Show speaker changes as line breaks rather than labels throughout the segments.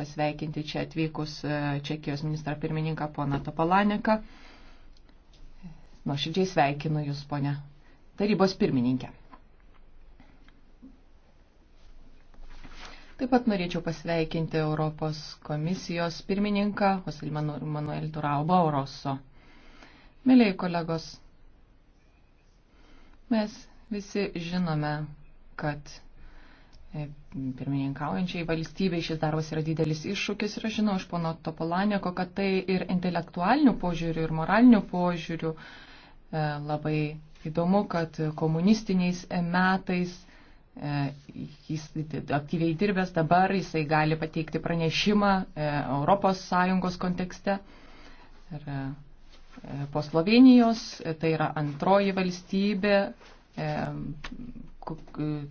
pasveikinti čia atvykus e, Čekijos ministrą pirmininką poną Topalaneką. Nuoširdžiai sveikinu Jūs, ponė tarybos pirmininkė. Taip pat norėčiau pasveikinti Europos komisijos pirmininką José Manuel Turaubo Oroso. Mėlyi kolegos, mes visi žinome, kad E, pirmininkaujančiai valstybei šis darbas yra didelis iššūkis ir aš žinau iš pono Topolaneko, kad tai ir intelektualinių požiūrių, ir moralinių požiūrių e, labai įdomu, kad komunistiniais metais e, jis aktyviai dirbęs dabar, jisai gali pateikti pranešimą ES kontekste. Ir po Slovenijos tai yra antroji valstybė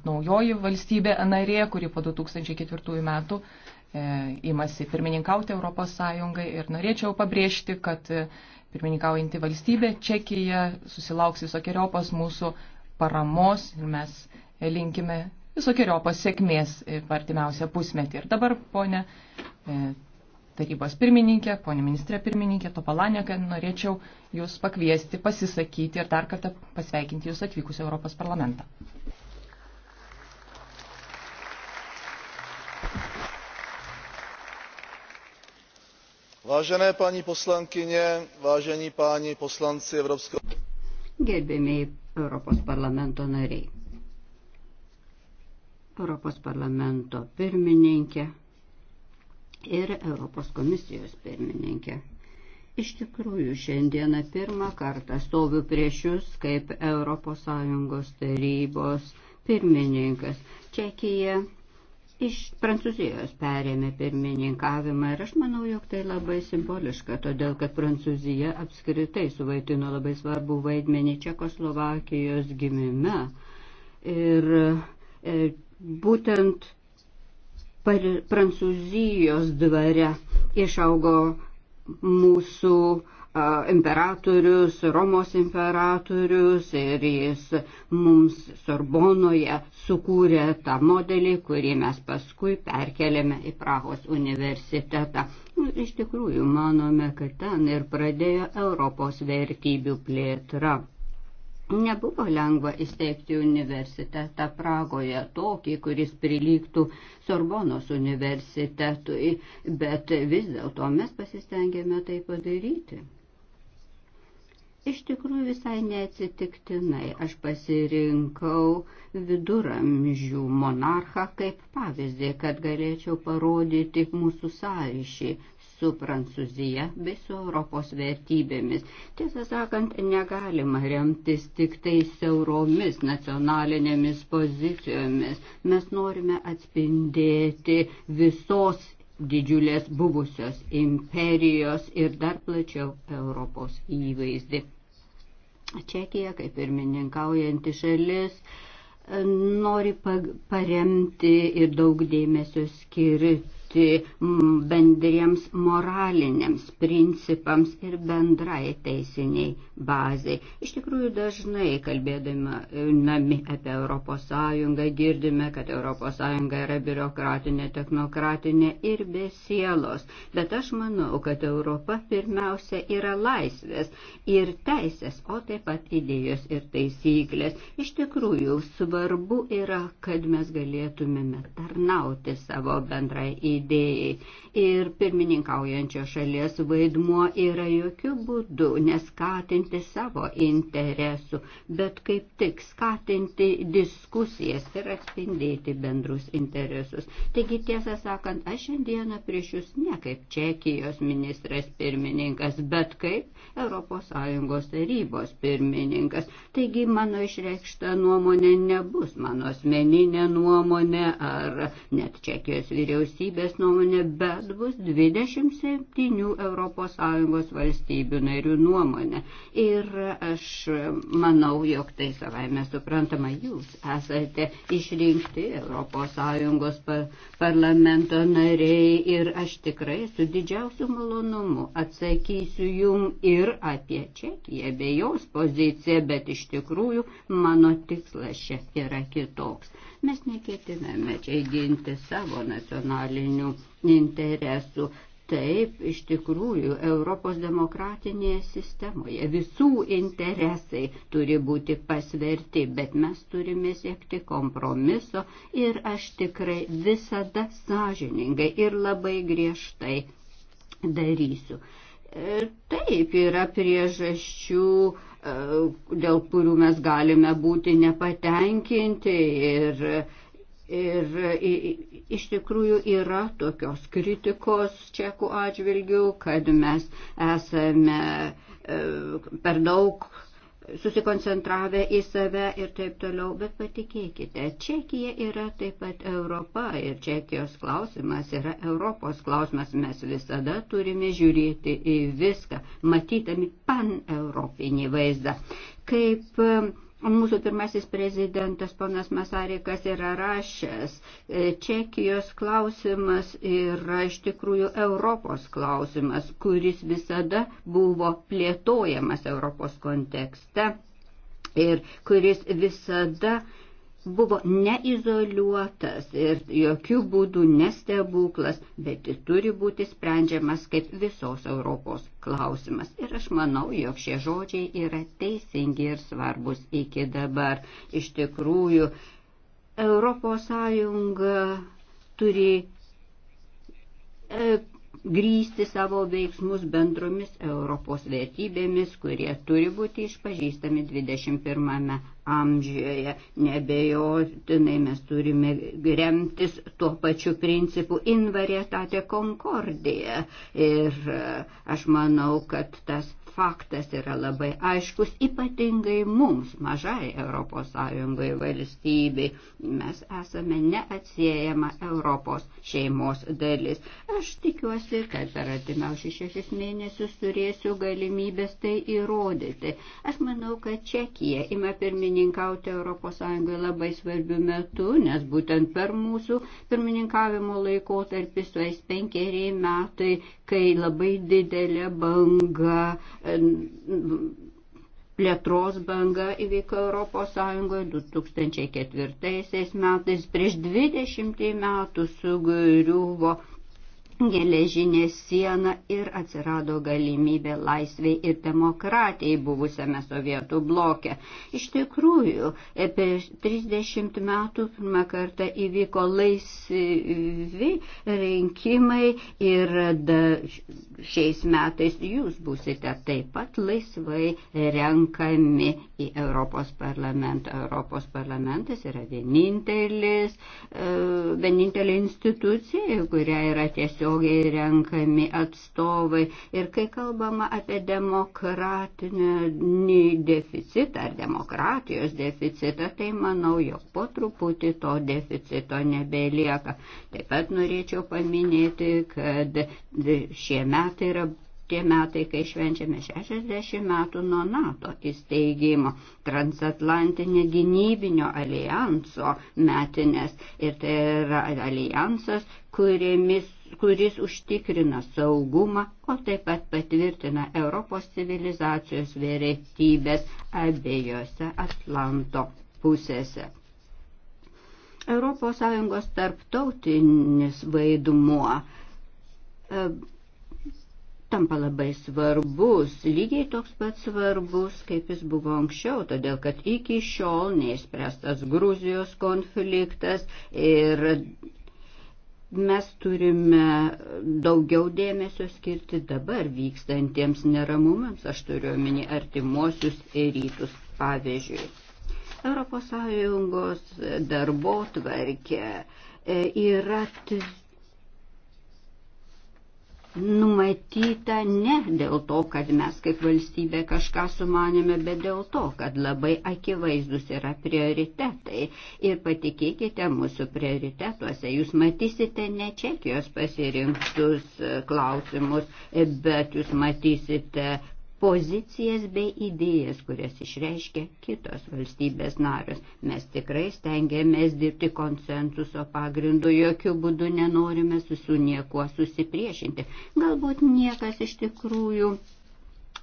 naujoji valstybė narė, kuri po 2004 metų įmasi e, pirmininkauti Europos Sąjungai ir norėčiau pabrėžti, kad e, pirmininkaujanti valstybė Čekija susilauks visokiojopos mūsų paramos ir mes linkime visokiojopos sėkmės e, per artimiausią pusmetį. Ir dabar, ponė tarybos pirmininkė, ponė ministrė pirmininkė Topalanėka, norėčiau Jūs pakviesti, pasisakyti ir dar kartą pasveikinti Jūs atvykus Europos parlamentą.
Vážené paní poslankyně, vážení páni poslanci Evropského...
Gerbėmiai Europos parlamento nariai. Europos parlamento pirmininkė, ir Europos komisijos pirmininkė. Iš tikrųjų, šiandieną pirmą kartą stoviu prieš jūs kaip ES tarybos pirmininkas. Čekija iš Prancūzijos perėmė pirmininkavimą ir aš manau, jog tai labai simboliška, todėl kad Prancūzija apskritai suvaidino labai svarbų vaidmenį Čekoslovakijos gimime. Ir e, būtent Prancūzijos dvare išaugo mūsų imperatorius, Romos imperatorius ir jis mums Sorbonoje sukūrė tą modelį, kurį mes paskui perkeliame į Prahos universitetą. Nu, iš tikrųjų, manome, kad ten ir pradėjo Europos vertybių plėtra. Nebuvo lengva įsteigti universitetą Pragoje, tokį, kuris prilygtų Sorbonos universitetui, bet vis dėlto mes pasistengėme tai padaryti. Iš tikrųjų visai neatsitiktinai aš pasirinkau viduramžių monarchą kaip pavyzdį, kad galėčiau parodyti mūsų sąryšį su Prancūzija bei su Europos vertybėmis. Tiesą sakant, negalima remtis tik tai siauromis nacionalinėmis pozicijomis. Mes norime atspindėti visos didžiulės buvusios imperijos ir dar plačiau Europos įvaizdį. Čekija, kaip ir mininkaujanti šalis, nori paremti ir daug dėmesio skirti prilygti mm, bendriems moraliniams principams ir bendrai teisiniai bazai. Iš tikrųjų dažnai kalbėdami apie ES girdime, kad ES yra biurokratinė, technokratinė ir be sielos. Bet aš manau, kad Europa pirmiausia yra laisvės ir teisės, o taip pat idėjos ir taisyklės. Iš tikrųjų svarbu yra, kad mes galėtumėme tarnauti savo bendrai idėjai žaidėjai. Ir pirmininkaujančio šalies vaidmuo yra jokių būdų neskatinti savo interesų, bet kaip tik skatinti diskusijas ir atspindėti bendrus interesus. Taigi tiesą sakant, aš šiandieną prieš jūs ne kaip Čekijos ministras pirmininkas, bet kaip ES tarybos pirmininkas. Taigi mano išreikšta nuomonė nebus mano asmeninė nuomonė ar net Čekijos vyriausybės nuomonės nuomonė, bet bus 27 ES valstybių narių nuomonė. Ir aš manau, jog tai savaime suprantama, jūs esate išrinkti ES par parlamento nariai ir aš tikrai su didžiausiu malonumu atsakysiu jum ir apie Čekiją, bei jos poziciją, bet iš tikrųjų mano tikslas čia yra kitoks. Mes neketiname čia ginti savo nacionalinių interesų. Taip, iš tikrųjų, Europos demokratinėje sistemoje visų interesai turi būti pasverti, bet mes turime siekti kompromiso ir aš tikrai visada sąžiningai ir labai griežtai darysiu. E, taip, yra priežasčių E, dėl kurių mes galime būti nepatenkinti ir, ir iš tikrųjų yra tokios kritikos čekų atžvilgių, kad mes esame e, per daug susikoncentravę į save ir taip toliau, bet patikėkite, Čekija yra taip pat Europa ir Čekijos klausimas yra Europos klausimas. Mes visada turime žiūrėti į viską, matydami pan-europinį vaizdą. Kaip Mūsų pirmasis prezidentas ponas Masarikas yra rašęs, e, Čekijos klausimas yra iš tikrųjų Europos klausimas, kuris visada buvo plėtojamas Europos kontekste ir kuris visada uh, buvo neizoliuotas ir jokių būdų nestebuklas, bet jis turi būti sprendžiamas kaip visos Europos klausimas. Ir aš manau, jog šie žodžiai yra teisingi ir svarbus iki dabar. Iš tikrųjų, Europos Sąjunga turi e, grįsti savo veiksmus bendromis Europos vertybėmis, kurie turi būti išpažįstami 21 amžiuje. Nebejotinai mes turime remtis tuo pačiu principu invarietate konkordija. Ir e, aš manau, kad tas faktas yra labai aiškus, ypatingai mums, mažai ES valstybei. Mes esame neatsiejama Europos šeimos dalis. Aš tikiuosi, kad per atimiausius šešis mėnesius turėsiu galimybės tai įrodyti. Aš manau, kad Čekija ima pirminį pirmininkauti ES labai svarbių metų, nes būtent per mūsų pirmininkavimo laikotarpį suės penkeriai metai, kai labai didelė banga e, plėtros banga įvyko ES 2004 metais, prieš 20 metų sugriuvo geležinė siena ir atsirado galimybė laisviai ir demokratijai buvusiame sovietų bloke. Iš tikrųjų, e, prieš 30 metų pirmą kartą įvyko laisvi rinkimai ir da, šiais metais jūs busite taip pat laisvai renkami į Europos parlamentą. Europos parlamentas yra vienintelis, e, vienintelė institucija, kuria yra tiesiog tiesiogiai renkami atstovai. Ir kai kalbama apie demokratinį deficitą ar demokratijos deficitą, tai manau, jog po truputį to deficito nebelieka. Taip pat norėčiau paminėti, kad šie metai yra tie metai, kai švenčiame 60 metų nuo NATO įsteigimo, transatlantinė gynybinio alijanso metinės. Ir tai yra alijansas, kuriamis kuris užtikrina saugumą, o taip pat patvirtina Europos civilizacijos vertybės abiejose Atlanto pusėse. ES tarptautinis vaidmuo e, tampa labai svarbus, lygiai toks pat svarbus, kaip jis buvo anksčiau, todėl kad iki šiol neįspręstas Gruzijos konfliktas ir mes turime daugiau dėmesio skirti dabar vykstantiems neramumams, aš turiu omeny artimuosius ir rytus, pavyzdžiui. ES darbo tvarkė e, yra numatyta ne dėl to, kad mes kaip valstybė kažką sumanėme, bet dėl to, kad labai akivaizdus yra prioritetai. Ir patikėkite mūsų prioritetuose, jūs matysite ne Čekijos pasirinktus klausimus, bet jūs matysite pozicijas bei idėjas, kurias išreiškia kitos valstybės narės. Mes tikrai stengiamės dirbti konsensuso pagrindu, jokių būdų nenorime su niekuo susipriešinti. Galbūt niekas iš tikrųjų.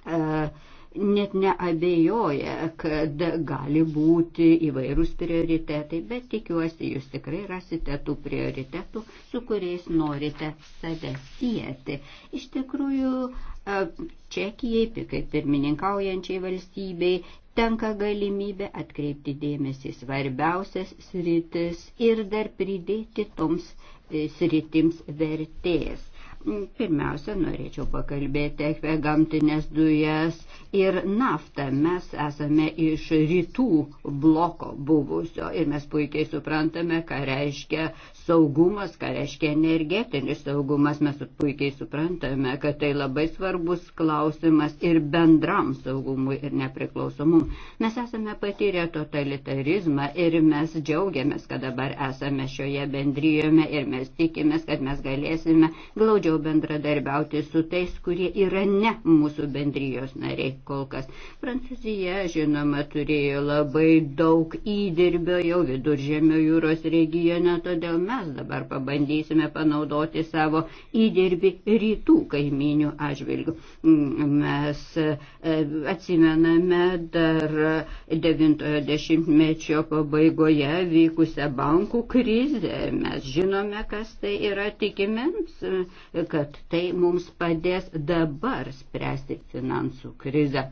Uh, e, net neabejoja, kad gali būti įvairūs prioritetai, bet tikiuosi, jūs tikrai rasite tų prioritetų, su kuriais norite save sieti. Iš tikrųjų, Čekijai, kaip pirmininkaujančiai valstybei, tenka galimybė atkreipti dėmesį svarbiausias sritis ir dar pridėti toms e, sritims vertės. Pirmiausia, norėčiau pakalbėti apie gamtinės dujas ir naftą. Mes esame iš rytų bloko buvusio ir mes puikiai suprantame, ką reiškia saugumas, ką reiškia energetinis saugumas. Mes puikiai suprantame, kad tai labai svarbus klausimas ir bendram saugumui ir nepriklausomumui. Mes esame patyrę totalitarizmą ir mes džiaugiamės, kad dabar esame šioje bendryjome ir mes tikimės, kad mes galėsime glaudžiau glaudžiau bendradarbiauti su tais, kurie yra ne mūsų bendrijos nariai kol kas. Prancūzija, žinoma, turėjo labai daug įdirbio jau viduržėmio jūros regione, todėl mes dabar pabandysime panaudoti savo įdirbį rytų kaiminių atžvilgių. Mm, mes e, atsimename dar 90-mečio pabaigoje vykusią bankų krizę. Mes žinome, kas tai yra tikimėms kad tai mums padės dabar spręsti finansų krizę.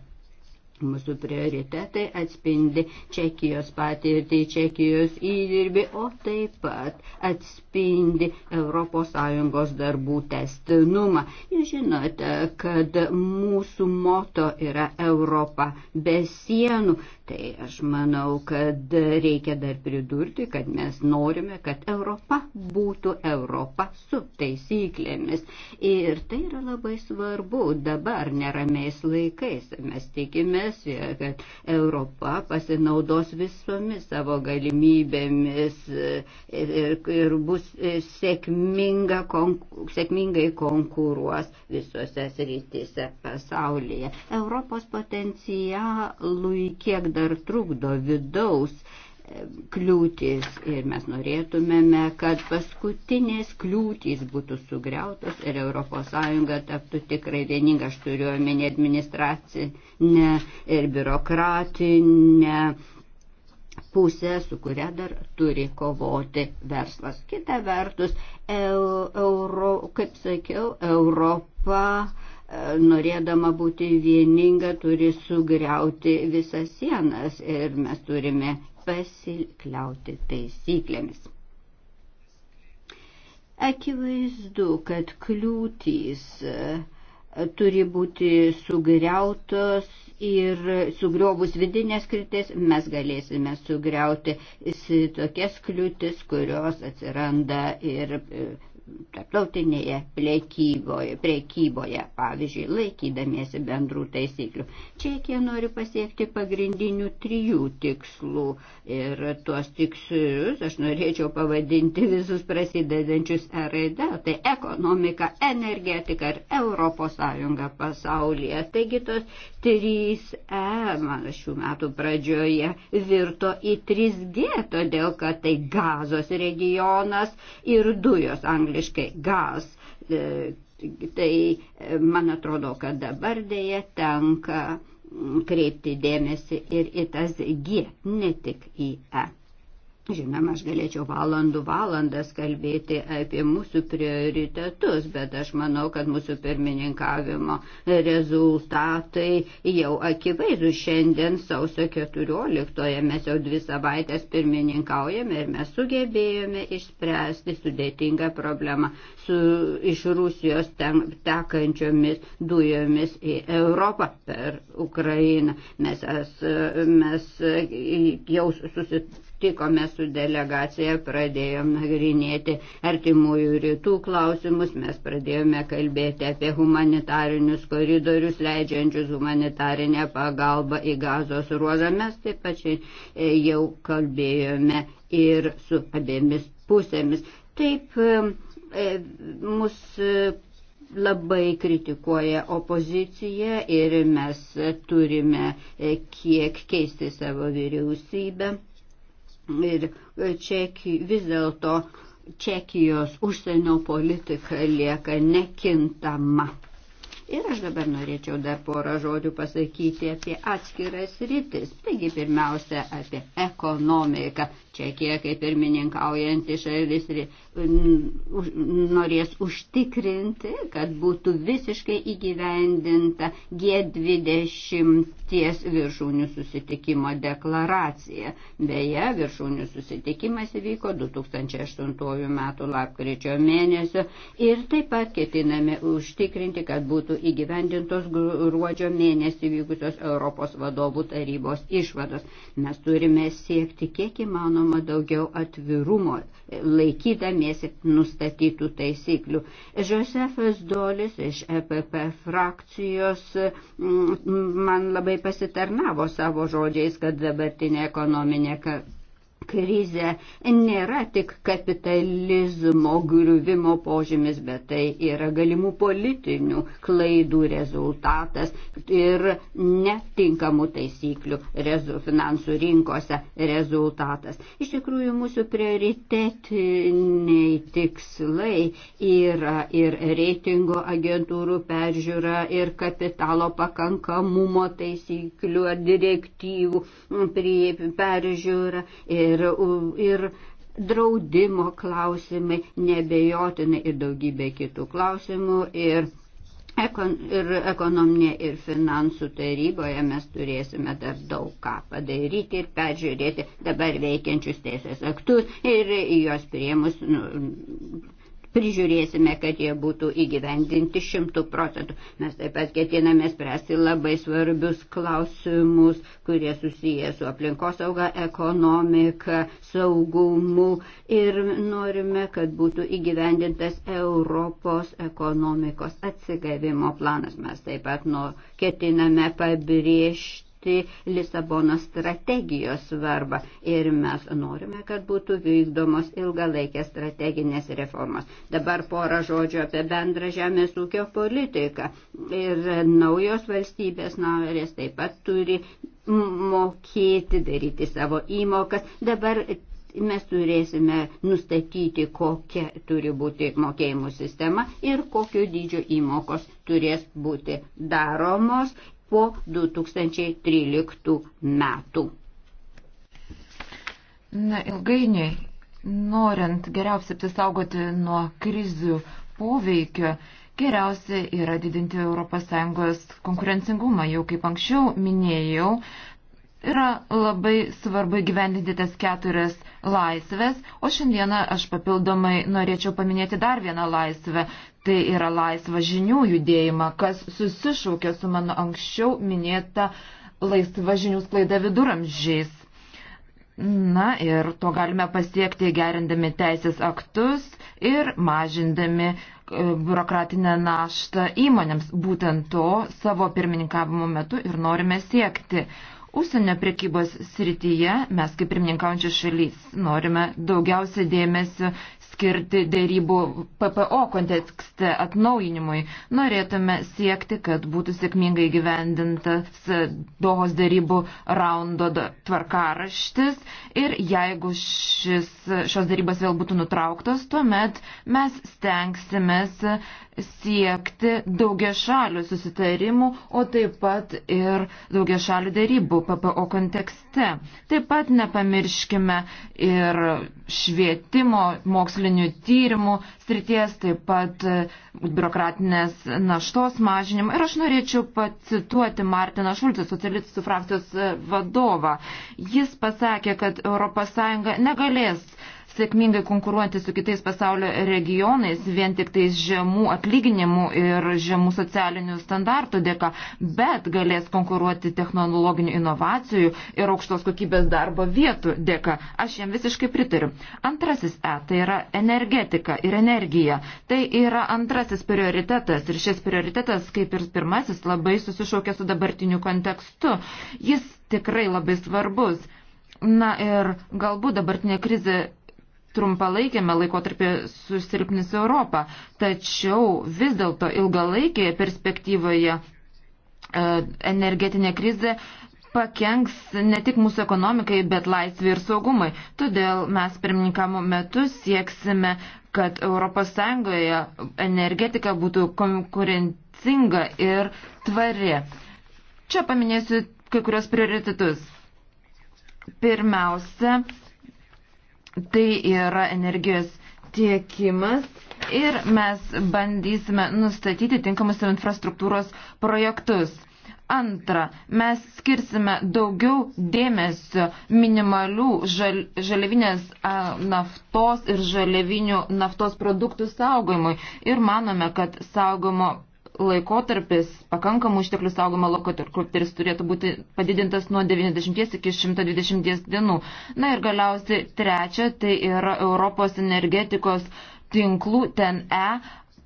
Mūsų prioritetai atspindi Čekijos patirtį, Čekijos įdirbį, o taip pat atspindi ES darbų testinumą. Jūs žinote, kad mūsų moto yra Europa be sienų. Tai aš manau, kad reikia dar pridurti, kad mes norime, kad Europa būtų Europa su taisyklėmis. Ir tai yra labai svarbu dabar neramiais laikais. Mes tikime recesijoje, kad Europa pasinaudos visomis savo galimybėmis ir, e, e, ir bus e, sėkminga, konku, sėkmingai konkuruos visose srityse pasaulyje. Europos potencialui kiek dar trukdo vidaus kliūtis ir mes norėtumėme, kad paskutinės kliūtys būtų sugriautos ir ES taptų tikrai vieninga, aš turiu omeny administracinę ir biurokratinę pusę, su kuria dar turi kovoti verslas. Kita vertus, euro, kaip sakiau, Europa e, norėdama būti vieninga, turi sugriauti visas sienas ir mes turime pasikliauti taisyklėmis. Akivaizdu, kad kliūtys e, turi būti sugriautos ir sugriovus vidinės kritis mes galėsime sugriauti tokias kliūtis, kurios atsiranda ir e, tarptautinėje priekyboje, priekyboje, pavyzdžiui, laikydamiesi bendrų taisyklių. Čekija nori pasiekti pagrindinių trijų tikslų ir tuos tikslus aš norėčiau pavadinti visus prasidedančius E raide, tai ekonomika, energetika ir Europos Sąjunga pasaulyje. Taigi tos 3E man šių metų pradžioje virto į 3G, todėl kad tai gazos regionas ir dujos Anglijos angliškai gas. E, tai e, man atrodo, kad dabar dėja tenka kreipti dėmesį ir į tas G, ne tik į E. Žinoma, aš galėčiau valandų valandas kalbėti apie mūsų prioritetus, bet aš manau, kad mūsų pirmininkavimo rezultatai jau akivaizdu. Šiandien sausio 14-oje mes jau dvi savaitės pirmininkaujame ir mes sugebėjome išspręsti sudėtingą problemą su iš Rusijos ten, tekančiomis dujomis į Europą per Ukrainą. Mes, es, mes jau susitikome susitikome su delegacija, pradėjom nagrinėti artimųjų rytų klausimus, mes pradėjome kalbėti apie humanitarinius koridorius, leidžiančius humanitarinę pagalbą į gazos ruožą. Mes taip pat e, jau kalbėjome ir su abiemis pusėmis. Taip e, e, mus labai kritikuoja opozicija ir mes turime kiek keisti savo vyriausybę ir čeki, vis dėlto Čekijos užsienio politika lieka nekintama. Ir aš dabar norėčiau dar porą žodžių pasakyti apie atskiras rytis. Taigi pirmiausia apie ekonomiką. Čekija kaip pirmininkaujanti šalis norės užtikrinti, kad būtų visiškai įgyvendinta G20 viršūnių susitikimo deklaracija. Beje, viršūnių susitikimas įvyko 2008 m. lapkričio mėnesio ir taip pat ketiname užtikrinti, kad būtų įgyvendintos gruodžio mėnesį vykusios Europos vadovų tarybos išvados. Mes turime siekti kiek įmanoma daugiau atvirumo, laikydami neišpainėsi nustatytų taisyklių. Josefas Dolis iš EPP frakcijos mm, man labai pasitarnavo savo žodžiais, kad dabartinė ekonominė krize nėra tik kapitalizmo griuvimo požymis, bet tai yra galimų politinių klaidų rezultatas ir netinkamų taisyklių rezu, finansų rinkose rezultatas. Iš tikrųjų, mūsų prioritetiniai tikslai yra ir reitingo agentūrų peržiūra, ir kapitalo pakankamumo taisyklių ar direktyvų peržiūra. Ir ir draudimo klausimai, nebejotinai ir daugybė kitų klausimų. Ir Ekon, ir ekonominė, ir finansų taryboje mes turėsime dar daug ką padaryti ir peržiūrėti dabar veikiančius teisės aktus ir juos prieimus nu, prižiūrėsime, kad jie būtų įgyvendinti šimtų procentų. Mes taip pat ketiname spręsti labai svarbius klausimus, kurie susiję su aplinkosauga, ekonomika, saugumu ir norime, kad būtų įgyvendintas Europos ekonomikos atsigavimo planas. Mes taip pat nu, ketiname pabrėžti suvokti Lisabono strategijos svarbą ir mes norime, kad būtų vykdomos ilgalaikės strateginės reformos. Dabar porą žodžių apie bendrą žemės ūkio politiką. Ir naujos valstybės narės taip pat turi mokėti daryti savo įmokas. Dabar mes turėsime nustatyti, kokia turi būti mokėjimų sistema ir kokio dydžio įmokos turės būti daromos po 2013 metų.
Na, ilgainiui, norint geriausiai apsisaugoti nuo krizių poveikio, geriausia yra didinti ES konkurencingumą. Jau kaip anksčiau minėjau, yra labai svarbu gyvendinti tas keturias laisvės, o šiandieną aš papildomai norėčiau paminėti dar vieną laisvę tai yra laisvą žinių judėjimą, kas susišaukia su mano anksčiau minėta laisva žinių sklaida viduramžiais. Na ir to galime pasiekti gerindami teisės aktus ir mažindami e, biurokratinę naštą įmonėms. Būtent to savo pirmininkavimo metu ir norime siekti. Užsienio priekybos srityje mes kaip pirmininkaujančios šalys norime daugiausia dėmesio skirti dėrybų PPO kontekste atnaujinimui. Norėtume siekti, kad būtų sėkmingai gyvendintas Dohos dėrybų raundo tvarkaraštis ir jeigu šis, šios dėrybos vėl būtų nutrauktos, tuomet mes stengsimės siekti daugia šalių susitarimų, o taip pat ir daugia šalių dėrybų PPO kontekste. Taip pat nepamirškime ir švietimo, mokslinių tyrimų srities, taip pat e, biurokratinės naštos mažinimo. Ir aš norėčiau pacituoti Martiną Šulcį, socialistų frakcijos e, vadovą. Jis pasakė, kad ES negalės sėkmingai konkuruojantis su kitais pasaulio regionais vien tik tais žemų atlyginimų ir žemų socialinių standartų dėka, bet galės konkuruoti technologinių inovacijų ir aukštos kokybės darbo vietų dėka. Aš jam visiškai pritariu. Antrasis E tai yra energetika ir energija. Tai yra antrasis prioritetas ir šis prioritetas, kaip ir pirmasis, labai susišaukia su dabartiniu kontekstu. Jis tikrai labai svarbus. Na ir galbūt dabartinė krizė trumpalaikėme laikotarpė susilpnis Europą, tačiau vis dėlto ilgalaikėje perspektyvoje e, energetinė krizė pakenks ne tik mūsų ekonomikai, bet laisvė ir saugumai. Todėl mes pirmininkamo metu sieksime, kad ES energetika būtų konkurencinga ir tvari. Čia paminėsiu kai kurios prioritetus. Pirmiausia, Tai yra energijos tiekimas ir mes bandysime nustatyti tinkamus infrastruktūros projektus. Antra, mes skirsime daugiau dėmesio minimalių žal, žaliavinės a, naftos ir žaliavinių naftos produktų saugojimui ir manome, kad saugomo laikotarpis pakankamų išteklių saugojimo laikotarpis turėtų būti padidintas nuo 90 iki 120 dienų. Na ir galiausiai trečia, tai yra Europos energetikos tinklų TNE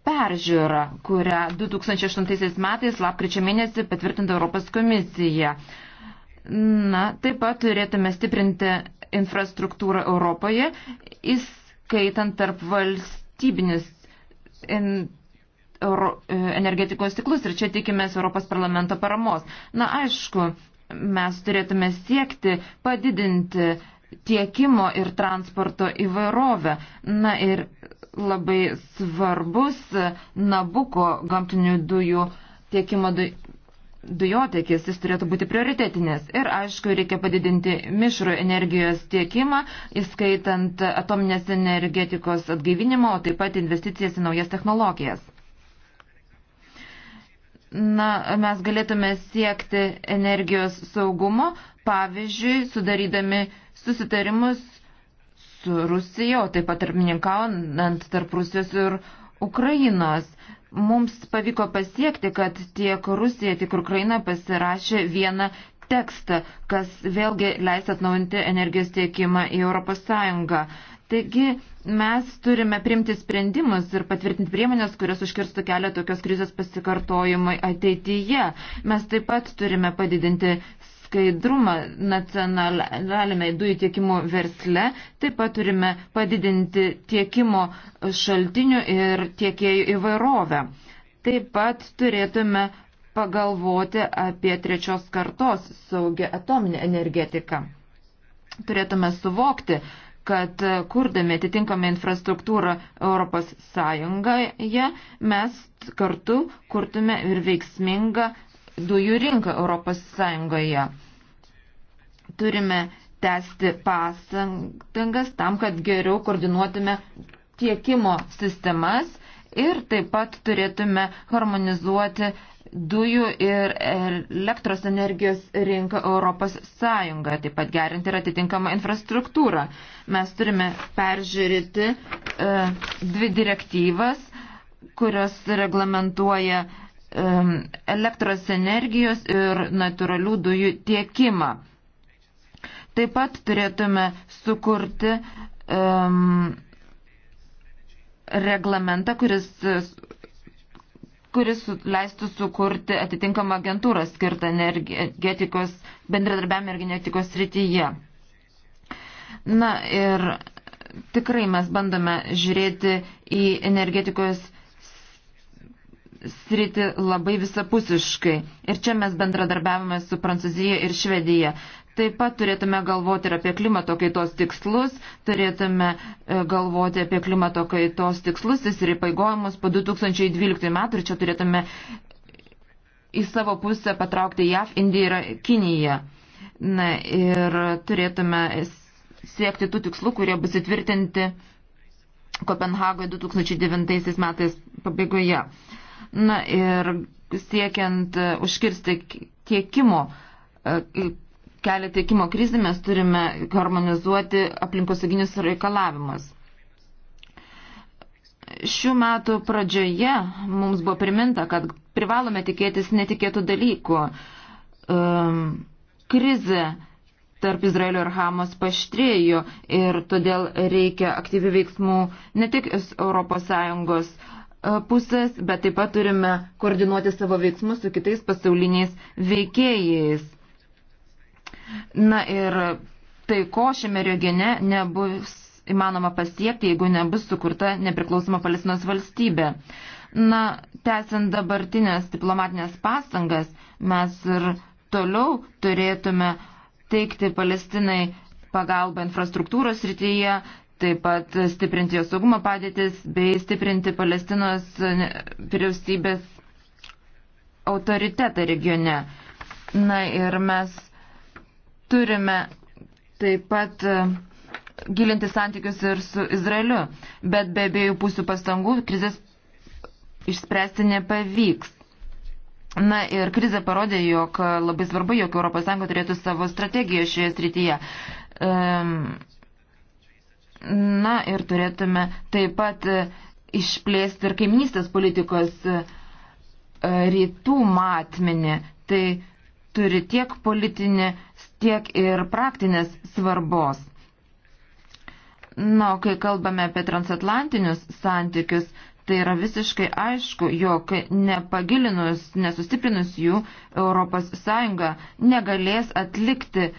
peržiūra, kurią 2008 metais lapkričio mėnesį patvirtinta Europos komisija. Na, taip pat turėtume stiprinti infrastruktūrą Europoje, įskaitant tarp valstybinis in E, energetikos tiklus ir čia tikimės Europos parlamento paramos. Na, aišku, mes turėtume siekti padidinti tiekimo ir transporto įvairovę. Na ir labai svarbus Nabuko gamtinių dujų tiekimo du, dujotekis, jis turėtų būti prioritetinis. Ir aišku, reikia padidinti mišrų energijos tiekimą, įskaitant atominės energetikos atgaivinimo, o taip pat investicijas į naujas technologijas na, mes galėtume siekti energijos saugumo, pavyzdžiui, sudarydami susitarimus su Rusija, o taip pat tarpininkaunant tarp Rusijos ir Ukrainos. Mums pavyko pasiekti, kad tiek Rusija, tiek Ukraina pasirašė vieną tekstą, kas vėlgi leis atnaujinti energijos tiekimą į ES. Taigi, Mes turime primti sprendimus ir patvirtinti priemonės, kurios užkirstų kelią tokios krizės pasikartojimui ateityje. Mes taip pat turime padidinti skaidrumą nacionalinėme dujų tiekimo versle, taip pat turime padidinti tiekimo šaltinių ir tiekėjų įvairovę. Taip pat turėtume pagalvoti apie trečios kartos saugią atominę energetiką. Turėtume suvokti, kad kurdami atitinkamą infrastruktūrą Europos Sąjungoje mes kartu kurtume ir veiksmingą dujų rinką Europos Sąjungoje. Turime tęsti pasangas tam, kad geriau koordinuotume tiekimo sistemas ir taip pat turėtume harmonizuoti dujų ir elektros energijos rinką Europos Sąjungą, taip pat gerinti ir atitinkamą infrastruktūrą. Mes turime peržiūrėti e, dvi direktyvas, kurios reglamentuoja e, elektros energijos ir natūralių dujų tiekimą. Taip pat turėtume sukurti um, reglamentą, kuris kuris leistų sukurti atitinkamą agentūrą skirtą energetikos, bendradarbiavimo energetikos srityje. Na ir tikrai mes bandome žiūrėti į energetikos sritį labai visapusiškai. Ir čia mes bendradarbiavome su Prancūzija ir Švedija. Taip pat turėtume galvoti ir apie klimato kaitos tikslus, turėtume e, galvoti apie klimato kaitos tikslus ir įpaigojimus po 2012 metų ir čia turėtume į savo pusę patraukti JAV, Indiją ir Kiniją. Na, ir turėtume siekti tų tikslų, kurie bus įtvirtinti Kopenhagoje 2009 metais pabaigoje. Na ir siekiant e, užkirsti tiekimo e, kelia tiekimo krizį, mes turime harmonizuoti aplinkosauginius reikalavimus. Šių metų pradžioje mums buvo priminta, kad privalome tikėtis netikėtų dalykų. Um, krizė tarp Izraelio ir Hamas paštrėjo ir todėl reikia aktyvių veiksmų ne tik ES e, pusės, bet taip pat turime koordinuoti savo veiksmus su kitais pasauliniais veikėjais. Na ir taiko šiame regione nebus įmanoma pasiekti, jeigu nebus sukurta nepriklausoma Palestinos valstybė. Na, tęsiant dabartinės diplomatinės pastangas, mes ir toliau turėtume teikti Palestinai pagalbą infrastruktūros rytyje, taip pat stiprinti jo saugumo padėtis bei stiprinti Palestinos vyriausybės autoritetą regione. Na ir mes Turime taip pat e, gilinti santykius ir su Izraeliu, bet be abiejų pusių pastangų krizės išspręsti nepavyks. Na ir krizė parodė, jog labai svarbu, jog ES turėtų savo strategiją šioje srityje. Na ir turėtume taip pat e, išplėsti ir kaiminystės politikos e, rytų matmenį. Tai turi tiek politinį tiek ir praktinės svarbos. Na, kai kalbame apie transatlantinius santykius, tai yra visiškai aišku, jog nepagilinus, nesustiprinus jų, ES negalės atlikti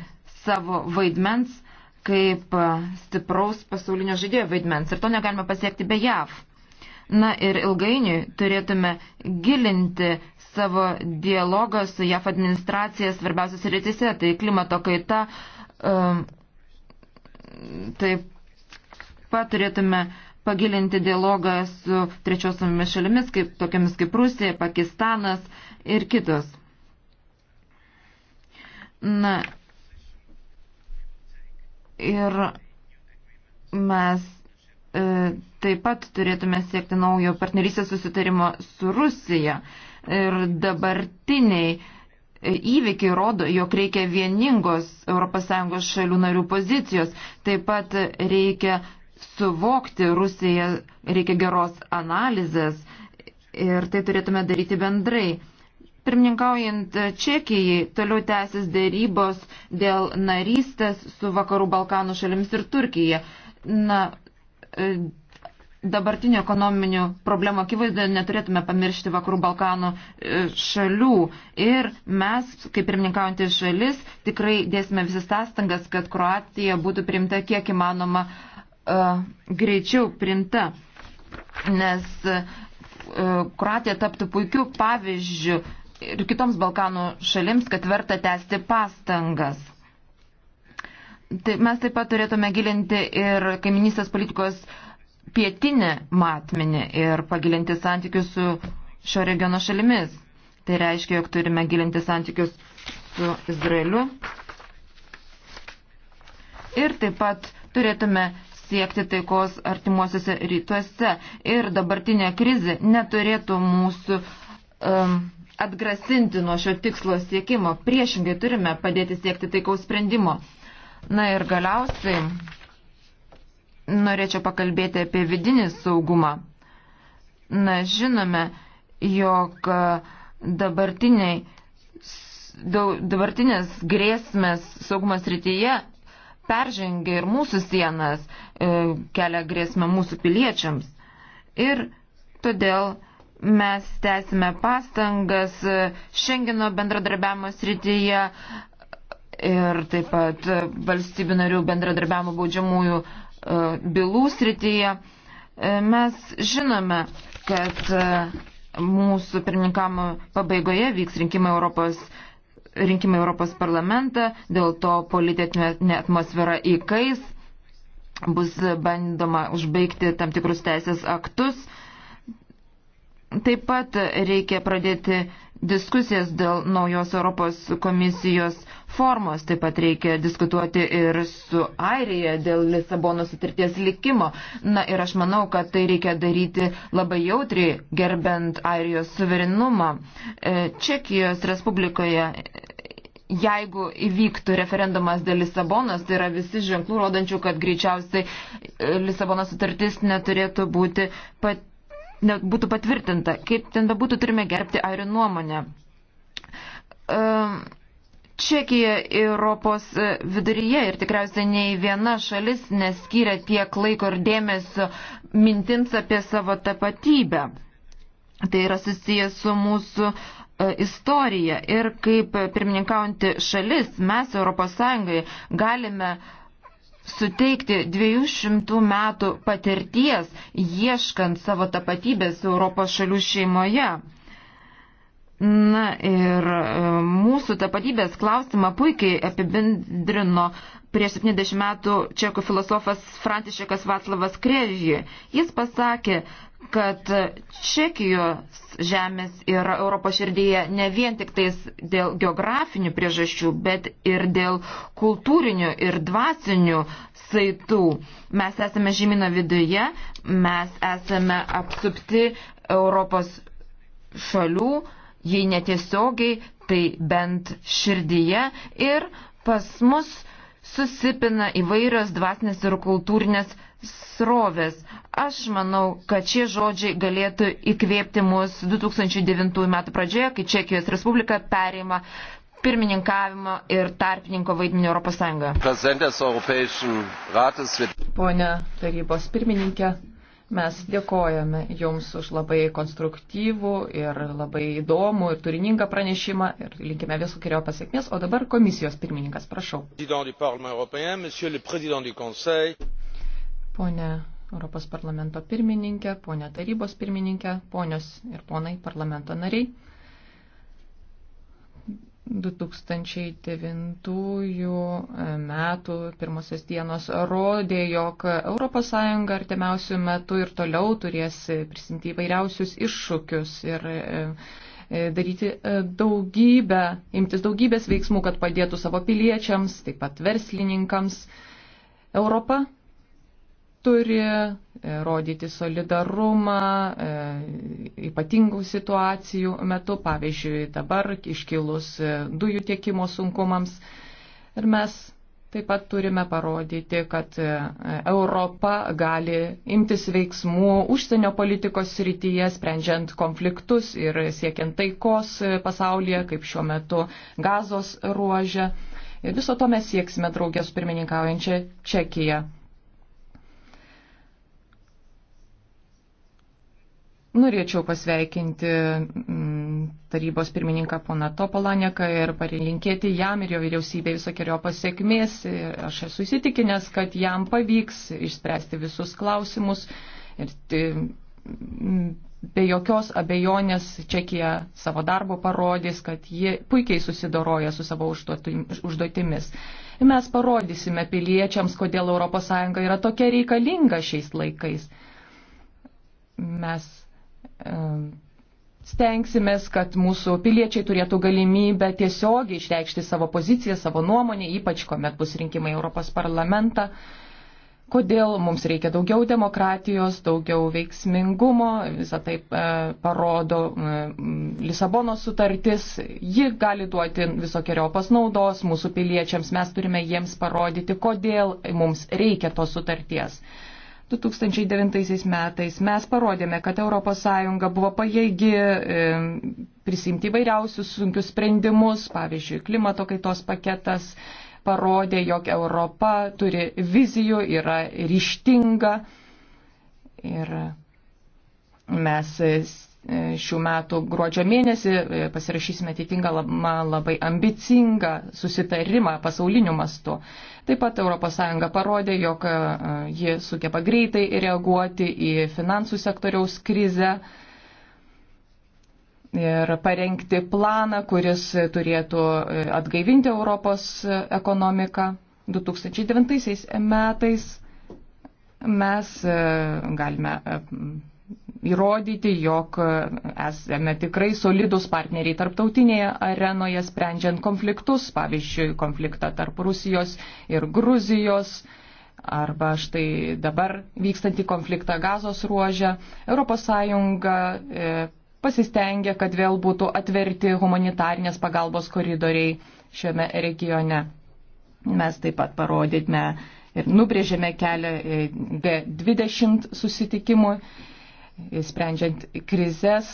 savo vaidmens kaip stipraus pasaulinio žaidėjo vaidmens. Ir to negalime pasiekti be JAV. Na ir ilgainiui turėtume gilinti savo dialogą su JAF administracija svarbiausios rytise, tai klimato kaita. Um, taip pat turėtume pagilinti dialogą su trečiosiomis šalimis, kaip, tokiamis kaip Rusija, Pakistanas ir kitos. Na, ir mes e, taip pat turėtume siekti naujo partnerystės susitarimo su Rusija. Ir dabartiniai e, įvykiai rodo, jog reikia vieningos ES šalių narių pozicijos. Taip pat reikia suvokti Rusiją, reikia geros analizės ir tai turėtume daryti bendrai. Pirmininkaujant Čekijai, toliau tęsis dėrybos dėl narystės su Vakarų Balkanų šalims ir Turkija. Na, e, dabartinio ekonominio problemo akivaizdoje neturėtume pamiršti Vakarų Balkanų e, šalių. Ir mes, kaip pirmininkaujantis šalis, tikrai dėsime visas pastangas, kad Kroatija būtų priimta kiek įmanoma uh, greičiau priimta. Nes uh, Kroatija taptų puikiu pavyzdžiu ir kitoms Balkanų šalims, kad verta tęsti pastangas. Tai mes taip pat turėtume gilinti ir kaiminystės politikos uh, pietinį matmenį ir pagilinti santykius su šio regiono šalimis. Tai reiškia, jog turime gilinti santykius su Izraeliu. Ir taip pat turėtume siekti taikos artimuosiuose rytuose. Ir dabartinė krizė neturėtų mūsų um, atgrasinti nuo šio tikslo siekimo. Priešingai turime padėti siekti taikaus sprendimo. Na ir galiausiai norėčiau pakalbėti apie vidinį saugumą. Na, žinome, jog dabartiniai, dabartinės grėsmės saugumas rytyje peržengia ir mūsų sienas, e, kelia grėsmę mūsų piliečiams. Ir todėl mes tęsime pastangas e, Šengino bendradarbiavimo srityje ir taip pat valstybių narių bendradarbiavimo baudžiamųjų E, bylų srityje. E, mes žinome, kad e, mūsų pirmininkamo pabaigoje vyks rinkimai Europos, rinkimai Europos parlamentą, dėl to politinė atmosfera įkais, bus bandoma užbaigti tam tikrus teisės aktus. Taip pat reikia pradėti diskusijas dėl naujos Europos komisijos formos. Taip pat reikia diskutuoti ir su Airija dėl Lisabono sutarties likimo. Na ir aš manau, kad tai reikia daryti labai jautriai, gerbent Airijos suverenumą. E, Čekijos Respublikoje jeigu įvyktų referendumas dėl Lisabonos, tai yra visi ženklų rodančių, kad greičiausiai e, Lisabonos sutartis neturėtų būti pat, ne, būtų patvirtinta. Kaip ten bebūtų, turime gerbti airių nuomonę. Um, Čekija Europos viduryje ir tikriausiai nei viena šalis neskyrė tiek laiko ir dėmesio mintims apie savo tapatybę. Tai yra susijęs su mūsų uh, istorija ir kaip pirmininkaujanti šalis mes ES galime suteikti 200 metų patirties ieškant savo tapatybės Europos šalių šeimoje. Na ir e, mūsų tapatybės klausimą puikiai apibendrino prieš 70 metų čekų filosofas Františekas Vaclavas Krėžį. Jis pasakė, kad Čekijos žemės yra Europos širdyje ne vien tik tais dėl geografinių priežasčių, bet ir dėl kultūrinių ir dvasinių saitų. Mes esame žemino viduje, mes esame apsupti Europos šalių, jei netiesiogiai, tai bent širdyje ir pas mus susipina įvairios dvasinės ir kultūrinės srovės. Aš manau, kad šie žodžiai galėtų įkvėpti mus 2009 metų pradžioje, kai Čekijos Respublika perima pirmininkavimo ir tarpininko vaidmenį Europos Sąjungoje. Pone tarybos
pirmininkė, Mes dėkojame Jums už labai konstruktyvų ir labai įdomų ir turiningą pranešimą ir linkime viso kirio pasiekmės. O dabar komisijos pirmininkas, prašau. Pone Europos parlamento pirmininkė, pone tarybos pirmininkė, ponios ir ponai parlamento nariai. 2009 e, metų pirmosios dienos rodė, jog ES artimiausių metų ir toliau turės prisimti įvairiausius iššūkius ir e, e, daryti daugybę, imtis daugybės veiksmų, kad padėtų savo piliečiams, taip pat verslininkams. Europa turi e, rodyti solidarumą e, ypatingų situacijų metu, pavyzdžiui, dabar iškilus e, dujų tiekimo sunkumams. Ir mes taip pat turime parodyti, kad Europa gali imtis veiksmų užsienio politikos srityje, sprendžiant konfliktus ir siekiant taikos pasaulyje, kaip šiuo metu gazos ruožė. Ir viso to mes sieksime draugės pirmininkaujančią Čekiją. Norėčiau pasveikinti mm, tarybos pirmininką poną Topolaneką ir parinkėti jam ir jo vyriausybė visokiojo pasiekmės. Aš esu įsitikinęs, kad jam pavyks išspręsti visus klausimus ir e, mm, be jokios abejonės Čekija savo darbo parodys, kad ji puikiai susidoroja su savo užduotimis. Ir mes parodysime piliečiams, kodėl ES yra tokia reikalinga šiais laikais. Mes stengsimės, kad mūsų piliečiai turėtų galimybę tiesiogiai išreikšti savo poziciją, savo nuomonę, ypač kuomet bus rinkimai Europos parlamentą. Kodėl mums reikia daugiau demokratijos, daugiau veiksmingumo, visą tai e, parodo e, Lisabono sutartis, ji gali duoti visokiojopas naudos mūsų piliečiams, mes turime jiems parodyti, kodėl mums reikia tos sutarties. E, 2009 metais mes parodėme, kad ES buvo pajėgi e, prisimti įvairiausius sunkius sprendimus, pavyzdžiui, klimato kaitos paketas parodė, jog Europa turi vizijų, yra ryštinga ir mes E, šių metų gruodžio mėnesį e, pasirašysime atitinką labai ambicingą susitarimą pasauliniu mastu. Taip pat ES parodė, jog e, ji sugeba greitai reaguoti į finansų sektoriaus krizę ir parengti planą, kuris turėtų atgaivinti Europos ekonomiką. 2009 metais mes galime įrodyti, jog e, esame tikrai solidus partneriai tarptautinėje arenoje, sprendžiant konfliktus, pavyzdžiui, konfliktą tarp Rusijos ir Gruzijos arba štai dabar vykstantį konfliktą gazos ruožę. ES e, pasistengia, kad vėl būtų atverti humanitarnės pagalbos koridoriai šiame regione. Mes taip pat parodėme ir nubrėžėme kelią G20 e, susitikimui sprendžiant krizės,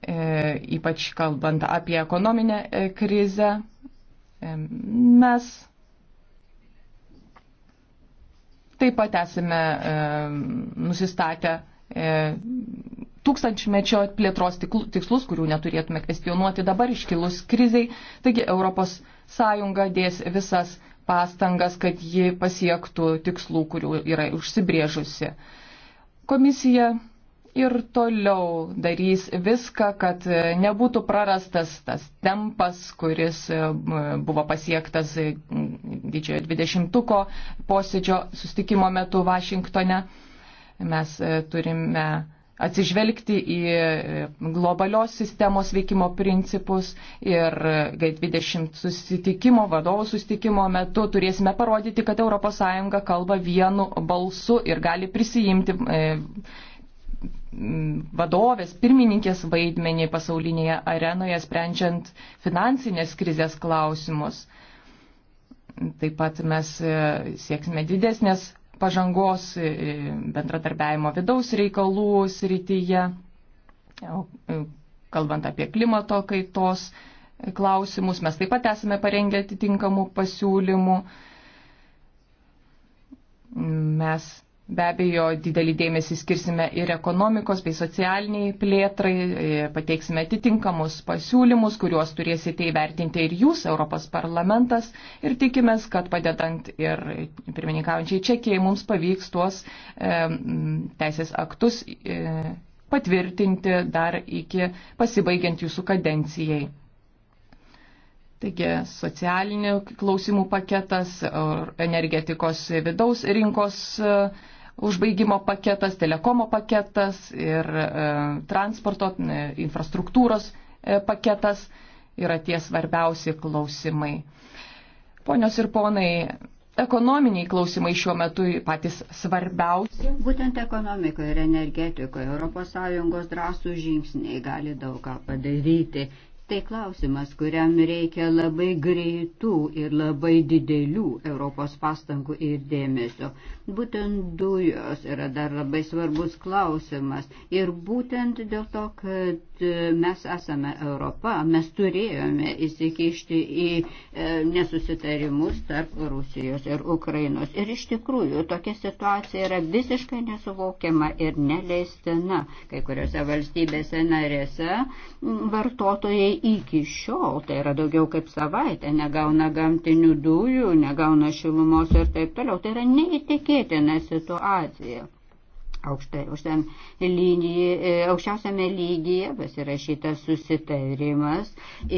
e, ypač kalbant apie ekonominę e, krizę. E, mes taip pat esame e, nusistatę e, tūkstančmečio plėtros tikslus, kurių neturėtume kvestionuoti dabar iškilus kriziai. Taigi Europos Sąjunga dės visas pastangas, kad ji pasiektų tikslų, kurių yra užsibrėžusi. Komisija ir toliau darys viską, kad nebūtų prarastas tas tempas, kuris e, buvo pasiektas e, didžiojo 20-ko posėdžio sustikimo metu Vašingtone. Mes e, turime atsižvelgti į globalios sistemos veikimo principus ir G20 susitikimo, vadovų susitikimo metu turėsime parodyti, kad ES kalba vienu balsu ir gali prisijimti vadovės, pirmininkės vaidmenį pasaulinėje arenoje, sprendžiant finansinės krizės klausimus. Taip pat mes e, sieksime didesnės pažangos e, bendradarbiajimo vidaus reikalų srityje, e, kalbant apie klimato kaitos klausimus, mes taip pat esame parengę atitinkamų pasiūlymų. Mes Be abejo, didelį dėmesį skirsime ir ekonomikos bei socialiniai plėtrai, e, pateiksime atitinkamus pasiūlymus, kuriuos turėsite įvertinti ir jūs, Europos parlamentas, ir tikimės, kad padedant ir pirmininkaujančiai Čekijai mums pavyks tuos e, teisės aktus e, patvirtinti dar iki pasibaigiant jūsų kadencijai. Taigi socialinių klausimų paketas, energetikos vidaus rinkos e, užbaigimo paketas, telekomo paketas ir e, transporto e, infrastruktūros e, paketas yra tie svarbiausi klausimai. Ponios ir ponai, ekonominiai klausimai šiuo metu patys svarbiausi.
Būtent ekonomikoje ir energetikoje ES drąsų žingsniai gali daug ką padaryti Tai klausimas, kuriam reikia labai greitų ir labai didelių Europos pastangų ir dėmesio. Būtent dujos yra dar labai svarbus klausimas. Ir būtent dėl to, kad E, mes esame Europa, mes turėjome įsikišti į e, nesusitarimus tarp Rusijos ir Ukrainos. Ir iš tikrųjų tokia situacija yra visiškai nesuvokiama ir neleistina. Kai kuriuose valstybėse narėse vartotojai iki šiol, tai yra daugiau kaip savaitę, negauna gamtinių dujų, negauna šilumos ir taip toliau. Tai yra neįtikėtina situacija aukštai, aukštam lygiai, e, aukščiausiame lygyje pasirašytas susitarimas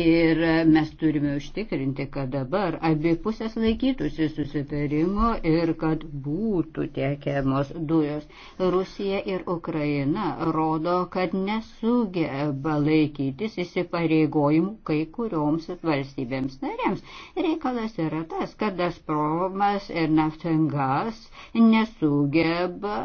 ir mes turime užtikrinti, kad dabar abi pusės laikytųsi susitarimo ir kad būtų tiekiamos dujos. Rusija ir Ukraina rodo, kad nesugeba laikytis įsipareigojimų kai kurioms valstybėms narėms. Reikalas yra tas, kad Gazpromas ir Naftengas nesugeba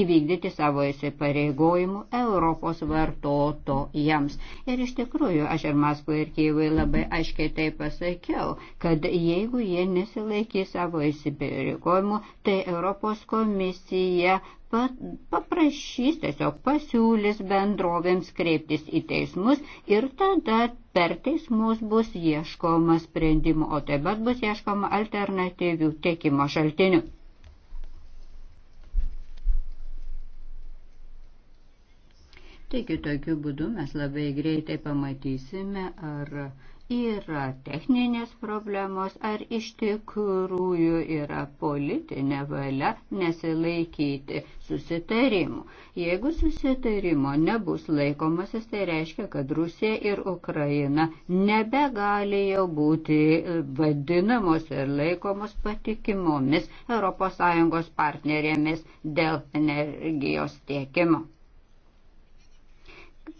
įvykdyti savo įsipareigojimų Europos vartotojams. Ir iš tikrųjų, aš ir Maskvai, ir Kyivai labai aiškiai tai pasakiau, kad jeigu jie nesilaikys savo įsipareigojimų, tai Europos komisija paprašys, tiesiog pasiūlys bendrovėms kreiptis į teismus ir tada per teismus bus ieškoma sprendimų, o taip pat bus ieškoma alternatyvių tiekimo šaltinių. Taigi tokiu būdu mes labai greitai pamatysime, ar yra techninės problemos, ar iš tikrųjų yra politinė valia nesilaikyti susitarimų. Jeigu susitarimo nebus laikomasis, tai reiškia, kad Rusija ir Ukraina nebegali jau būti vadinamos ir laikomos patikimomis ES partnerėmis dėl energijos tiekimo.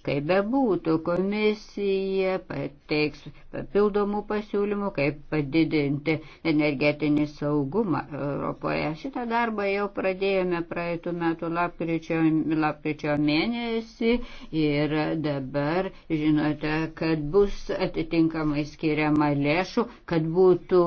Kaip bebūtų, komisija pateiks papildomų pasiūlymų, kaip padidinti energetinį saugumą Europoje. Šitą darbą jau pradėjome praeitų metų lapkričio, lapkričio mėnesį ir dabar žinote, kad bus atitinkamai skiriama lėšų, kad būtų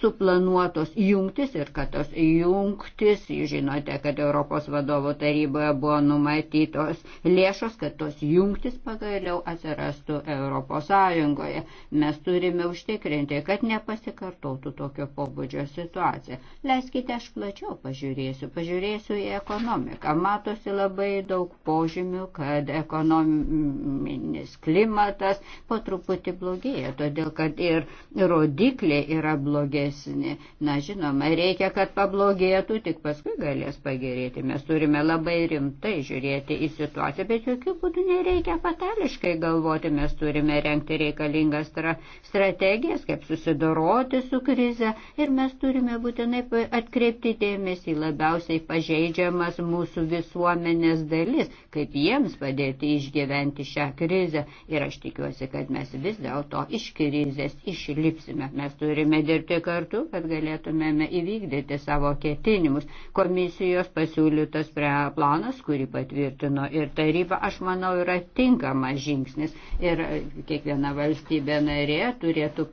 suplanuotos jungtis ir kad tos jungtis, jūs žinote, kad Europos vadovo taryboje buvo numatytos lėšos, kad tos jungtis pagaliau atsirastų Europos Sąjungoje. Mes turime užtikrinti, kad nepasikartotų tokio pobūdžio situacija. Leiskite, aš plačiau pažiūrėsiu, pažiūrėsiu į ekonomiką. Matosi labai daug požymių, kad ekonominis klimatas po truputį blogėja, todėl kad ir rodikliai, ir yra blogesnė. Na, žinoma, reikia, kad pablogėtų, tik paskui galės pagerėti. Mes turime labai rimtai žiūrėti į situaciją, bet jokių būdų nereikia fatališkai galvoti. Mes turime renkti reikalingas stra strategijas, kaip susidoroti su krize ir mes turime būtinai atkreipti dėmesį labiausiai pažeidžiamas mūsų visuomenės dalis, kaip jiems padėti išgyventi šią krizę. Ir aš tikiuosi, kad mes vis dėlto iš krizės išlipsime. Mes turime turime dirbti kartu, kad galėtumėme įvykdyti savo ketinimus. Komisijos pasiūlytas planas, kurį patvirtino ir taryba, aš manau, yra tinkamas žingsnis. Ir e, kiekviena valstybė narė turėtų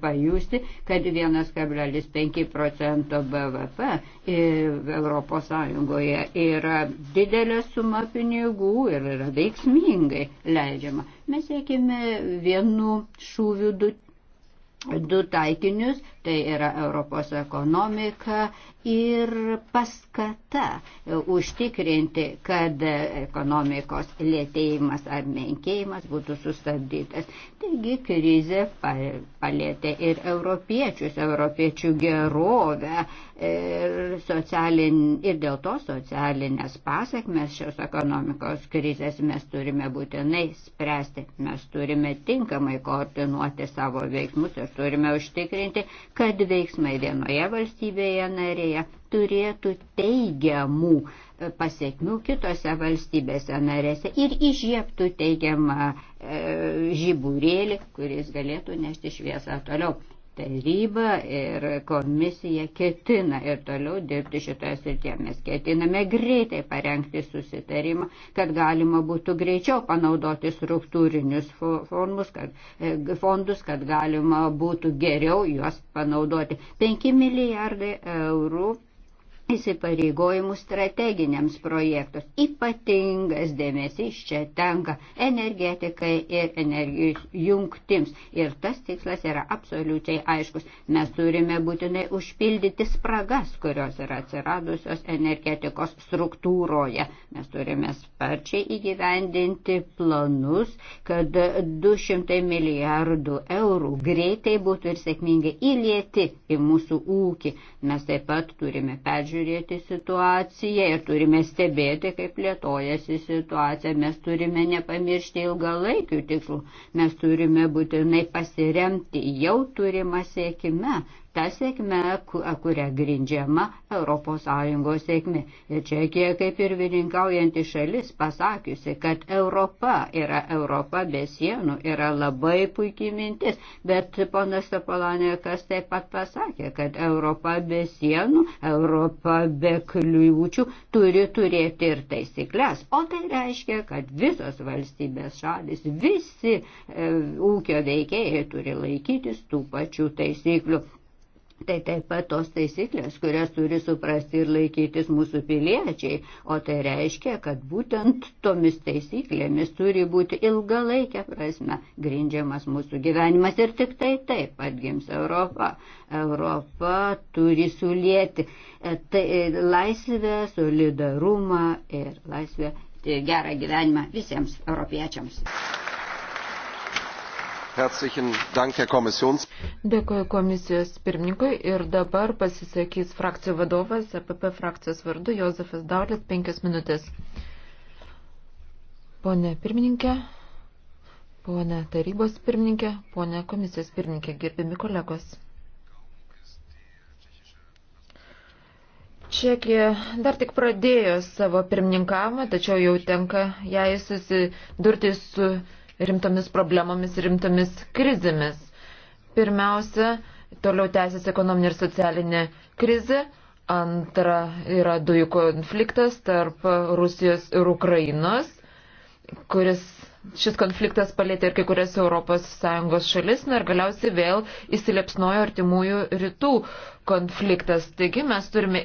pajusti, kad 1,5 procento BVP e, Europos Sąjungoje yra didelė suma pinigų ir yra veiksmingai leidžiama. Mes siekime vienu šūviu du du taikinius, tai yra Europos ekonomika ir paskata e, užtikrinti, kad ekonomikos lėtėjimas ar menkėjimas būtų sustabdytas. Taigi krizė palėtė ir europiečius, europiečių gerovę, ir, socialin, ir dėl to socialinės pasiekmes šios ekonomikos krizės mes turime būtinai spręsti. Mes turime tinkamai koordinuoti savo veiksmus ir turime užtikrinti, kad veiksmai vienoje valstybėje narėje turėtų teigiamų e, pasiekmių kitose valstybėse narėse ir išjėptų teigiamą e, žiburėlį, kuris galėtų nešti šviesą toliau taryba ir komisija ketina ir toliau dirbti šitoje srityje. Mes ketiname greitai parengti susitarimą, kad galima būtų greičiau panaudoti struktūrinius fondus, kad, e, fondus, kad galima būtų geriau juos panaudoti. 5 milijardai eurų įsipareigojimų strateginiams projektus. Ypatingas dėmesys čia tenka energetikai ir energijos jungtims. Ir tas tikslas yra absoliučiai aiškus. Mes turime būtinai užpildyti spragas, kurios yra atsiradusios energetikos struktūroje. Mes turime sparčiai įgyvendinti planus, kad 200 milijardų eurų greitai būtų ir sėkmingai įlieti į mūsų ūkį. Mes taip pat turime peržiūrėti peržiūrėti situaciją ir turime stebėti, kaip plėtojasi situacija. Mes turime nepamiršti ilgalaikių tikslų. Mes turime būtinai pasiremti jau turimą sėkime ta sėkme, kuria grindžiama ES sėkmė. Ir Čekija, kaip ir virinkaujanti šalis, pasakiusi, kad Europa yra Europa be sienų, yra labai puikiai mintis, bet ponas Topolanė kas taip pat pasakė, kad Europa be sienų, Europa be kliūčių turi turėti ir taisyklės. O tai reiškia, kad visos valstybės šalis, visi e, ūkio veikėjai turi laikytis tų pačių taisyklių. Tai taip pat tos taisyklės, kurias turi suprasti ir laikytis mūsų piliečiai, o tai reiškia, kad būtent tomis taisyklėmis turi būti ilgalaikė prasme grindžiamas mūsų gyvenimas ir tik tai taip atgims Europa. Europa turi sulėti e, tai, e, laisvę, solidarumą ir laisvę, tai gerą gyvenimą visiems europiečiams.
Dėkuoju
komisijos pirmininkui ir dabar pasisakys frakcijų vadovas, APP e frakcijos vardu, Jozefas Daulis, penkias minutės. Pone pirmininkė, pone tarybos pirmininkė, pone komisijos pirmininkė, gerbimi kolegos. Čekija dar tik pradėjo savo pirmininkavimą, tačiau jau tenka jai susidurti su rimtomis problemomis, rimtomis krizėmis. Pirmiausia, toliau tęsiasi ekonominė ir socialinė krizė. Antra yra dujų konfliktas tarp Rusijos ir Ukrainos, kuris šis konfliktas palėtė ir kai kurias ES šalis, na ir galiausiai vėl įsilepsnojo artimųjų rytų konfliktas. Taigi mes turime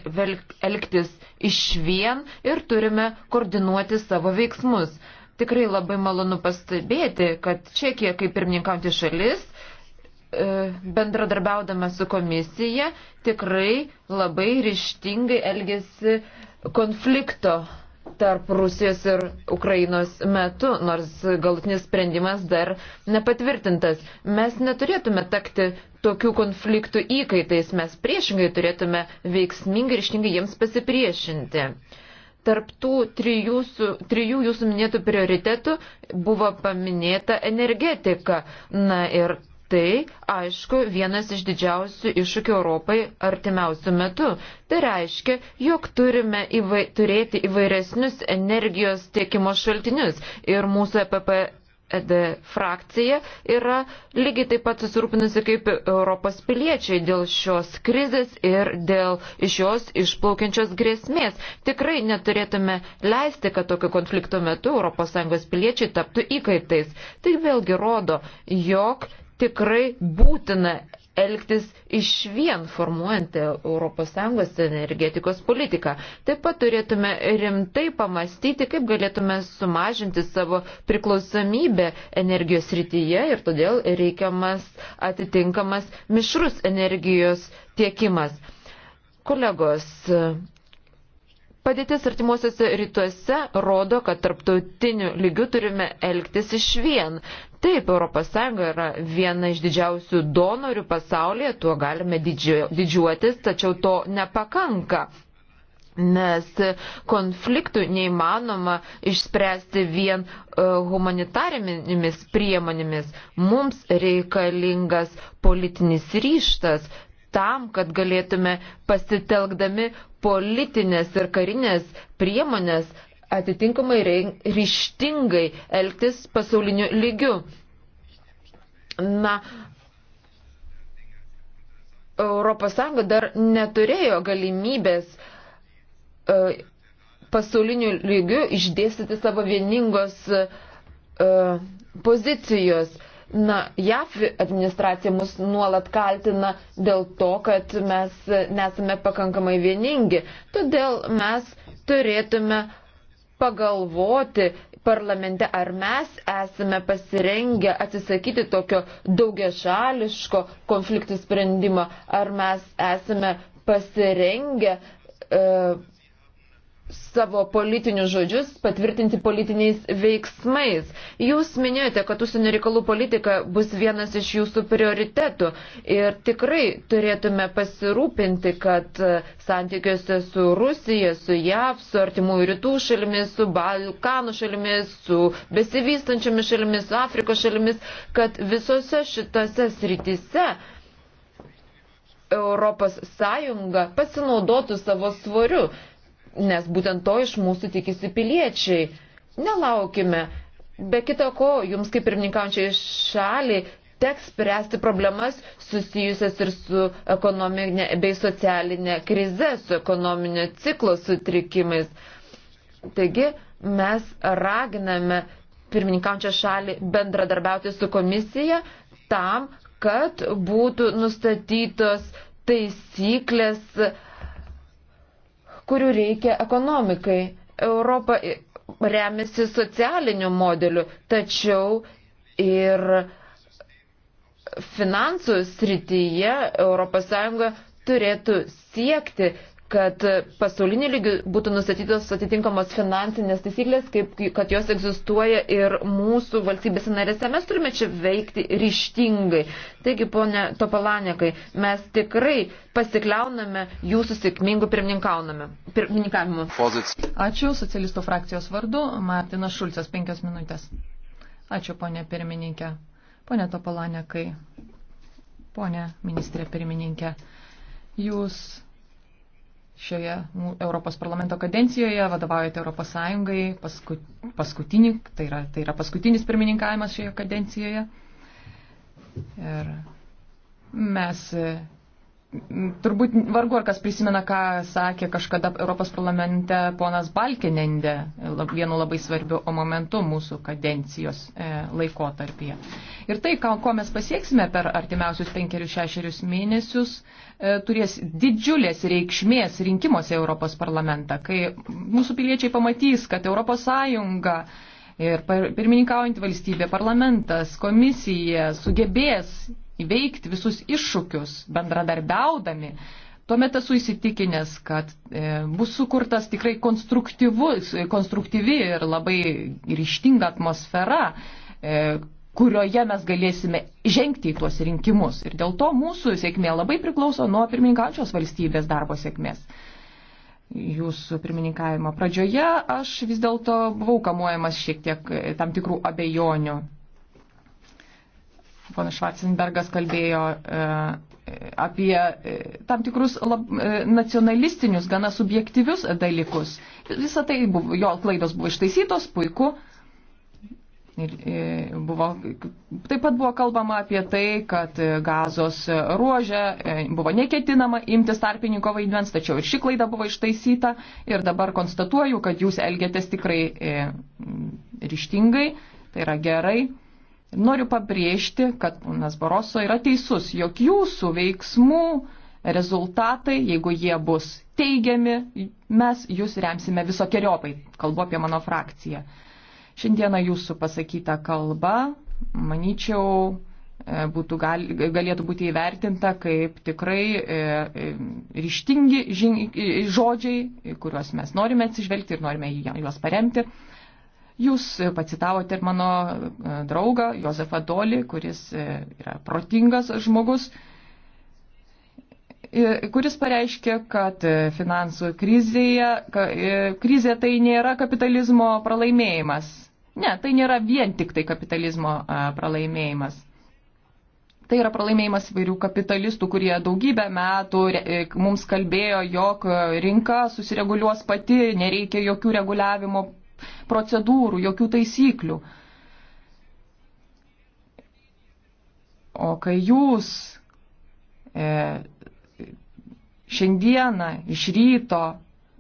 elgtis iš vien ir turime koordinuoti savo veiksmus. Tikrai labai malonu pastebėti, kad Čekija, kaip pirmininkauti šalis, e, bendradarbiaudama su komisija, tikrai labai ryštingai elgėsi konflikto tarp Rusijos ir Ukrainos metu, nors galutinis sprendimas dar nepatvirtintas. Mes neturėtume takti tokių konfliktų įkaitais, mes priešingai turėtume veiksmingai ir ištingai jiems pasipriešinti. Tarptų trijų, su, trijų jūsų minėtų prioritetų buvo paminėta energetika. Na ir tai, aišku, vienas iš didžiausių iššūkių Europai artimiausių metų. Tai reiškia, jog turime įvai, turėti įvairesnius energijos tiekimo šaltinius. Ir mūsų EPP ED frakcija yra lygiai taip pat susirūpinusi kaip Europos piliečiai dėl šios krizės ir dėl iš jos išplaukiančios grėsmės. Tikrai neturėtume leisti, kad tokio konflikto metu ES piliečiai taptų įkaitais. Tai vėlgi rodo, jog tikrai būtina elgtis iš vien formuojant ES energetikos politiką. Taip pat turėtume rimtai pamastyti, kaip galėtume sumažinti savo priklausomybę energijos rytyje ir todėl reikiamas atitinkamas mišrus energijos tiekimas. Kolegos, Padėtis artimuosiuose rytuose rodo, kad tarptautiniu lygiu turime elgtis iš vien. Taip, ES yra viena iš didžiausių donorių pasaulyje, tuo galime didžiuotis, tačiau to nepakanka. Nes konfliktų neįmanoma išspręsti vien e, humanitarinėmis priemonėmis. Mums reikalingas politinis ryštas tam, kad galėtume pasitelkdami politinės ir karinės priemonės atitinkamai ryštingai elgtis pasauliniu lygiu. Na, ES dar neturėjo galimybės e, pasauliniu lygiu išdėstyti savo vieningos e, pozicijos. Na, JAF administracija mus nuolat kaltina dėl to, kad mes nesame pakankamai vieningi. Todėl mes turėtume pagalvoti parlamente, ar mes esame pasirengę atsisakyti tokio daugiašališko konfliktų sprendimo, ar mes esame pasirengę uh, savo politinius žodžius patvirtinti politiniais veiksmais. Jūs minėjote, kad užsienio reikalų politika bus vienas iš jūsų prioritetų ir tikrai turėtume pasirūpinti, kad e, santykiuose su Rusija, su JAV, su artimųjų rytų šalimis, su Balkanų šalimis, su besivystančiomis šalimis, su Afrikos šalimis, kad visose šitose srityse Europos Sąjunga pasinaudotų savo svoriu nes būtent to iš mūsų tikisi piliečiai. Nelaukime. Be kita ko, jums kaip pirmininkaujančiai šaliai teks spręsti problemas susijusias ir su ekonominė bei socialinė krize, su ekonominio ciklo sutrikimais. Taigi mes raginame pirmininkaujančią šalį bendradarbiauti su komisija tam, kad būtų nustatytos taisyklės kurių reikia ekonomikai. Europa remiasi socialiniu modeliu, tačiau ir finansų srityje ES turėtų siekti kad pasaulinį lygių būtų nustatytos atitinkamos finansinės taisyklės, kaip, kad jos egzistuoja ir mūsų valstybės narėse. Mes turime čia veikti ryštingai. Taigi, ponė Topalanekai, mes tikrai pasikliauname jūsų sėkmingų pirmininkavimu.
Ačiū socialisto frakcijos vardu. Martinas Šulcas, penkios minutės. Ačiū, ponė pirmininkė. Pone Topalanekai, ponė ministrė pirmininkė, jūs šioje Europos parlamento kadencijoje, vadovaujate Europos Sąjungai, pasku, paskutinį, tai yra, tai yra paskutinis pirmininkavimas šioje kadencijoje. Ir mes turbūt vargu ar kas prisimena, ką sakė kažkada Europos parlamente ponas Balkinende vienu labai svarbiu momentu mūsų kadencijos e, laikotarpyje. Ir tai, ko mes pasieksime per artimiausius penkerius šešerius mėnesius, e, turės didžiulės reikšmės rinkimuose Europos parlamentą, kai mūsų piliečiai pamatys, kad Europos Sąjunga ir pirmininkaujant valstybė, parlamentas, komisija sugebės įveikti visus iššūkius bendradarbiaudami, tuomet esu įsitikinęs, kad e, bus sukurtas tikrai konstruktyvi ir labai ryštinga atmosfera, e, kurioje mes galėsime žengti į tuos rinkimus. Ir dėl to mūsų sėkmė labai priklauso nuo pirmininkančios valstybės darbo sėkmės. Jūsų pirmininkavimo pradžioje aš vis dėlto buvau kamuojamas šiek tiek e, tam tikrų abejonių ponas Švarcenbergas kalbėjo e, apie e, tam tikrus lab, e, nacionalistinius, gana subjektyvius dalykus. Visą tai buvo, jo klaidos buvo ištaisytos, puiku. Ir buvo, taip pat buvo kalbama apie tai, kad gazos ruožė buvo neketinama imtis tarpininko vaidmens, tačiau ir ši klaida buvo ištaisyta. Ir dabar konstatuoju, kad jūs elgėtės tikrai ryštingai, tai yra gerai. Ir noriu pabrėžti, kad ponas Baroso yra teisus, jog jūsų veiksmų rezultatai, jeigu jie bus teigiami, mes jūs remsime visokiojopai. Kalbu apie mano frakciją. Šiandieną jūsų pasakyta kalba, manyčiau, e, būtų gal, galėtų būti įvertinta kaip tikrai e, e, ryštingi žodžiai, kuriuos mes norime atsižvelgti ir norime juos paremti. Jūs pacitavote ir mano e, draugą Josefą Dolį, kuris e, yra protingas žmogus, e, kuris pareiškė, kad finansų krizėje, krizė tai nėra kapitalizmo pralaimėjimas. Ne, tai nėra vien tik tai kapitalizmo pralaimėjimas. Tai yra pralaimėjimas įvairių kapitalistų, kurie daugybę metų mums kalbėjo, jog rinka susireguliuos pati, nereikia jokių reguliavimo procedūrų, jokių taisyklių. O kai jūs e, šiandieną iš ryto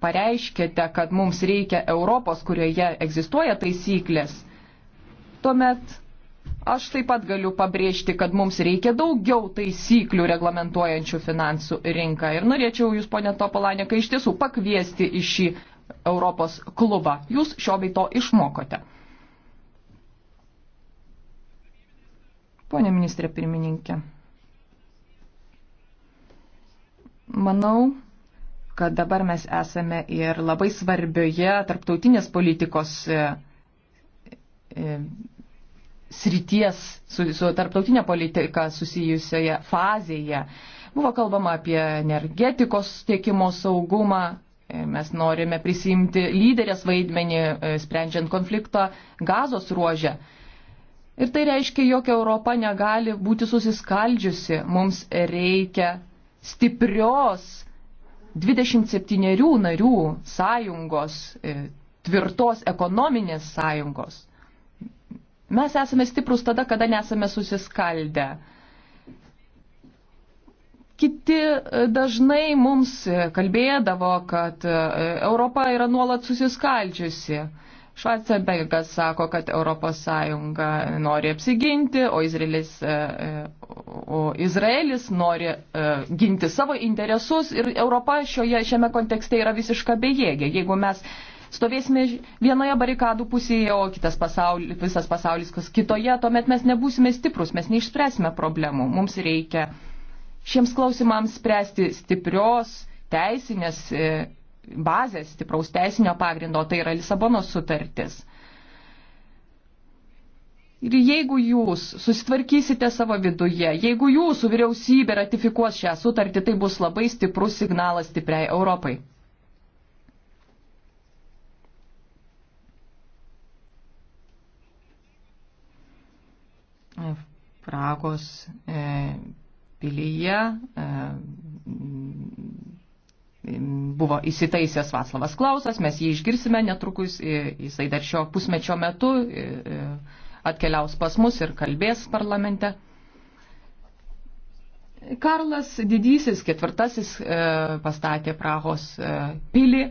pareiškėte, kad mums reikia Europos, kurioje egzistuoja taisyklės, tuomet aš taip pat galiu pabrėžti, kad mums reikia daugiau taisyklių reglamentuojančių finansų rinką. Ir norėčiau jūs, ponė Topolanė, kai iš tiesų pakviesti į šį Europos klubą. Jūs šio bei to išmokote. Pone ministrė pirmininkė, manau, kad dabar mes esame ir labai svarbioje tarptautinės politikos e, e, srities, su, su tarptautinė politika susijusioje fazėje. Buvo kalbama apie energetikos tiekimo saugumą, Mes norime prisimti lyderės vaidmenį, e, sprendžiant konfliktą gazos ruožę. Ir tai reiškia, jog Europa negali būti susiskaldžiusi. Mums reikia stiprios 27 narių sąjungos, e, tvirtos ekonominės sąjungos. Mes esame stiprus tada, kada nesame susiskaldę. Kiti e, dažnai mums kalbėdavo, kad e, Europa yra nuolat susiskaldžiusi. Švarcenbergas sako, kad ES nori apsiginti, o Izraelis, e, o Izraelis nori ginti savo interesus ir Europa šioje, šiame kontekste yra visiška bejėgė. Jeigu mes stovėsime vienoje barikadų pusėje, o kitas pasaulis, visas pasaulis kitoje, tuomet mes nebūsime stiprus, mes neišspręsime problemų. Mums reikia uh, šiems klausimams spręsti stiprios teisinės e, bazės, stipraus teisinio pagrindo, tai yra Lisabonos sutartis. Ir jeigu jūs susitvarkysite savo viduje, jeigu jūsų vyriausybė ratifikuos šią sutartį, tai bus labai stiprus signalas stipriai Europai. Pragos e, pilyje e, buvo įsitaisęs Vaclavas Klausas, mes jį išgirsime netrukus, jisai dar šio pusmečio metu atkeliaus pas mus ir kalbės parlamente. Karlas Didysis ketvirtasis e, pastatė Prahos e, pilį.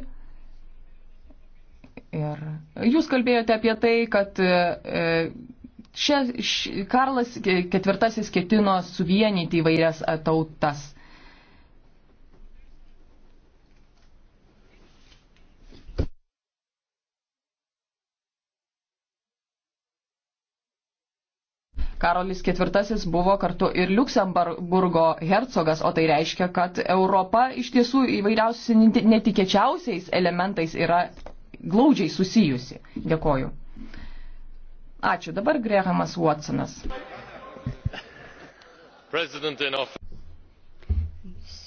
Ir jūs kalbėjote apie tai, kad Čia Karlas IV ketino suvienyti įvairias tautas. Karolis IV buvo kartu ir Luksemburgo hercogas, o tai reiškia, kad Europa iš tiesų įvairiausiais netikėčiausiais elementais yra glaudžiai susijusi. Dėkoju. Ačiū. Dabar Grehamas Watsonas.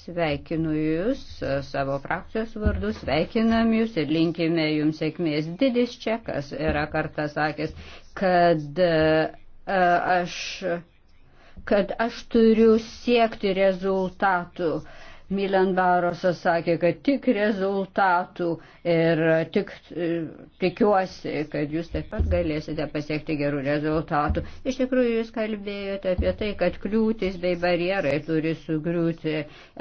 Sveikinu Jūs e, savo frakcijos vardu, sveikinam Jūs ir linkime Jums sėkmės. Didis čekas yra kartą sakęs, kad e, e, aš, kad aš turiu siekti rezultatų. Uh, Milan Barosas sakė, kad tik rezultatų ir tik e, tikiuosi, kad jūs taip pat galėsite pasiekti gerų rezultatų. Iš tikrųjų, jūs kalbėjote apie tai, kad kliūtis bei barjerai turi sugriūti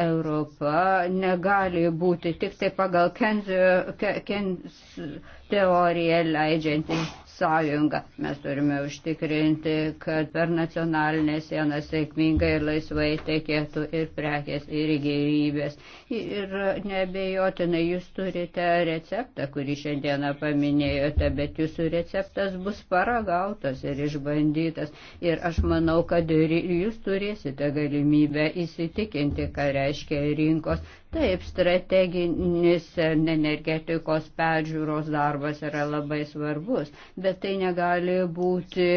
Europą, negali būti tik tai pagal Kenzio, Kenz teoriją leidžianti sąjungą. Mes turime užtikrinti, kad per nacionalinę sieną sėkmingai ir laisvai tekėtų ir prekės, ir gerybės. Ir nebejotinai jūs turite receptą, kurį šiandieną paminėjote, bet jūsų receptas bus paragautas ir išbandytas. Ir aš manau, kad jūs turėsite galimybę įsitikinti, ką reiškia rinkos Taip, strateginis energetikos peržiūros darbas yra labai svarbus, bet tai negali būti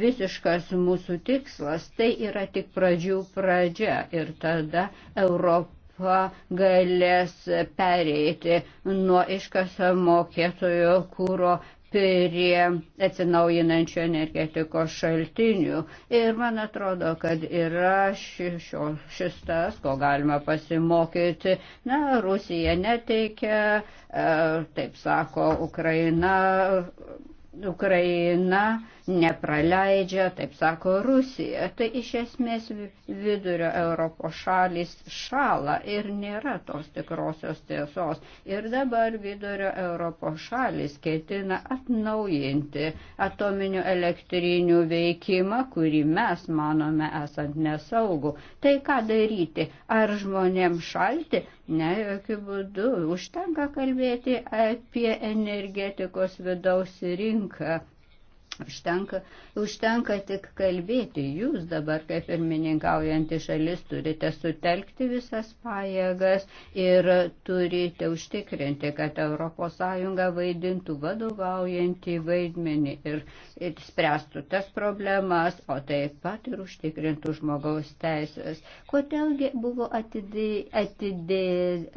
visiškas mūsų tikslas. Tai yra tik pradžių pradžia ir tada Europa galės pereiti nuo iškasamo kietojo kūro prie atsinaujinančių energetikos šaltinių. Ir man atrodo, kad yra ši, šio, šis tas, ko galima pasimokyti. Na, Rusija neteikia, e, taip sako Ukraina. Ukraina nepraleidžia, taip sako Rusija. Tai iš esmės vidurio Europos šalis šala ir nėra tos tikrosios tiesos. Ir dabar vidurio Europos šalis ketina atnaujinti atominių elektrinių veikimą, kurį mes manome esant nesaugų. Tai ką daryti? Ar žmonėms šalti? Ne, jokių būdų. Užtenka kalbėti apie energetikos vidaus rinką užtenka, užtenka tik kalbėti. Jūs dabar, kaip ir mininkaujantį šalis, turite sutelkti visas pajėgas ir turite užtikrinti, kad ES vaidintų vadovaujantį vaidmenį ir, ir spręstų tas problemas, o taip pat ir užtikrintų žmogaus teisės. Kodėlgi buvo atidė, atidė,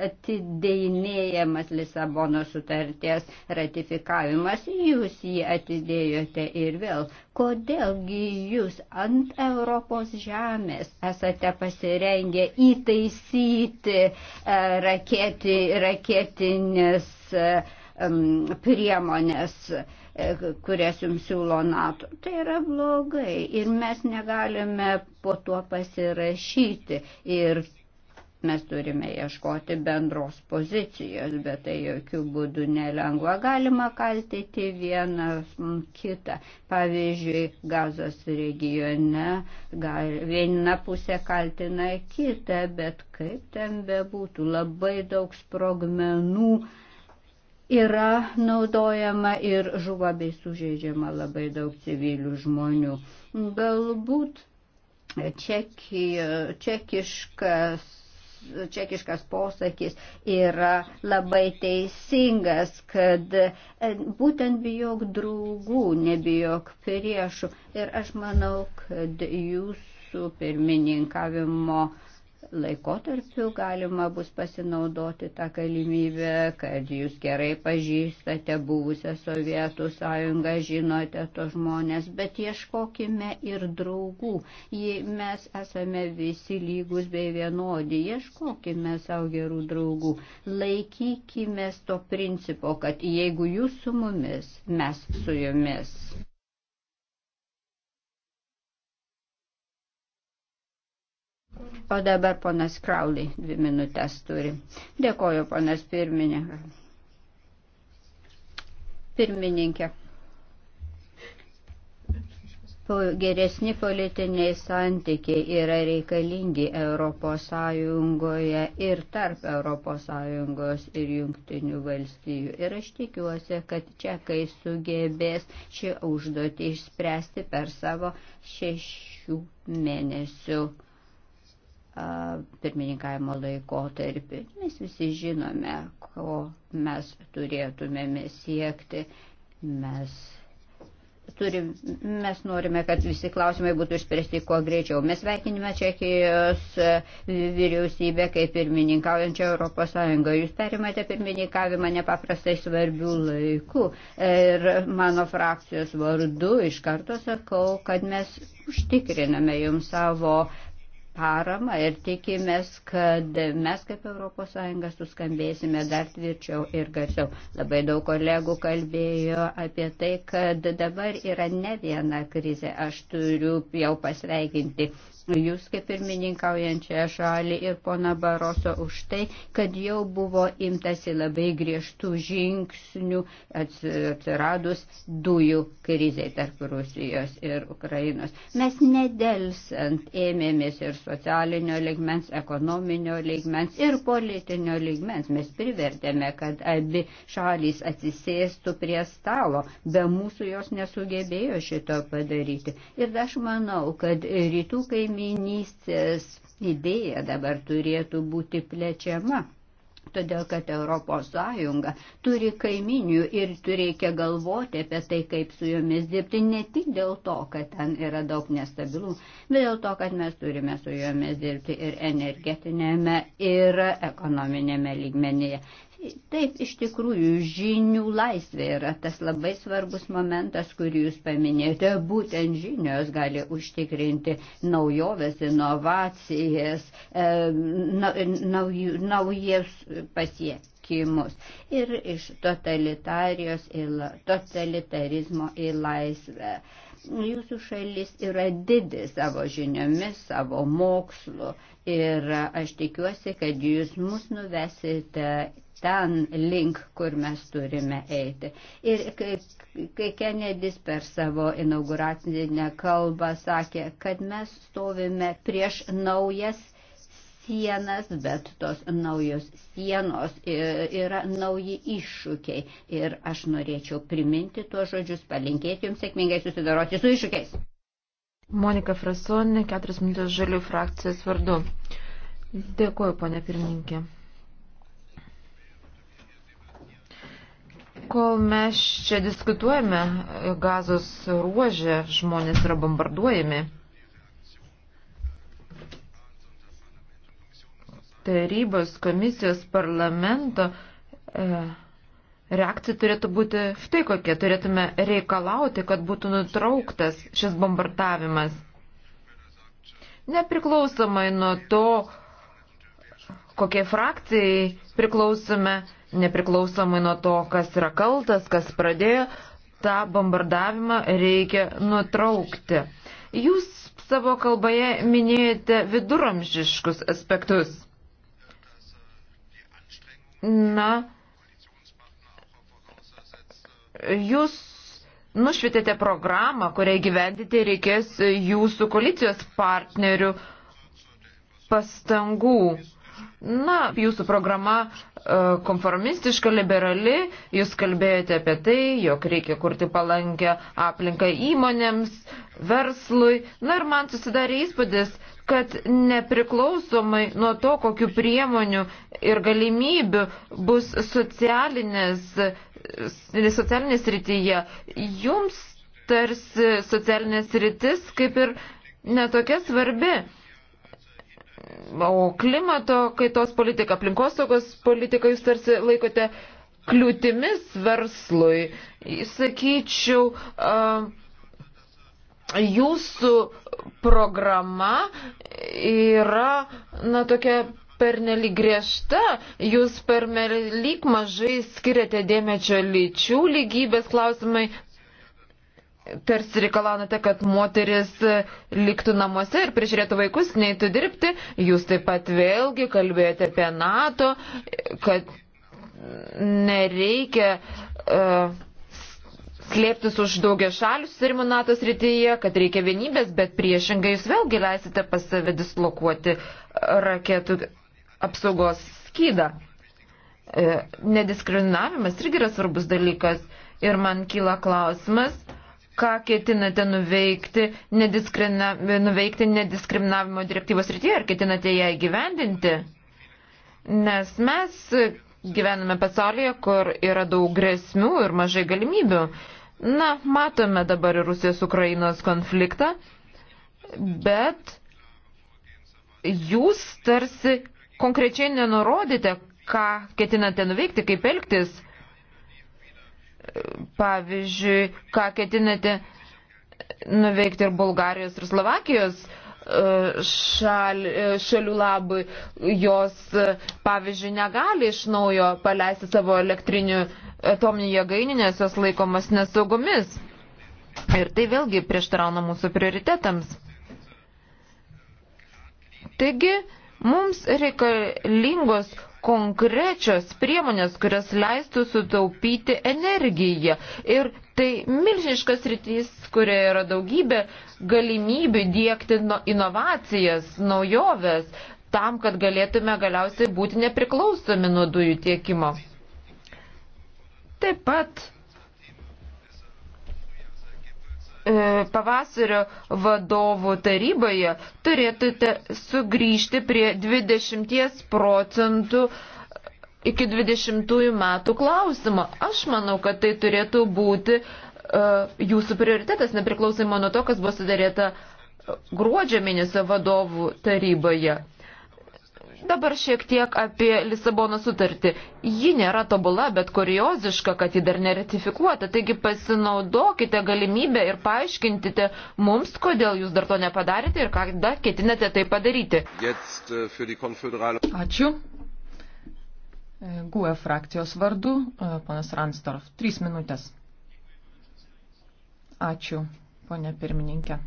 atidėjinėjamas Lisabono sutarties ratifikavimas? Jūs jį atidėjote ir vėl, kodėlgi jūs ant Europos žemės esate pasirengę įtaisyti e, raketi, raketinės e, priemonės, e, kurias jums siūlo NATO. Tai yra blogai ir mes negalime po tuo pasirašyti. Ir Mes turime ieškoti bendros pozicijos, bet tai jokių būdų nelengva. Galima kaltyti vieną kitą. Pavyzdžiui, gazos regione gal, viena pusė kaltina kitą, bet kaip ten bebūtų, labai daug sprogmenų yra naudojama ir žuva bei sužeidžiama labai daug civilių žmonių. Galbūt čeki, čekiškas čekiškas posakis yra labai teisingas, kad e, būtent bijok draugų, nebijok priešų. Ir aš manau, kad jūsų pirmininkavimo uh, laikotarpiu galima bus pasinaudoti tą galimybę, kad jūs gerai pažįstate buvusią Sovietų sąjungą, žinote to žmonės, bet ieškokime ir draugų. Jei mes esame visi lygus bei vienodi, ieškokime savo gerų draugų. Laikykime to principo, kad jeigu jūs su mumis, mes su jumis. O dabar ponas Kraulį dvi minutės turi. Dėkoju, ponas pirmininkė. Pirmininkė. Geresni politiniai santykiai yra reikalingi ES ir tarp ES ir jungtinių valstybių. Ir aš tikiuosi, kad čekai sugebės šį užduotį išspręsti per savo šešių mėnesių pirmininkavimo laikotarpį. Mes visi žinome, ko mes turėtumėme siekti. Mes, turim, mes norime, kad visi klausimai būtų išspręsti kuo greičiau. Mes veikinime Čekijos vyriausybę kaip pirmininkaujančią Europos Sąjungą. Jūs perimate pirmininkavimą nepaprastai svarbių laikų. Ir mano frakcijos vardu iš karto sakau, kad mes užtikriname jums savo paramą ir tikimės, kad mes kaip ES suskambėsime dar tvirčiau ir garsiau. Labai daug kolegų kalbėjo apie tai, kad dabar yra ne viena krizė. Aš turiu jau pasveikinti jūs kaip pirmininkaujančią šalį ir pona Baroso už tai, kad jau buvo imtasi labai griežtų žingsnių atsiradus dujų krizai tarp Rusijos ir Ukrainos. Mes nedelsant ėmėmės ir socialinio ligmens, ekonominio ligmens ir politinio ligmens. Mes privertėme, kad abi šalys atsisėstų prie stalo. Be mūsų jos nesugebėjo šito padaryti. Ir aš manau, kad rytų kaimynai kaiminystės idėja dabar turėtų būti plečiama. Todėl, kad ES turi kaiminių ir reikia galvoti apie tai, kaip su jomis dirbti, ne tik dėl to, kad ten yra daug nestabilų, bet dėl to, kad mes turime su jomis dirbti ir energetinėme, ir ekonominėme lygmenyje. Taip, iš tikrųjų, žinių laisvė yra tas labai svarbus momentas, kurį jūs paminėjote. Būtent žinios gali užtikrinti naujoves, inovacijas, e, naujas pasiekimus. Ir iš totalitarijos, totalitarizmo į laisvę. Jūsų šalis yra didi savo žiniomis, savo mokslu. Ir aš tikiuosi, kad jūs mus nuvesite ten link, kur mes turime eiti. Ir kai Kenedis per savo inauguracinę kalbą sakė, kad mes stovime prieš naujas sienas, bet tos naujos sienos yra nauji iššūkiai. Ir aš norėčiau priminti tuos žodžius, palinkėti jums sėkmingai susidoroti
su iššūkiais. Monika Frasonė, 4 minutės žalių frakcijos vardu. Dėkuoju, ponė pirmininkė. kol mes čia diskutuojame, gazos ruožė žmonės yra bombarduojami. Tarybos komisijos parlamento e, reakcija turėtų būti štai kokia. Turėtume reikalauti, kad būtų nutrauktas šis bombardavimas. Nepriklausomai nuo to, kokie frakcijai priklausome, nepriklausomai nuo to, kas yra kaltas, kas pradėjo, tą bombardavimą reikia nutraukti. Jūs savo kalboje minėjote viduramžiškus aspektus. Na, jūs nušvietėte programą, kurią gyventyti reikės jūsų koalicijos partnerių pastangų. Na, jūsų programa e, konformistiška, liberali, jūs kalbėjote apie tai, jog reikia kurti palankę aplinką įmonėms, verslui. Na ir man susidarė įspūdis, kad nepriklausomai nuo to, kokiu priemonių ir galimybių bus socialinės, socialinės rytyje, jums tarsi socialinės rytis kaip ir netokia svarbi. O klimato kaitos politika, aplinkosaugos politika jūs tarsi laikote kliūtimis verslui. Sakyčiau, jūsų programa yra, na, tokia pernelyg griežta, jūs pernelyg mažai skiriate dėmesio lyčių lygybės klausimai, tarsi reikalavate, kad moteris liktų namuose ir prižiūrėtų vaikus, neįtų dirbti. Jūs taip pat vėlgi kalbėjote apie NATO, kad nereikia uh, slėptis už daugia šalių susirimų NATO srityje, kad reikia vienybės, bet priešingai jūs vėlgi leisite pas save dislokuoti raketų apsaugos skydą. Uh, nediskriminavimas irgi yra svarbus dalykas ir man kyla klausimas, uh, ką ketinate nuveikti, nediskrimina, nuveikti nediskriminavimo direktyvos rytyje, ar ketinate ją įgyvendinti? Nes mes gyvename pasaulyje, kur yra daug grėsmių ir mažai galimybių. Na, matome dabar Rusijos Ukrainos konfliktą, bet jūs tarsi konkrečiai nenurodėte, ką ketinate nuveikti, kaip elgtis pavyzdžiui, ką ketinate nuveikti ir Bulgarijos, ir Slovakijos e, šal, e, šalių labui, jos, e, pavyzdžiui, negali iš naujo paleisti savo elektrinių atominių jėgainių, nes jos laikomas nesaugomis. Ir tai vėlgi prieštarauna mūsų prioritetams. Taigi, mums reikalingos konkrečios priemonės, kurias leistų sutaupyti energiją. Ir tai milžiniškas rytis, kurioje yra daugybė galimybių dėkti inovacijas, naujoves, tam, kad galėtume galiausiai būti nepriklausomi nuo dujų tiekimo. Taip pat E, pavasario vadovų taryboje turėtumėte sugrįžti prie 20 procentų iki 20 metų klausimo. Aš manau, kad tai turėtų būti uh, jūsų prioritetas, nepriklausomai nuo to, kas buvo sudarėta gruodžio mėnesio vadovų taryboje. Dabar šiek tiek apie Lisabono sutartį. Ji nėra tobula, bet kurioziška, kad ji dar neratifikuota. Taigi pasinaudokite galimybę ir paaiškinkite mums, kodėl jūs dar to nepadarėte ir ką dar ketinate tai padaryti.
Äh,
Ačiū. Äh, GUE frakcijos vardu,
äh, panas Ransdorf. Trys minutės. Ačiū, ponė pirmininkė.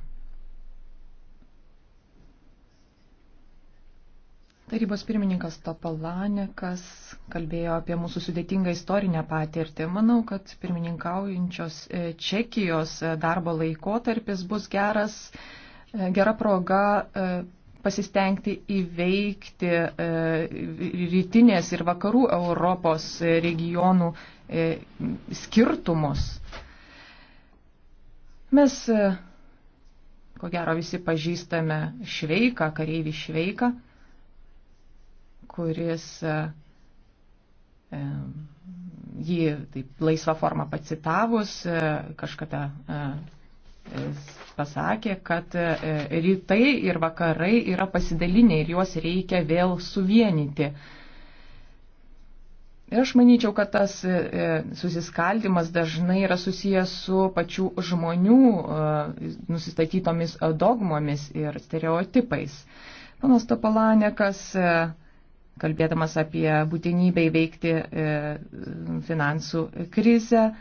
Tarybos pirmininkas Topalanekas kalbėjo apie mūsų sudėtingą istorinę patirtį. Manau, kad pirmininkaujančios e, Čekijos e, darbo laikotarpis bus geras, e, gera proga pasistengti įveikti rytinės ir vakarų Europos regionų skirtumus. Mes, ko gero, visi pažįstame šveiką, kareivį šveiką kuris e, e, jį taip laisvą formą pacitavus e, kažkada pasakė, kad rytai ir vakarai yra pasidaliniai ir juos reikia vėl suvienyti. Ir aš manyčiau, kad tas susiskaldimas dažnai yra susijęs su pačių žmonių nusistatytomis dogmomis ir stereotipais. Panas Topolanekas kalbėdamas apie būtinybę įveikti e, finansų krizę, e,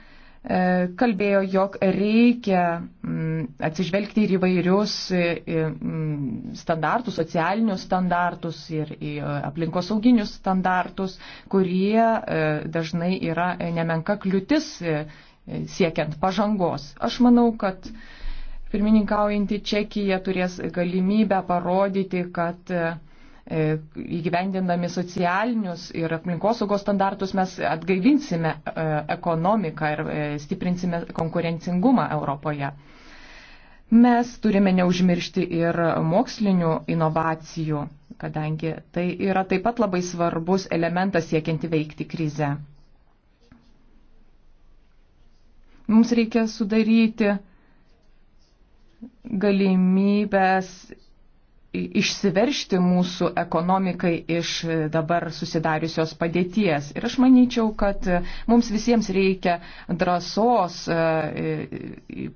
kalbėjo, jog reikia mm, atsižvelgti ir įvairius e, mm, standartus, socialinius standartus ir aplinkosauginius standartus, kurie dažnai yra nemenka kliūtis siekiant pažangos. Aš manau, kad pirmininkaujanti Čekija turės galimybę parodyti, kad E, įgyvendinami socialinius ir aplinkosaugos standartus mes atgaivinsime e, ekonomiką ir e, stiprinsime konkurencingumą Europoje. Mes turime neužmiršti ir mokslinių inovacijų, kadangi tai yra taip pat labai svarbus elementas siekiant įveikti krizę. Mums reikia sudaryti galimybės išsiveršti mūsų ekonomikai iš dabar susidariusios padėties. Ir aš manyčiau, kad mums visiems reikia drąsos e,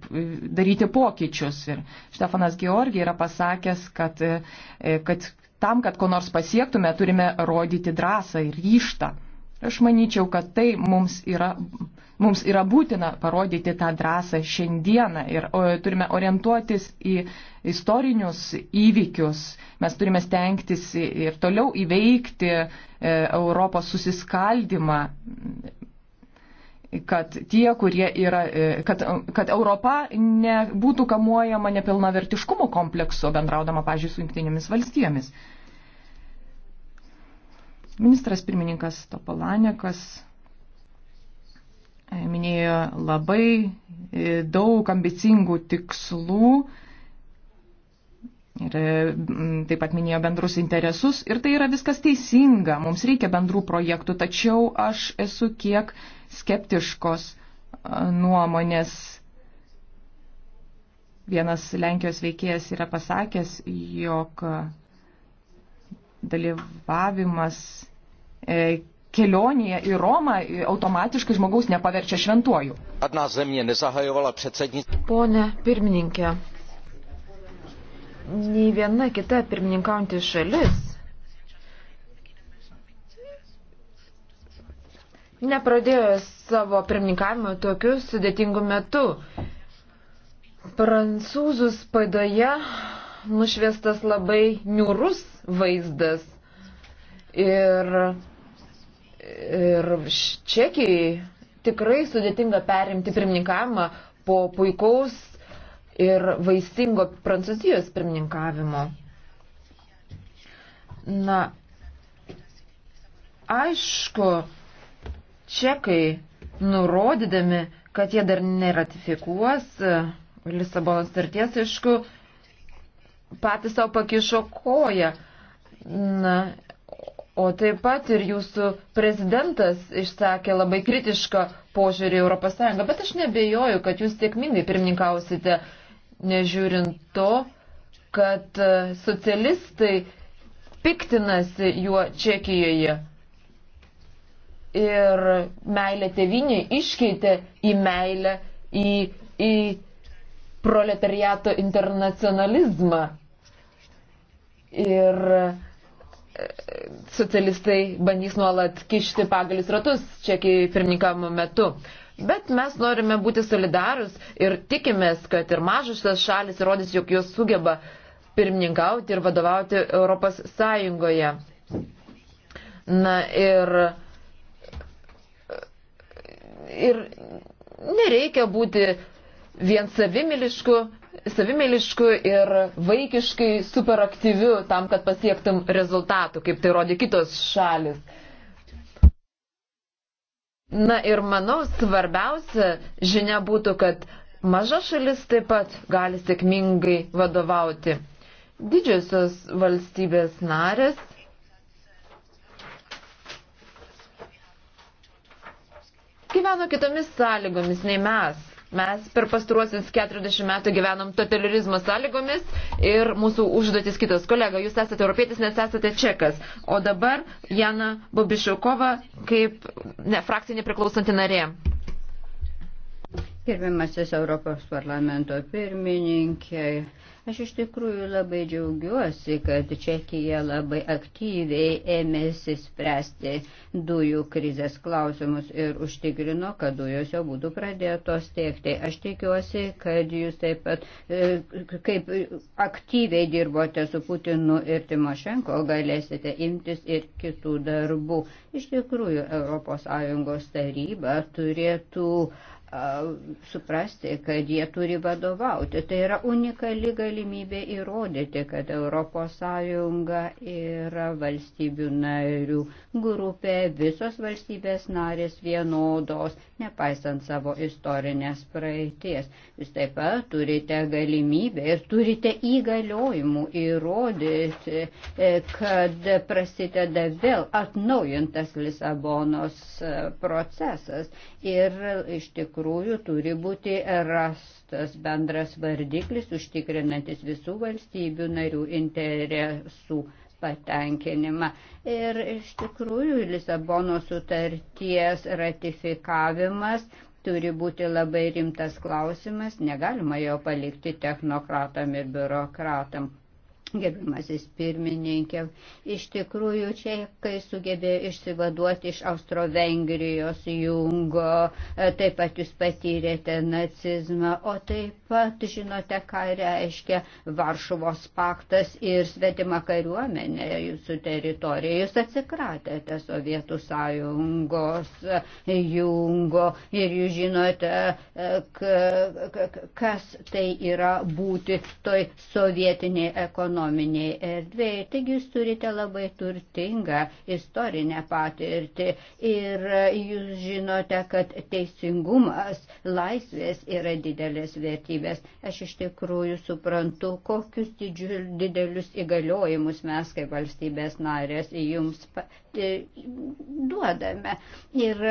daryti pokyčius. Ir Štefanas Georgi yra pasakęs, kad, e, kad tam, kad ko nors pasiektume, turime rodyti drąsą ir ryštą. Aš manyčiau, kad tai mums yra Mums yra būtina parodyti tą drąsą šiandieną ir o, turime orientuotis į istorinius įvykius. Mes turime stengtis ir toliau įveikti e, Europos susiskaldimą kad tie, kurie yra, e, kad, kad Europa nebūtų kamuojama nepilnavertiškumo komplekso bendraudama, pažiūrėjau, su jungtinėmis valstijomis. Ministras pirmininkas Topolanekas E, minėjo labai e, daug ambicingų tikslų ir e, taip pat minėjo bendrus interesus ir tai yra viskas teisinga, mums reikia bendrų projektų, tačiau aš esu kiek skeptiškos nuomonės. Vienas Lenkijos veikėjas yra pasakęs, jog dalyvavimas kelionėje į Romą automatiškai
žmogaus nepaverčia šventuoju. Pone pirmininkė, nei viena kita pirmininkaujanti šalis nepradėjo savo pirmininkavimo tokiu sudėtingu metu. Prancūzų spaidoje nušviestas labai niūrus vaizdas ir Ir Čekijai tikrai sudėtinga perimti pirmininkavimą po puikaus ir vaisingo Prancūzijos pirmininkavimo. Na, aišku, čekai nurodydami, kad jie dar neratifikuos e, Lisabonos starties, aišku, patys savo pakišo koją. Na, O taip pat ir jūsų prezidentas išsakė labai kritišką požiūrį į ES, bet aš nebejoju, kad jūs sėkmingai pirmininkausite, nežiūrint to, kad e, socialistai piktinasi juo Čekijoje. Ir meilė teviniai iškeitė į meilę, į, į proletariato internacionalizmą. Ir socialistai bandys nuolat kišti pagalius ratus čekiai pirmininkavimo metu. Bet mes norime būti solidarus ir tikimės, kad ir mažosios šalis įrodys, jog jos sugeba pirmininkauti ir vadovauti Europos Sąjungoje. Na ir, ir nereikia būti vien savimilišku, savimėlišku ir vaikiškai superaktyviu tam, kad pasiektum rezultatų, kaip tai rodė kitos šalis. Na ir manau, svarbiausia žinia būtų, kad maža šalis taip pat gali sėkmingai vadovauti. Didžiosios valstybės narės gyveno kitomis sąlygomis nei mes. Mes per pastaruosius 40 metų gyvenom totalitarizmo sąlygomis ir mūsų užduotis kitas. Kolega, jūs esate europietis, nes esate čekas. O dabar Jana Bobišiaukova kaip ne, frakcija nepriklausanti narė.
Gerbiamasis Europos parlamento pirmininkė, aš iš tikrųjų labai džiaugiuosi, kad Čekija labai aktyviai ėmėsi spręsti dujų krizės klausimus ir užtikrino, kad dujos jau būtų pradėtos tiekti. Aš tikiuosi, kad jūs taip pat, e, kaip aktyviai dirbote su Putinu ir Timošenko, galėsite imtis ir kitų darbų. Iš tikrųjų, ES taryba turėtų uh, suprasti, kad jie turi vadovauti. Tai yra unikali galimybė įrodyti, kad ES yra valstybių narių grupė, visos valstybės narės vienodos, nepaisant savo istorinės praeities. Jūs taip pat turite galimybę ir turite įgaliojimų įrodyti, e, kad prasideda vėl atnaujintas Lisabonos e, procesas. Ir iš tikrųjų tikrųjų turi būti rastas bendras vardiklis užtikrinantis visų valstybių narių interesų patenkinimą. Ir iš tikrųjų Lisabono sutarties ratifikavimas turi būti labai rimtas klausimas, negalima jo palikti technokratam ir biurokratam. Gerbimasis pirmininkė, iš tikrųjų čekai sugebėjo išsivaduoti iš Austro-Vengrijos jungo, taip pat jūs patyrėte nacizmą, o taip pat žinote, ką reiškia Varšuvos paktas ir svetima kariuomenė jūsų teritorija. Jūs atsikratėte Sovietų sąjungos jungo ir jūs žinote, e, kas tai yra būti toj sovietiniai ekonominiai erdvėje. Taigi jūs turite labai turtingą istorinę patirtį ir jūs žinote, kad teisingumas, laisvės yra didelės vertybės valstybės. Aš iš tikrųjų suprantu, kokius didžiul, didelius įgaliojimus mes kaip valstybės narės jums e, duodame. Ir,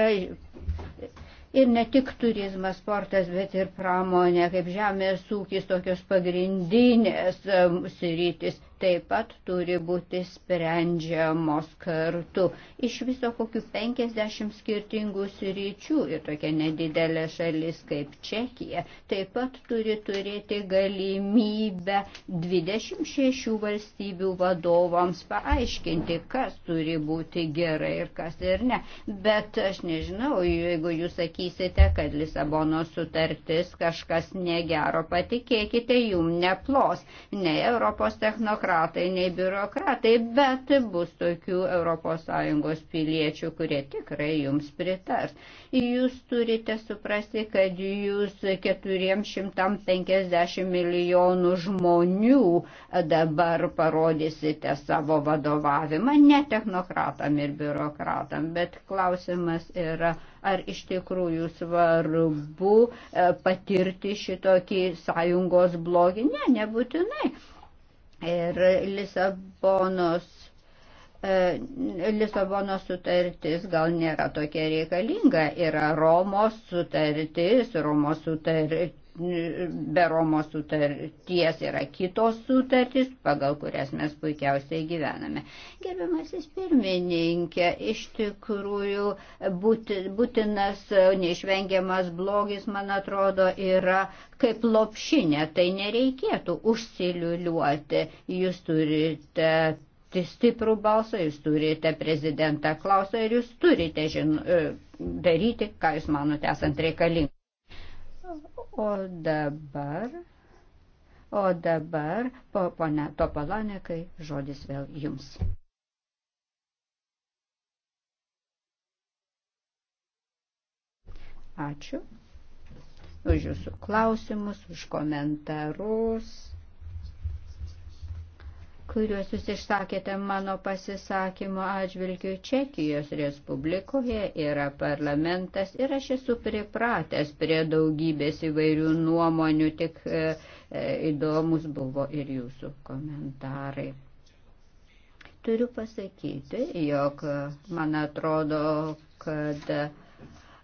ir ne tik turizmas, sportas, bet ir pramonė, kaip žemės ūkis, tokios pagrindinės um, sritis taip pat turi būti sprendžiamos kartu. Iš viso kokių 50 skirtingų sričių ir tokia nedidelė šalis kaip Čekija taip pat turi turėti galimybę 26 valstybių vadovams paaiškinti, kas turi būti gerai ir kas ir ne. Bet aš nežinau, jeigu jūs sakysite, kad Lisabono sutartis kažkas negero, patikėkite, jum neplos. Ne Europos technokratai technokratai, nei biurokratai, bet bus tokių ES piliečių, kurie tikrai jums pritars. Jūs turite suprasti, kad jūs 450 milijonų žmonių dabar parodysite savo vadovavimą, ne technokratam ir biurokratam, bet klausimas yra, ar iš tikrųjų svarbu e, patirti šitokį sąjungos blogį. Ne, nebūtinai ir Lisabonos e, Lisabonos sutartis gal nėra tokia reikalinga, yra Romos sutartis, Romos sutartis be Romos sutarties yra kitos sutartys, pagal kurias mes puikiausiai gyvename. Gerbiamasis pirmininkė, iš tikrųjų būtinas, neišvengiamas blogis, man atrodo, yra kaip lopšinė, tai nereikėtų užsiliuliuoti. Jūs turite stiprų balsą, jūs turite prezidentą klausą ir jūs turite žin, daryti, ką jūs manote esant reikalingi. O dabar, o dabar, po, ponia Topalanekai, žodis vėl jums. Ačiū už jūsų klausimus, už komentarus kuriuos jūs išsakėte mano pasisakymo atžvilgiu Čekijos Respublikoje yra parlamentas ir aš esu pripratęs prie daugybės įvairių nuomonių, tik e, e įdomus buvo ir jūsų komentarai. Turiu pasakyti, jog man atrodo, kad e,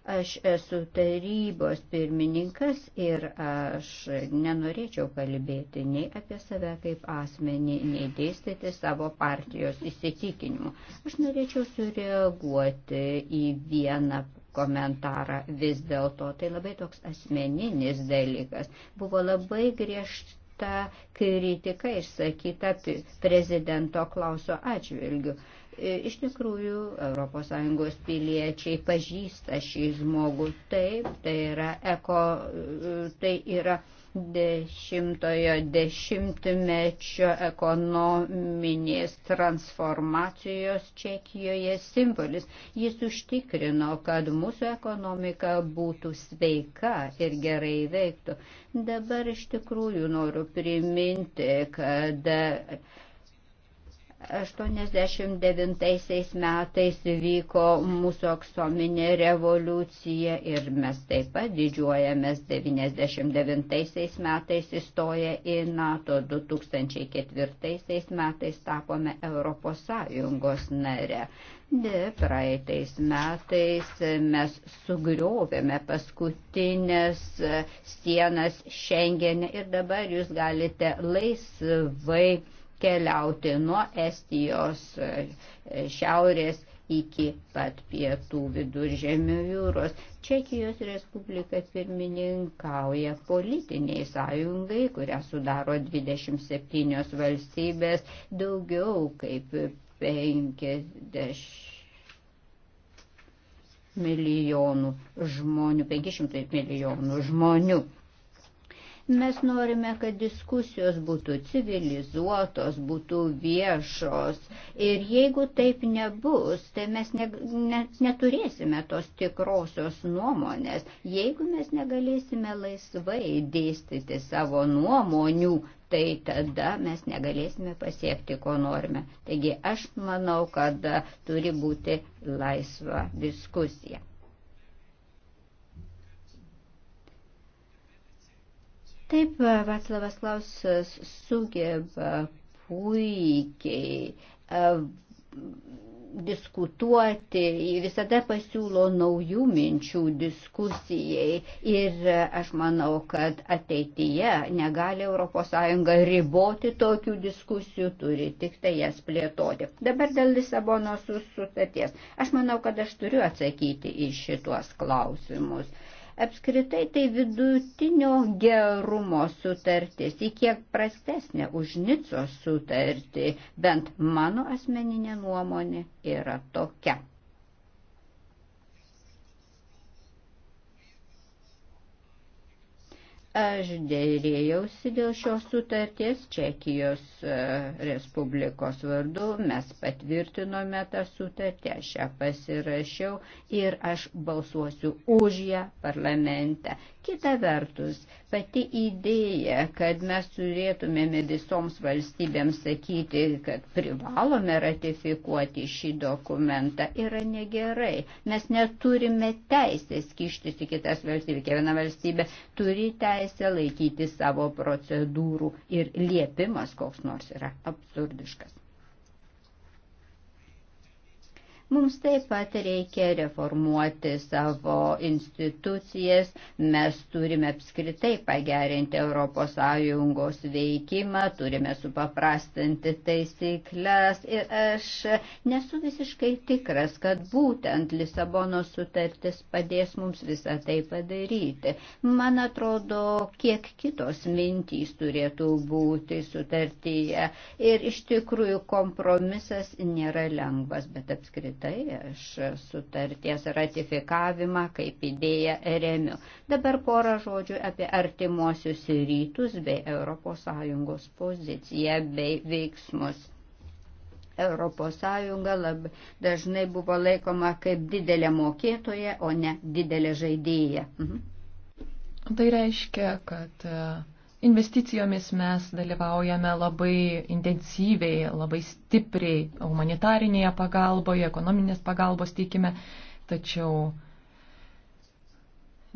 Aš esu tarybos pirmininkas ir aš nenorėčiau kalbėti nei apie save kaip asmenį, nei dėstyti savo partijos įsitikinimų. Aš norėčiau sureaguoti į vieną komentarą vis dėlto. Tai labai toks asmeninis dalykas. Buvo labai griežta ta kritika išsakyta prezidento klauso atžvilgiu. E, iš tikrųjų, ES piliečiai pažįsta šį žmogų. Taip, tai yra, eko, e, tai yra dešimtojo dešimtmečio ekonominės transformacijos Čekijoje simbolis. Jis užtikrino, kad mūsų ekonomika būtų sveika ir gerai veiktų. Dabar iš tikrųjų noriu priminti, kad 89 metais vyko mūsų aksominė revoliucija ir mes taip pat didžiuojamės 99 metais įstoję į NATO, 2004 metais tapome Europos Sąjungos nare. De, praeitais metais mes sugriovėme paskutinės sienas Šengenė ir dabar jūs galite laisvai keliauti nuo Estijos e, šiaurės iki pat pietų viduržėmio jūros. Čekijos Respublika pirmininkauja politiniai sąjungai, kurią sudaro 27 valstybės, daugiau kaip 50 milijonų žmonių, 500 milijonų žmonių. Mes norime, kad diskusijos būtų civilizuotos, būtų viešos. Ir jeigu taip nebus, tai mes ne, ne, neturėsime tos tikrosios nuomonės. Jeigu mes negalėsime laisvai dėstyti savo nuomonių, tai tada mes negalėsime pasiekti, ko norime. Taigi aš manau, kad turi būti laisva diskusija. Taip, e, Vaclavas Klausas sugeba puikiai e, diskutuoti, visada pasiūlo naujų minčių diskusijai ir e, aš manau, kad ateityje negali ES riboti tokių diskusijų, turi tik tai jas plėtoti. Dabar dėl Lisabonos sutarties. Aš manau, kad aš turiu atsakyti į šituos klausimus. Apskritai tai vidutinio gerumo sutartis, į kiek prastesnė už Nico sutartį, bent mano asmeninė nuomonė yra tokia. Aš dėrėjausi dėl šios sutarties Čekijos e, Respublikos vardu, mes patvirtinome tą sutartį, aš ją pasirašiau ir aš balsuosiu už ją parlamente. Kita vertus, pati idėja, kad mes turėtumėme visoms valstybėms sakyti, kad privalome ratifikuoti šį dokumentą, yra negerai. Mes neturime teisės kištis į kitas valstybės. Kiekviena valstybė turi teisę laikyti savo procedūrų ir liepimas koks nors yra absurdiškas. Mums taip pat reikia reformuoti savo institucijas, mes turime apskritai pagerinti ES veikimą, turime supaprastinti taisyklės ir aš nesu visiškai tikras, kad būtent Lisabono sutartis padės mums visą tai padaryti. Man atrodo, kiek kitos mintys turėtų būti sutartyje ir iš tikrųjų kompromisas nėra lengvas, bet apskritai Tai aš sutarties ratifikavimą kaip idėją remiu. Dabar porą žodžių apie artimuosius rytus bei ES poziciją bei veiksmus. ES labai dažnai buvo laikoma kaip didelė mokėtoja, o ne didelė žaidėja. Mhm.
Tai reiškia, kad investicijomis mes dalyvaujame labai intensyviai, labai stipriai humanitarinėje pagalboje, ekonominės pagalbos teikime, tačiau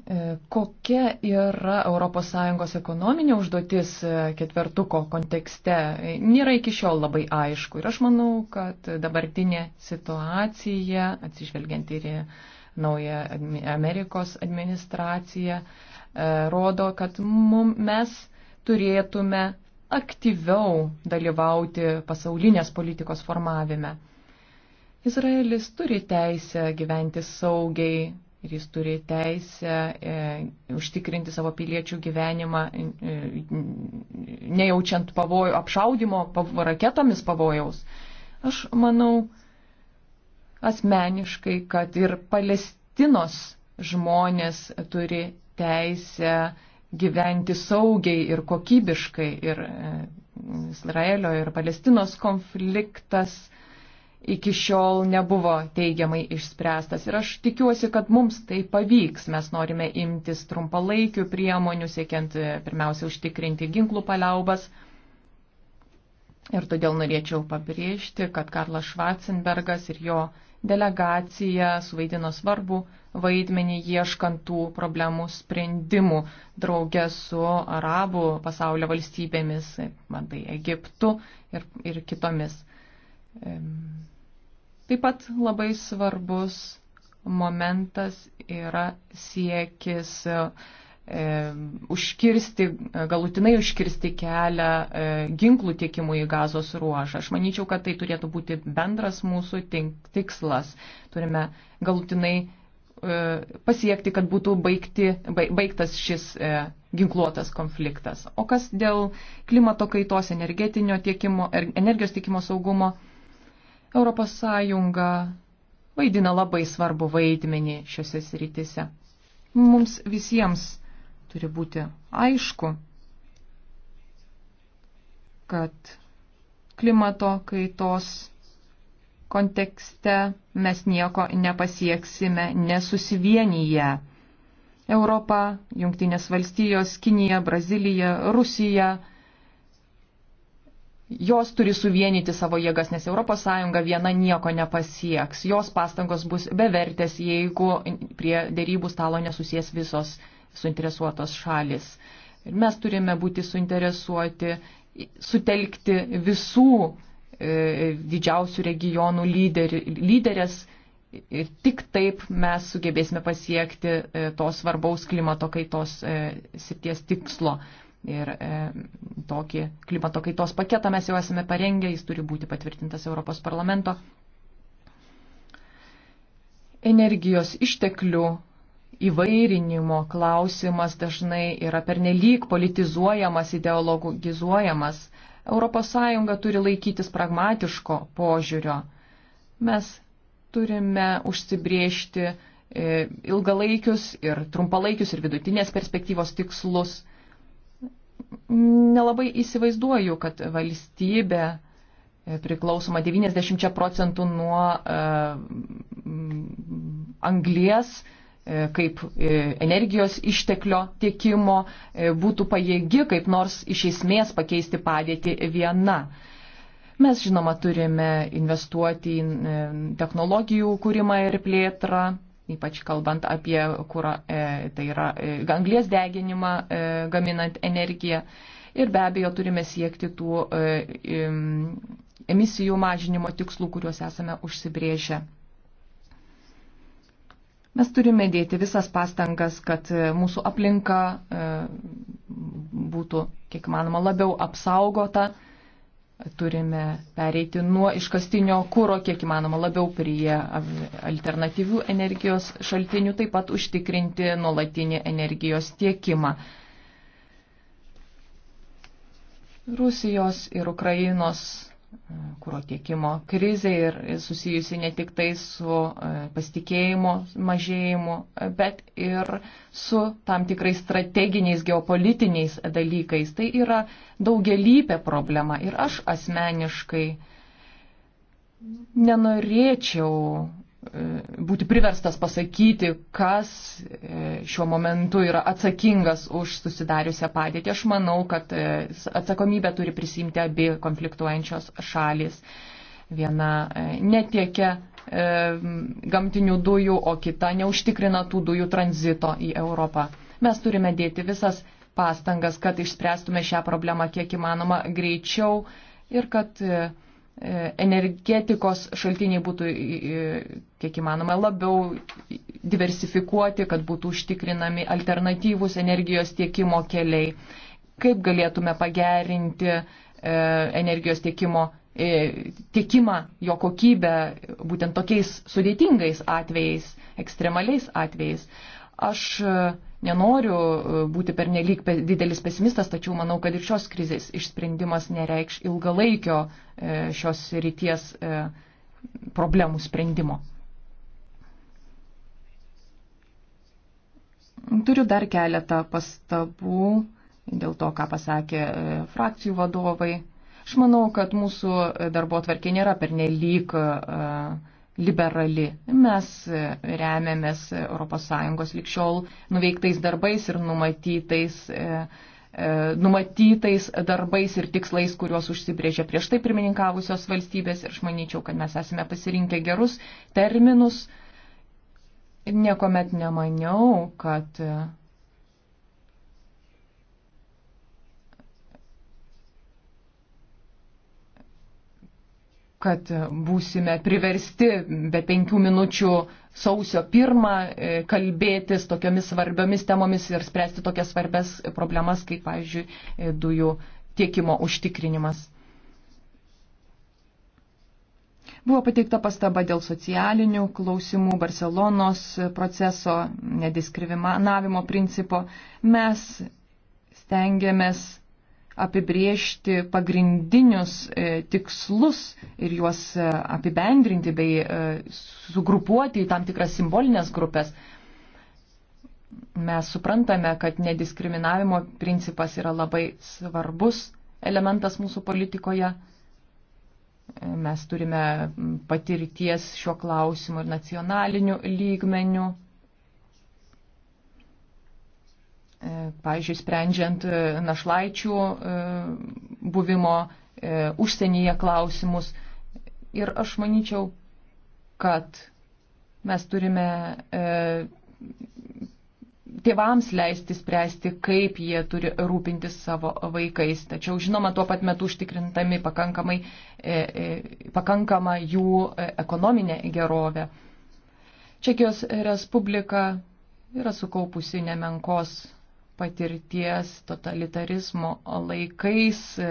e, Kokia yra ES ekonominė užduotis e, ketvertuko kontekste, nėra iki šiol labai aišku. Ir aš manau, kad dabartinė situacija, atsižvelgiant ir į naują Amerikos administraciją, e, rodo, kad mum, mes turėtume aktyviau dalyvauti pasaulinės politikos formavime. Izraelis turi teisę gyventi saugiai ir jis turi teisę e, užtikrinti savo piliečių gyvenimą, e, nejaučiant pavojų, apšaudimo pav, raketomis pavojaus. Aš manau asmeniškai, kad ir Palestinos žmonės turi teisę gyventi saugiai ir kokybiškai. Ir e, Izraelio ir Palestinos konfliktas iki šiol nebuvo teigiamai išspręstas. Ir aš tikiuosi, kad mums tai pavyks. Mes norime imtis trumpalaikių priemonių, siekiant e, pirmiausia užtikrinti ginklų paliaubas. Ir todėl norėčiau pabrėžti, kad Karlas Schwarzenbergas ir jo delegacija suvaidino svarbu vaidmenį ieškant tų problemų sprendimų draugė su arabų pasaulio valstybėmis, matai, Egiptu ir, ir kitomis. Taip pat labai svarbus momentas yra siekis E, užkirsti, e, galutinai užkirsti kelią e, ginklų tiekimui į gazos ruožą. Aš manyčiau, kad tai turėtų būti bendras mūsų tikslas. Turime galutinai pasiekti, kad būtų baigti, baigtas šis ginkluotas konfliktas. O kas dėl klimato kaitos, energetinio tiekimo, er, energijos tiekimo saugumo, ES vaidina labai svarbu vaidmenį šiuose srityse. Mums visiems Turi būti aišku, kad klimato kaitos kontekste mes nieko nepasieksime nesusivienyje. Europa, Junktinės valstijos, Kinija, Brazilija, Rusija jos turi suvienyti savo jėgas, nes ES viena nieko nepasieks. Jos pastangos bus bevertės, jeigu prie dėrybų stalo nesusies visos suinteresuotos šalis. Ir mes turime būti suinteresuoti, sutelkti visų e, didžiausių regionų lyder, lyderės ir tik taip mes sugebėsime pasiekti e, to svarbaus klimato kaitos e, srities tikslo. Ir e, tokį klimato kaitos paketą mes jau esame parengę, jis turi būti patvirtintas Europos parlamento energijos išteklių įvairinimo klausimas dažnai yra pernelyg politizuojamas, ideologizuojamas. ES turi laikytis pragmatiško požiūrio. Mes turime užsibriežti e, ilgalaikius ir trumpalaikius ir vidutinės perspektyvos tikslus. Nelabai įsivaizduoju, kad valstybė e, priklausoma 90 procentų nuo uh, anglies uh, E, kaip e, energijos išteklio tiekimo e, būtų pajėgi kaip nors iš esmės pakeisti padėtį viena. Mes žinoma turime investuoti į technologijų kūrimą ir plėtrą, ypač kalbant apie kurą, tai yra anglės deginimą gaminant energiją. Ir be abejo turime siekti tų emisijų mažinimo tikslų, kuriuos esame užsibrėžę. Mes turime dėti visas pastangas, kad e, mūsų aplinka e, būtų kiek manoma labiau apsaugota. Turime pereiti nuo iškastinio kūro kiek įmanoma labiau prie alternatyvių energijos šaltinių, taip pat užtikrinti nuolatinį energijos tiekimą. Rusijos ir Ukrainos kūro tiekimo krizė ir susijusi ne tik tai su e, pasitikėjimo mažėjimu, bet ir su tam tikrais strateginiais geopolitiniais dalykais. Tai yra daugialypė problema ir aš asmeniškai nenorėčiau E, būti priverstas pasakyti, kas e, šiuo momentu yra atsakingas už susidariusią padėtį. Aš manau, kad e, atsakomybę turi prisimti abi konfliktuojančios šalis. Viena netiekia gamtinių dujų, o kita neužtikrina tų dujų tranzito į Europą. Mes turime dėti visas pastangas, kad išspręstume šią problemą kiek įmanoma greičiau ir kad E, energetikos šaltiniai būtų e, e, kiek įmanoma labiau diversifikuoti, kad būtų užtikrinami alternatyvūs energijos tiekimo keliai. Kaip galėtume pagerinti energijos tiekimo tiekimą, jo kokybę būtent tokiais sudėtingais atvejais, ekstremaliais atvejais. Aš nenoriu būti pernelyg didelis pesimistas, tačiau manau, kad ir šios krizės išsprendimas nereikš ilgalaikio E, šios ryties e, problemų sprendimo. Turiu dar keletą pastabų dėl to, ką pasakė e, frakcijų vadovai. Aš manau, kad mūsų darbo tvarkė nėra pernelyg liberali. Mes remiamės ES likščiol nuveiktais darbais ir numatytais E, numatytais darbais ir tikslais, kuriuos užsibrėžė prieš tai pirmininkavusios valstybės ir aš manyčiau, kad mes esame pasirinkę gerus terminus. Niekuomet nemaniau, kad kad būsime priversti be penkių minučių sausio pirmą e, kalbėtis tokiomis svarbiomis temomis ir spręsti tokias svarbias problemas, kaip, pavyzdžiui, e, dujų tiekimo užtikrinimas. Buvo pateikta pastaba dėl socialinių klausimų, Barcelonos proceso, nediskriminavimo principo. Mes stengiamės apibriežti pagrindinius e, tikslus ir juos e, apibendrinti bei e, sugrupuoti į tam tikras simbolinės grupės. Mes suprantame, kad nediskriminavimo principas yra labai svarbus elementas mūsų politikoje. Mes turime patirties šiuo klausimu ir nacionaliniu lygmeniu E, pavyzdžiui, sprendžiant e, našlaičių e, buvimo užsienyje klausimus. Ir aš manyčiau, kad mes turime tėvams leisti spręsti, kaip jie turi rūpintis savo vaikais. Tačiau, žinoma, tuo pat metu užtikrintami pakankamai, pakankamą jų ekonominę gerovę. Čekijos Respublika yra sukaupusi nemenkos patirties totalitarizmo laikais e,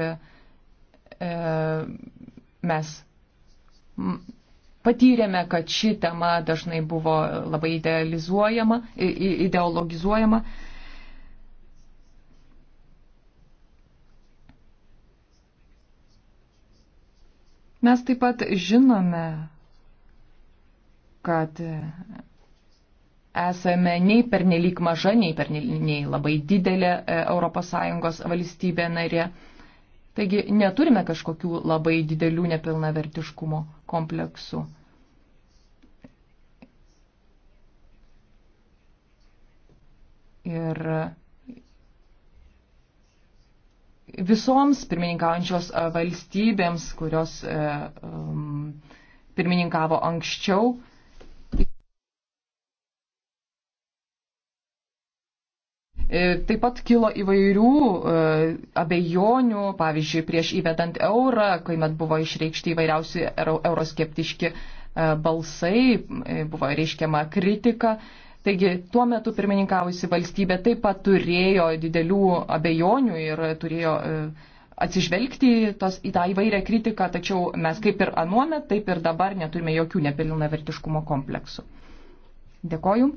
e, mes patyrėme, kad ši tema dažnai buvo labai idealizuojama, ideologizuojama. Mes taip pat žinome, kad esame nei pernelyg maža, nei, pernelyg, nei labai didelė ES valstybė narė. Taigi neturime kažkokių labai didelių nepilnavertiškumo kompleksų. Ir visoms pirmininkaujančios valstybėms, kurios e, pirmininkavo anksčiau, E, taip pat kilo įvairių e, abejonių, pavyzdžiui, prieš įvedant eurą, kuomet buvo išreikšti įvairiausi euroskeptiški e, balsai, buvo reiškiama kritika. Taigi tuo metu pirmininkavusi valstybė taip pat turėjo didelių abejonių ir turėjo atsižvelgti tos, į tą įvairią kritiką, tačiau mes kaip ir anuomet, taip ir dabar neturime jokių nepilnavertiškumo kompleksų. Dėkoju.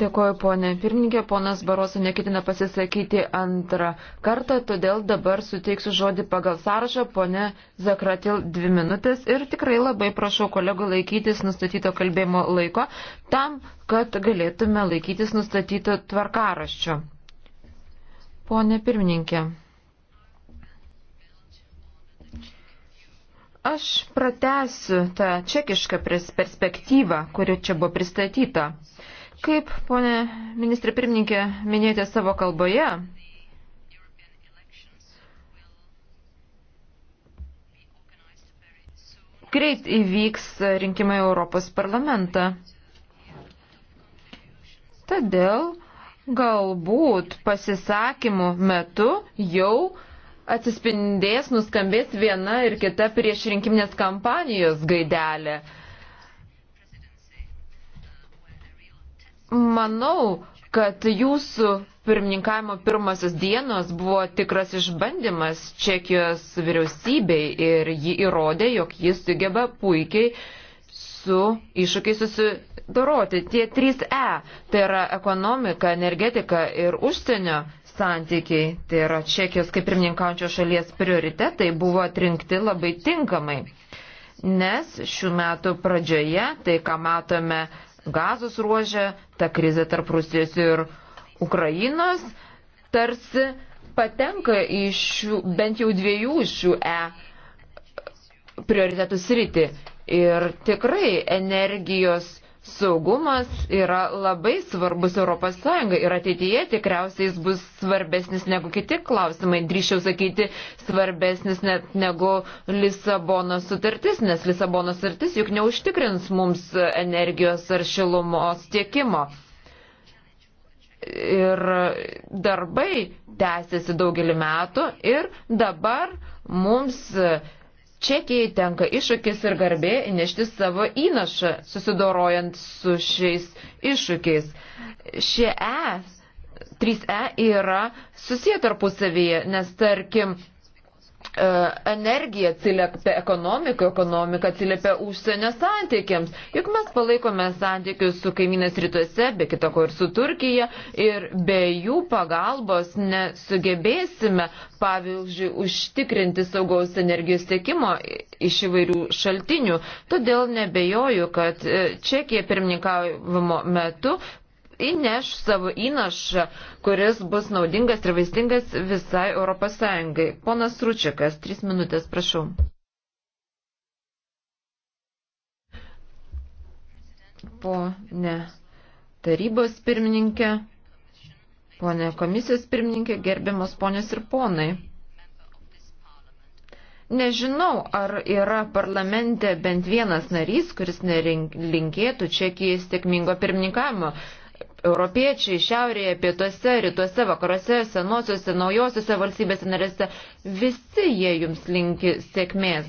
Dėkoju, ponė pirmininkė. Ponas Barosa neketina pasisakyti antrą kartą, todėl dabar suteiksiu žodį pagal sąrašą. Pone Zakratil, dvi minutės ir tikrai labai prašau kolegų laikytis nustatyto kalbėjimo laiko tam, kad galėtume laikytis nustatyto tvarkaraščio. Pone pirmininkė. Aš pratęsiu tą čekišką perspektyvą, kuri čia buvo pristatyta. Kaip, ponė ministrė pirmininkė, minėjote savo kalboje, greit įvyks rinkimai Europos parlamentą. Todėl galbūt pasisakymų metu jau atsispindės, nuskambės viena ir kita prieš rinkiminės kampanijos gaidelė. Manau, kad jūsų pirmininkavimo pirmasis dienos buvo tikras išbandymas Čekijos vyriausybei ir ji įrodė, jog jis sugeba puikiai su iššūkiai susidoroti. Tie 3E - tai yra ekonomika, energetika ir užsienio santykiai, tai yra Čekijos kaip pirmininkaujančios šalies prioritetai, buvo atrinkti labai tinkamai. Nes šių metų pradžioje tai, ką matome gazos ruožė, ta krizė tarp Rusijos ir Ukrainos tarsi patenka į šių, bent jau dviejų šių E prioritetų sritį. Ir tikrai energijos Saugumas yra labai svarbus ES ir ateityje tikriausiai jis bus svarbesnis negu kiti klausimai, drįšiau sakyti, svarbesnis net negu Lisabono sutartis, nes Lisabono sutartis juk neužtikrins mums energijos ar šilumos tiekimo. Ir darbai tęsiasi daugelį metų ir dabar mums Čekijai tenka iššūkis ir garbė nešti savo įnašą, susidorojant su šiais iššūkiais. Šie E, 3E yra susiję tarpusavyje, nes tarkim, E, energija atsiliepia ekonomika, ekonomika atsiliepia užsienio santykiams. Juk mes palaikome santykius su kaiminės rytuose, be kitako ir su Turkija, ir be jų pagalbos nesugebėsime, pavyzdžiui, užtikrinti saugaus energijos tiekimo iš įvairių šaltinių. Todėl nebejoju, kad e, Čekija pirmininkavimo metu įneš savo įnašą, kuris bus naudingas ir vaistingas visai Europos Sąjungai. Ponas Ručiakas, trys minutės, prašau. Pone tarybos pirmininkė, pone komisijos pirmininkė, gerbiamas ponės ir ponai. Nežinau, ar yra parlamente bent vienas narys, kuris nelinkėtų Čekijai sėkmingo pirmininkavimo europiečiai šiaurėje, pietuose, rytuose, vakaruose, senosiuose, naujosiuose valstybėse narėse, visi jie jums linki sėkmės.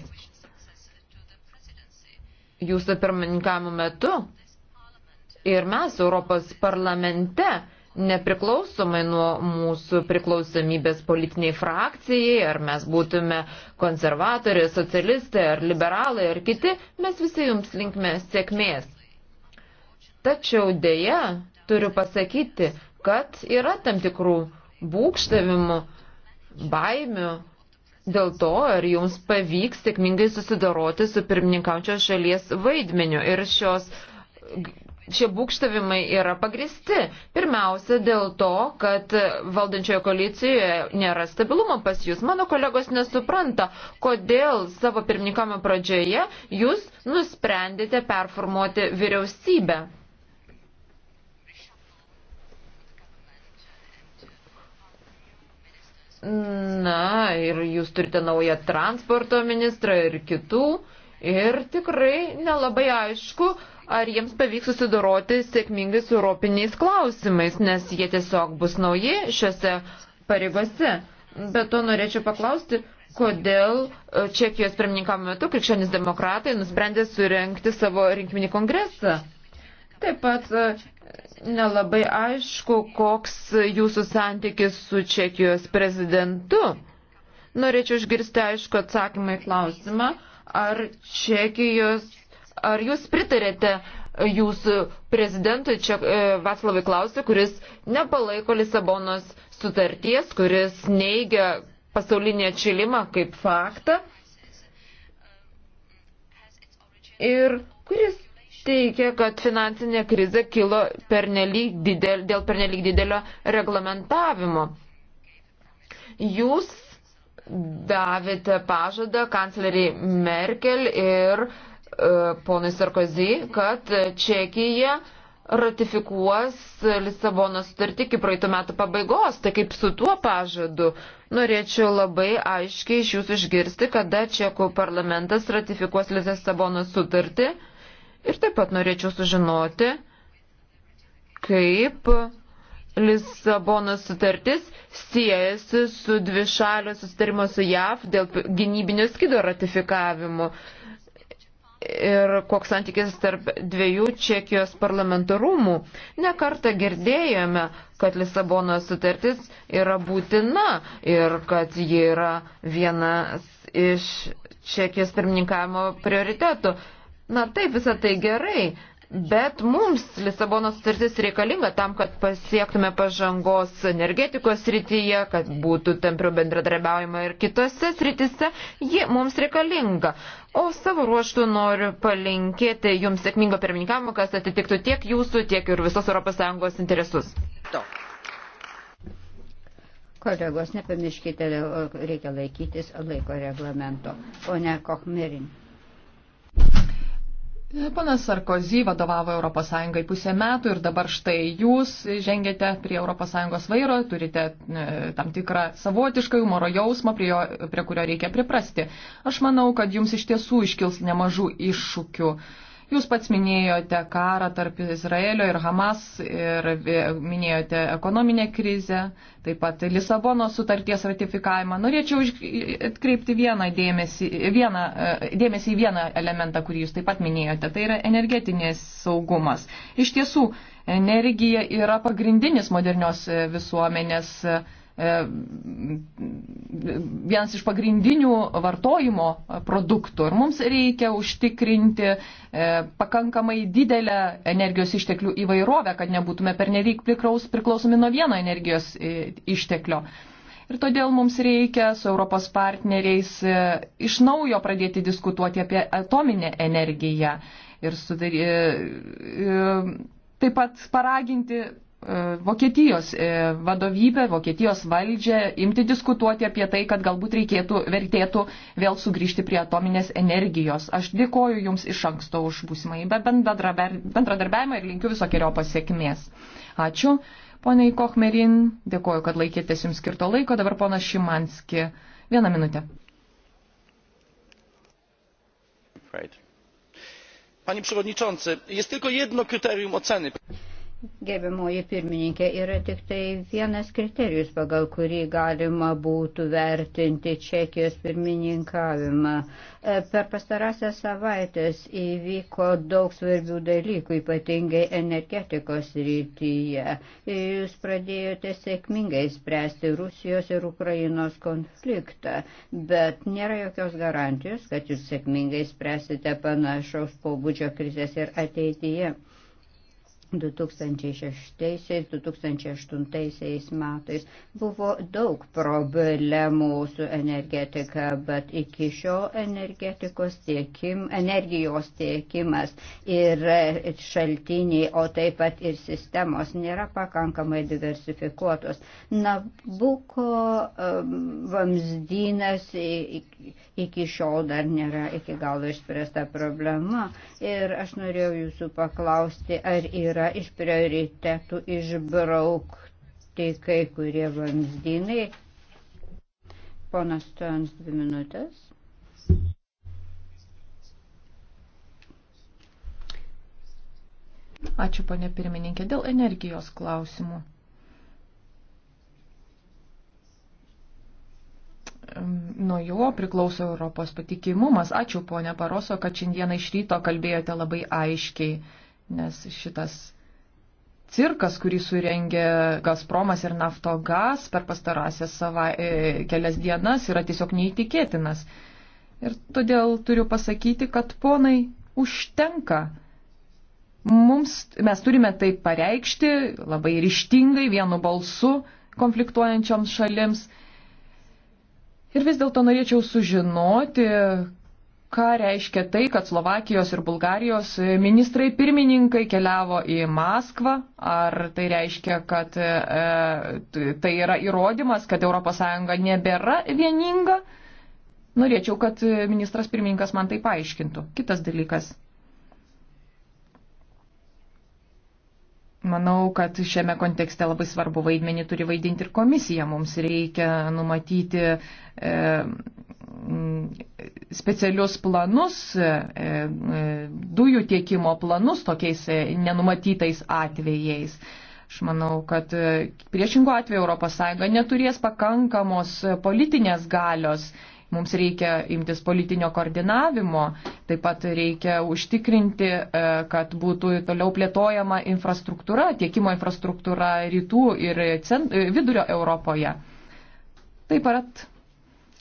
Jūsų pirmininkavimo metu ir mes Europos parlamente, nepriklausomai nuo mūsų priklausomybės politiniai frakcijai, ar mes būtume konservatoriai, socialistai, ar liberalai, ar kiti, mes visi jums linkime sėkmės. Tačiau dėja, turiu pasakyti, kad yra tam tikrų būkštavimų, baimių dėl to, ar jums pavyks sėkmingai susidoroti su pirmininkaujančios šalies vaidmeniu. Ir šios, šie būkštavimai yra pagristi. Pirmiausia, dėl to, kad valdančioje koalicijoje nėra stabilumo pas jūs. Mano kolegos nesupranta, kodėl savo pirmininkamo pradžioje jūs nusprendėte performuoti vyriausybę. Na, ir jūs turite naują transporto ministrą ir kitų. Ir tikrai nelabai aišku, ar jiems pavyks susidoroti sėkmingai su europiniais klausimais, nes jie tiesiog bus nauji šiuose pareigose. Bet to norėčiau paklausti, kodėl e, Čekijos pirmininkavimo metu krikščionis demokratai nusprendė surenkti savo rinkiminį kongresą. Taip pat e, nelabai aišku, koks jūsų santykis su Čekijos prezidentu. Norėčiau išgirsti aišku atsakymą į klausimą, ar Čekijos, ar jūs pritarėte jūsų prezidentui čia, e, Vaslavui Klausui, kuris nepalaiko Lisabonos sutarties, kuris neigia pasaulinį atšilimą kaip faktą ir kuris teikia, kad finansinė krize kilo pernelyg didel, dėl pernelyg didelio reglamentavimo. Jūs davėte pažadą kancleriai Merkel ir e, ponui Sarkozy, kad Čekija ratifikuos Lisabono sutartį iki praeitų metų pabaigos. Tai kaip su tuo pažadu norėčiau labai aiškiai iš jūsų išgirsti, kada Čekų parlamentas ratifikuos Lisabono sutartį. Ir taip pat norėčiau sužinoti, kaip Lisabonos sutartis siejasi su dvišalio sustarimo su JAV dėl gynybinio skido ratifikavimu. Ir koks santykis tarp dviejų Čekijos parlamentarumų. Nekartą girdėjome, kad Lisabonos sutartis yra būtina ir kad ji yra vienas iš Čekijos pirmininkavimo prioritetų. Na taip, visą tai gerai, bet mums Lisabono sutartis reikalinga tam, kad pasiektume pažangos energetikos srityje, kad būtų tampriau bendradarbiaujama ir kitose srityse, ji mums reikalinga. O savo ruoštų noriu palinkėti jums sėkmingo pirmininkavimo, kas atitiktų tiek jūsų, tiek ir visos ES interesus. To.
Kolegos, nepamirškite, reikia laikytis laiko reglamento, o ne kochmerin.
Panas Sarkozy vadovavo ES pusę metų ir dabar štai jūs žengėte prie ES vairo, turite e, tam tikrą savotišką humoro jausmą, prie, jo, prie kurio reikia priprasti. Aš manau, kad jums iš tiesų iškils nemažų iššūkių. Uh, Jūs pats minėjote karą tarp Izraelio ir Hamas ir minėjote ekonominę krizę, taip pat Lisabono sutarties ratifikavimą. Norėčiau atkreipti vieną dėmesį, vieną, e, dėmesį į vieną elementą, kurį jūs taip pat minėjote. Tai yra energetinės saugumas. Iš tiesų, energija yra pagrindinis modernios e, visuomenės e, E, vienas iš pagrindinių vartojimo produktų ir mums reikia užtikrinti e, pakankamai didelę energijos išteklių įvairovę, kad nebūtume pernelyg priklausomi nuo vieno energijos e, išteklio. Ir todėl mums reikia su Europos partneriais iš naujo pradėti diskutuoti apie atominę energiją ir sudary, taip pat paraginti E, Vokietijos e, vadovybę, Vokietijos valdžią imti diskutuoti apie tai, kad galbūt reikėtų, vertėtų vėl sugrįžti prie atominės energijos. Aš dėkoju Jums iš anksto už būsimą bendradarbiavimą ir linkiu visokiojo pasiekmės. Ačiū, poniai Kochmerin, dėkoju, kad laikėtės Jums skirto laiko. Dabar ponas Šimanski, vieną minutę. Right. Panie przewodniczący, jest tylko jedno kryterium oceny.
Gerbiamoji pirmininkė, yra tik tai vienas kriterijus, pagal kurį galima būtų vertinti Čekijos pirmininkavimą. E, per pastarąsią savaitės įvyko daug svarbių dalykų, ypatingai energetikos rytyje. Ir e, jūs pradėjote sėkmingai spręsti Rusijos ir Ukrainos konfliktą, bet nėra jokios garantijos, kad jūs sėkmingai spręsite panašaus pobūdžio krizės ir ateityje. 2006-2008 metais buvo daug problemų su energetika, bet iki šio energetikos tiekim, energijos tiekimas ir šaltiniai, o taip pat ir sistemos nėra pakankamai diversifikuotos. Nabuko vamzdynas iki šiol dar nėra iki galo išspręsta problema ir aš norėjau jūsų paklausti, ar yra yra iš prioritetų išbraukti kai kurie vamzdynai. Ponas Stones, dvi minutės.
Ačiū, ponė pirmininkė, dėl energijos klausimų. Nuo jo priklauso Europos patikimumas. Ačiū, ponė Paroso, kad šiandieną iš ryto kalbėjote labai aiškiai nes šitas cirkas, kurį surengė Gazpromas ir Naftogas per pastarąsias savai, e, kelias dienas, yra tiesiog neįtikėtinas. Ir todėl turiu pasakyti, kad ponai užtenka. Mums, mes turime tai pareikšti labai ryštingai vienu balsu konfliktuojančioms šalims. Ir vis dėlto norėčiau sužinoti, ką reiškia tai, kad Slovakijos ir Bulgarijos ministrai pirmininkai keliavo į Maskvą, ar tai reiškia, kad e, tai yra įrodymas, kad ES nebėra vieninga. Norėčiau, kad ministras pirmininkas man tai paaiškintų. Kitas dalykas. Manau, kad šiame kontekste labai svarbu vaidmenį turi vaidinti ir komisija. Mums reikia numatyti e, mm, specialius planus, e, e, dujų tiekimo planus tokiais e, nenumatytais atvejais. Aš manau, kad e, priešingų atveju ES neturės pakankamos politinės galios Mums reikia imtis politinio koordinavimo, taip pat reikia užtikrinti, e, kad būtų toliau plėtojama infrastruktūra, tiekimo infrastruktūra rytų ir cent, e, vidurio Europoje. Taip pat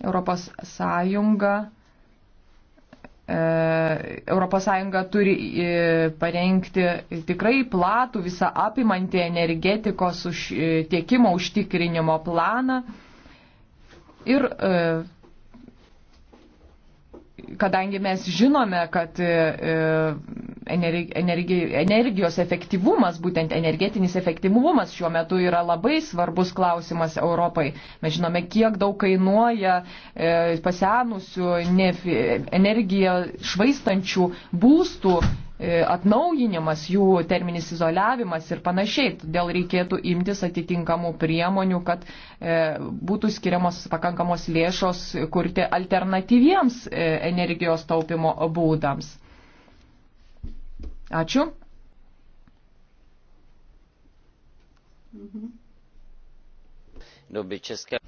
Europos Sąjunga ES turi e, parengti tikrai platų visą apimantį energetikos už, tiekimo užtikrinimo planą ir kadangi mes žinome, kad e, e, energijos efektyvumas, būtent energetinis efektyvumas šiuo metu yra labai svarbus klausimas Europai. Mes žinome, kiek daug kainuoja e, pasenusių energiją švaistančių būstų E, atnaujinimas, jų terminis izoliavimas ir panašiai. Todėl reikėtų imtis atitinkamų priemonių, kad e, būtų skiriamos pakankamos lėšos kurti alternatyviems e, energijos taupimo būdams.
Ačiū. Doby České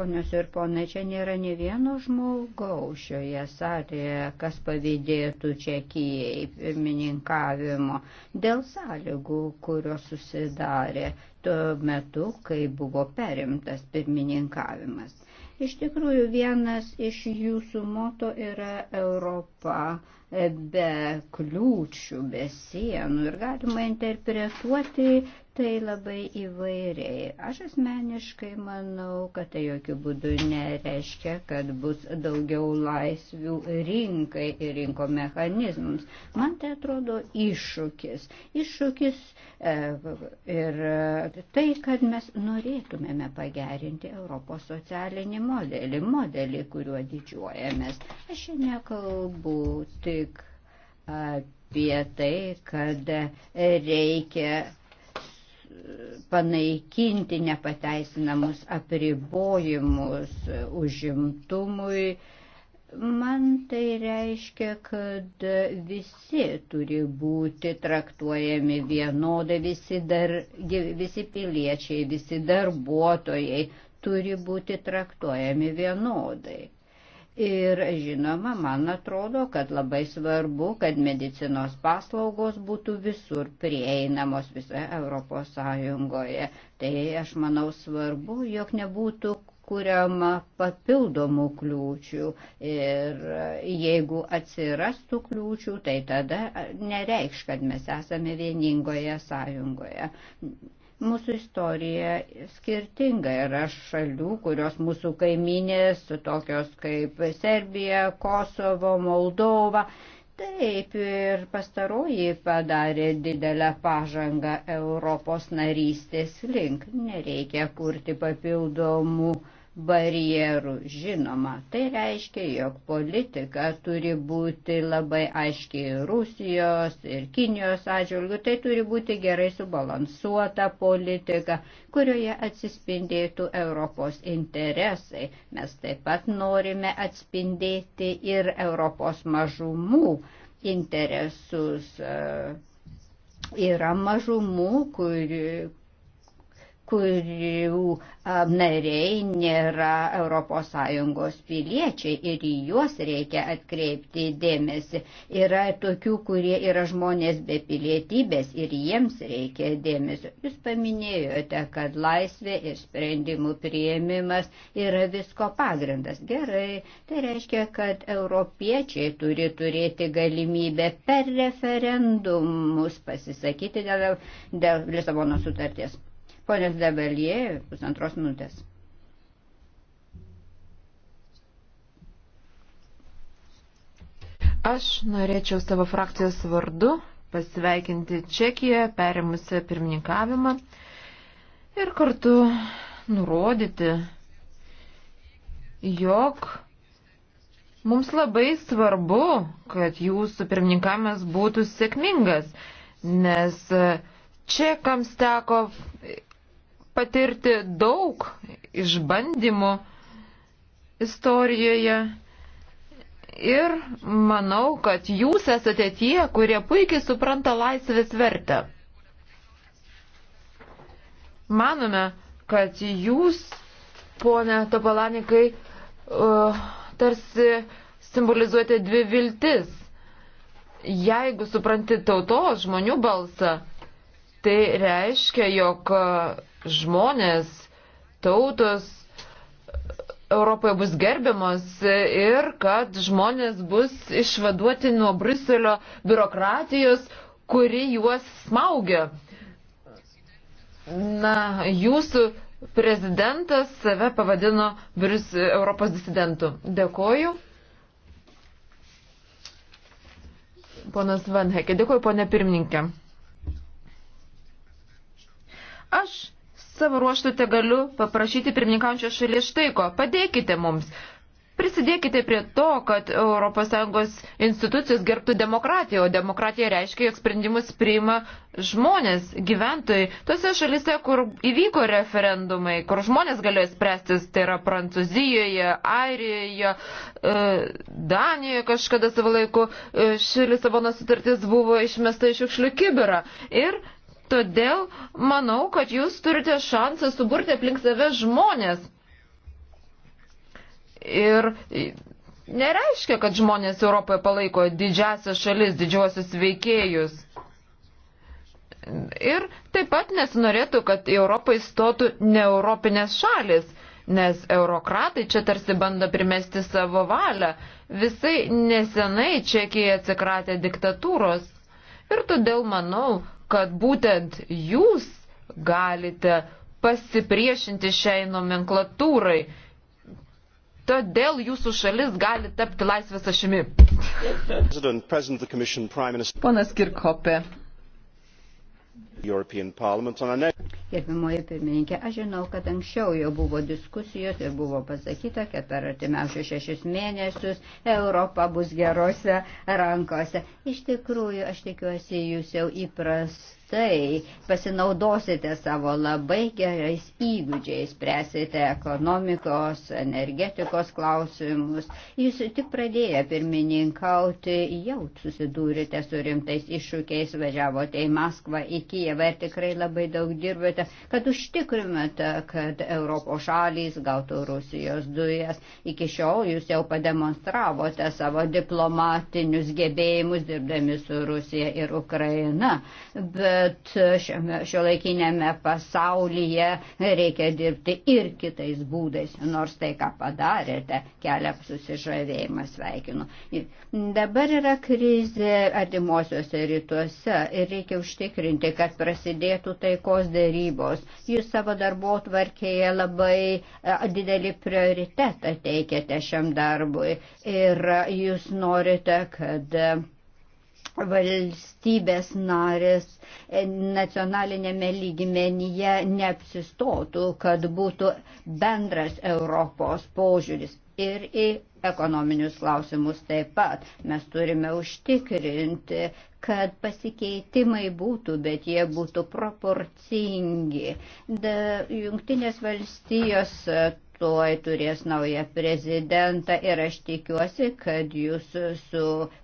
ponios ir ponai, čia nėra ne vieno žmogaus šioje salėje, kas pavydėtų Čekijai pirmininkavimo dėl sąlygų, kurios susidarė tuo metu, kai buvo perimtas pirmininkavimas. Iš tikrųjų, vienas iš jūsų moto yra Europa be kliūčių, be sienų ir galima interpretuoti tai labai įvairiai. Aš asmeniškai manau, kad tai jokių būdų nereiškia, kad bus daugiau laisvių rinkai ir rinko mechanizmams. Man tai atrodo iššūkis. Iššūkis e, ir tai, kad mes norėtumėme pagerinti Europos socialinį modelį, modelį, kuriuo didžiuojamės. Aš čia nekalbu tik apie apie tai, kad reikia panaikinti nepateisinamus apribojimus užimtumui. Man tai reiškia, kad visi turi būti traktuojami vienodai, visi, dar, visi piliečiai, visi darbuotojai turi būti traktuojami vienodai. Ir žinoma, man atrodo, kad labai svarbu, kad medicinos paslaugos būtų visur prieinamos visoje Europos Sąjungoje. Tai aš manau svarbu, jog nebūtų kuriama papildomų kliūčių ir jeigu atsirastų kliūčių, tai tada nereikš, kad mes esame vieningoje sąjungoje. Mūsų istorija skirtinga yra šalių, kurios mūsų kaiminės, tokios kaip Serbija, Kosovo, Moldova. Taip ir pastaroji padarė didelę pažangą Europos narystės link. Nereikia kurti papildomų uh, barjerų. Žinoma, tai reiškia, jog politika turi būti labai aiškiai Rusijos ir Kinijos atžvilgių, tai turi būti gerai subalansuota politika, kurioje atsispindėtų Europos interesai. Mes taip pat norime atspindėti ir Europos mažumų interesus. Yra mažumų, kuri, kurių nariai nėra ES piliečiai ir į juos reikia atkreipti dėmesį. Yra tokių, kurie yra žmonės be pilietybės ir jiems reikia dėmesio. Jūs paminėjote, kad laisvė ir sprendimų prieimimas yra visko pagrindas. Gerai, tai reiškia, kad europiečiai turi turėti galimybę per referendumus pasisakyti dėl, dėl Lisabono sutarties. Ponės Debelie, pusantros minutės.
Aš norėčiau savo frakcijos vardu pasveikinti Čekiją, perimusią pirmininkavimą ir kartu nurodyti, jog mums labai svarbu, kad jūsų pirmininkavimas būtų sėkmingas, nes čekams teko patirti daug išbandymų istorijoje. Ir manau, kad jūs esate tie, kurie puikiai supranta laisvės vertę. Manome, kad jūs, ponė Topalanikai, uh, tarsi simbolizuojate dvi viltis. Jeigu supranti tautos žmonių balsą, tai reiškia, jog uh, žmonės, tautos Europoje bus gerbiamos ir kad žmonės bus išvaduoti nuo Briuselio biurokratijos, kuri juos smaugia. Na, jūsų prezidentas save pavadino Brius Europos disidentu. Dėkoju. Ponas Van Hekė, dėkoju, ponė pirmininkė. Aš savo ruoštų te galiu paprašyti pirmininkaujančio šalies štai ko. Padėkite mums. Prisidėkite prie to, kad ES institucijos gerbtų demokratiją, o demokratija reiškia, jog sprendimus priima žmonės, gyventojai. Tose šalise, kur įvyko referendumai, kur žmonės galėjo spręstis, tai yra Prancūzijoje, Airijoje, e, Danijoje kažkada savo laiku ši e, Lisabono sutartis buvo išmesta iš šiukšlių kiberą. Ir Todėl manau, kad jūs turite šansą suburti aplink save žmonės. Ir nereiškia, kad žmonės Europoje palaiko didžiasias šalis, didžiuosius veikėjus. Ir taip pat nesinorėtų, kad į Europą įstotų neeuropinės šalis, nes eurokratai čia tarsi bando primesti savo valią. Visai nesenai Čekija atsikratė diktatūros. Ir todėl manau, kad būtent jūs galite pasipriešinti šiai nomenklatūrai. Todėl jūsų šalis gali tapti laisvės ašimi. Ponas Kirkhope,
Gerbimoji
pirmininkė, aš žinau, kad anksčiau jau buvo diskusijos ir buvo pasakyta, kad per artimiausius šešis mėnesius Europa bus gerose rankose. Iš tikrųjų, aš tikiuosi, jūs jau įpras tai pasinaudosite savo labai gerais įgūdžiais, spręsite ekonomikos, energetikos klausimus. Jūs tik pradėję pirmininkauti, jau susidūrite su rimtais iššūkiais, važiavote į Maskvą, į Kijevą ir tikrai labai daug dirbote, kad užtikrimėte, kad Europos šalys gautų Rusijos dujas. Iki šiol jūs jau pademonstravote savo diplomatinius gebėjimus dirbdami su Rusija ir Ukraina. Bet kad šiame šiuolaikinėme pasaulyje reikia dirbti ir kitais būdais, nors tai, ką padarėte, kelia susižavėjimą sveikinu. Dabar yra krizė artimuosiuose rytuose ir reikia užtikrinti, kad prasidėtų taikos dėrybos. Jūs savo darbo tvarkėje labai e, didelį prioritetą teikiate šiam darbui ir jūs norite, kad valstybės narės nacionalinėme lygmenyje neapsistotų, kad būtų bendras Europos požiūris ir į ekonominius klausimus taip pat. Mes turime užtikrinti, kad pasikeitimai būtų, bet jie būtų proporcingi. Da, jungtinės valstijos tuoj turės naują prezidentą ir aš tikiuosi, kad jūs su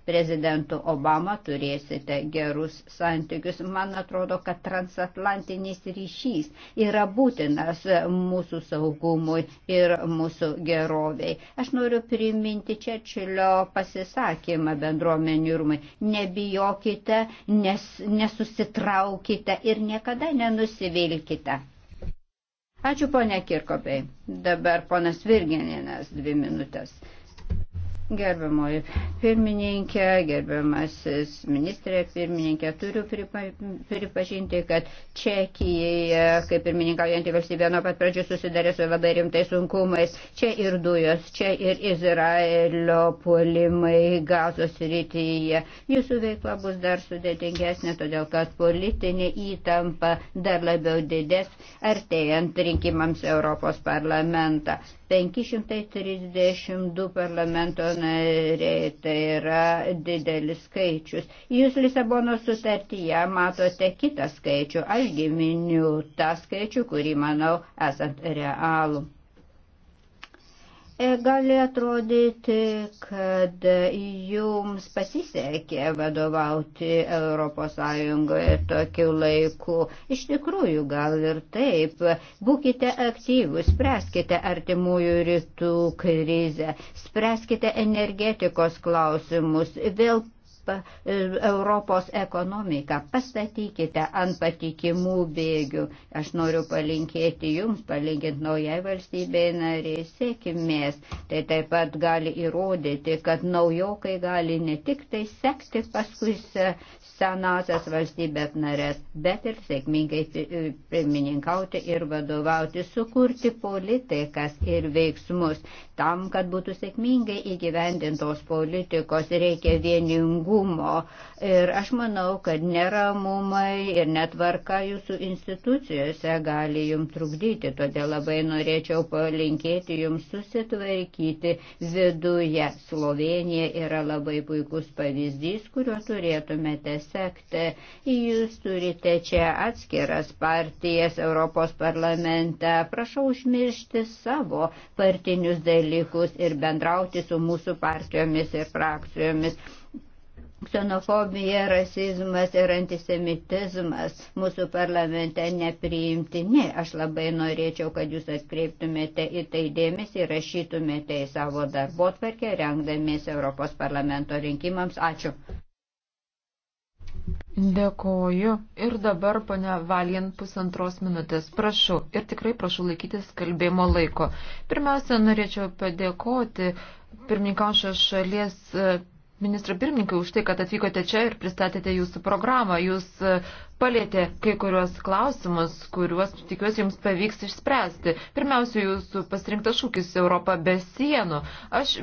prezidentu Obama turėsite gerus santykius. Man atrodo, kad transatlantinis ryšys yra būtinas mūsų saugumui ir mūsų geroviai. Aš noriu priminti Čečilio pasisakymą bendruomenių rūmai. Nebijokite, nes, nesusitraukite ir niekada nenusivilkite. Ačiū ponia Kirkopiai. Dabar ponas Virgeninas dvi minutės. Gerbiamoji pirmininkė, gerbiamasis ministrė pirmininkė, turiu pripa, pripažinti, kad Čekija, kaip pirmininkaujantį valstybę, nuo pat pradžių susidarė su labai rimtais sunkumais. Čia ir dujos, čia ir Izraelio puolimai gazos rytyje. Jūsų veikla bus dar sudėtingesnė, todėl kad politinė įtampa dar labiau didės artėjant rinkimams Europos parlamentą. 532 parlamento nariai, tai yra didelis skaičius. Jūs Lisabono sutartyje matote kitą skaičių, aš giminiu tą skaičių, kurį manau esant realų gali atrodyti, kad jums pasisekė vadovauti ES tokiu laiku. Iš tikrųjų, gal ir taip. Būkite aktyvūs, spręskite artimųjų rytų krizę, spręskite energetikos klausimus, vėl E, Europos ekonomiką. Pastatykite ant patikimų bėgių. Aš noriu palinkėti jums, palinkinti naujai valstybei nariai, sėkmės. Tai taip pat gali įrodyti, kad naujokai gali ne tik tai sekti paskui senasias valstybės narės, bet ir sėkmingai e, pirmininkauti ir vadovauti, sukurti politikas ir veiksmus. Tam, kad būtų sėkmingai įgyvendintos politikos, reikia vieningumo. Ir aš manau, kad neramumai ir netvarka jūsų institucijose gali jums trukdyti. Todėl labai norėčiau palinkėti jums susitvarkyti viduje. Slovenija yra labai puikus pavyzdys, kuriuo turėtumėte sektą. Jūs turite čia atskiras partijas Europos parlamente. Prašau užmiršti savo partinius dalykus ir bendrauti su mūsų partijomis ir frakcijomis ksenofobija, rasizmas ir antisemitizmas mūsų parlamente nepriimtini. Aš labai norėčiau, kad jūs atkreiptumėte į tai dėmesį ir rašytumėte į savo darbo tvarkę, rengdamiesi Europos parlamento rinkimams. Ačiū.
Dėkoju. Ir dabar, ponia Valien, pusantros minutės. Prašau, ir tikrai prašau laikytis kalbėjimo laiko. Pirmiausia, norėčiau padėkoti pirmininkaušios šalies e, ministro pirmininkai už tai, kad atvykote čia ir pristatėte jūsų programą. Jūs e, palėtė kai kuriuos klausimus, kuriuos, tikiuosi, jums pavyks išspręsti. Pirmiausia, jūsų pasirinktas šūkis Europa be sienų. Aš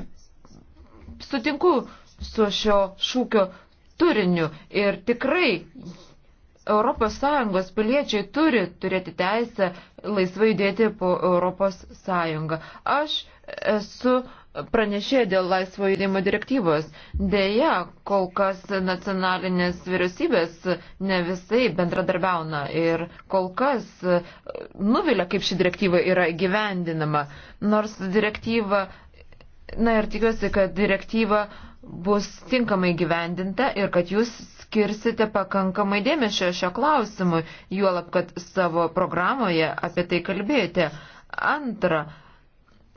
sutinku su šio šūkio turiniu. Ir tikrai ES piliečiai turi turėti teisę laisvai judėti po ES. Aš esu pranešė dėl laisvo judėjimo direktyvos. Deja, kol kas nacionalinės vyriausybės ne visai bendradarbiauna ir kol kas nuvilia, kaip ši direktyva yra gyvendinama. Nors direktyva, na ir tikiuosi, kad direktyva uh, bus tinkamai gyvendinta ir kad jūs skirsite pakankamai dėmesio šio klausimui, juolab, kad savo programoje apie tai kalbėjote. Antra,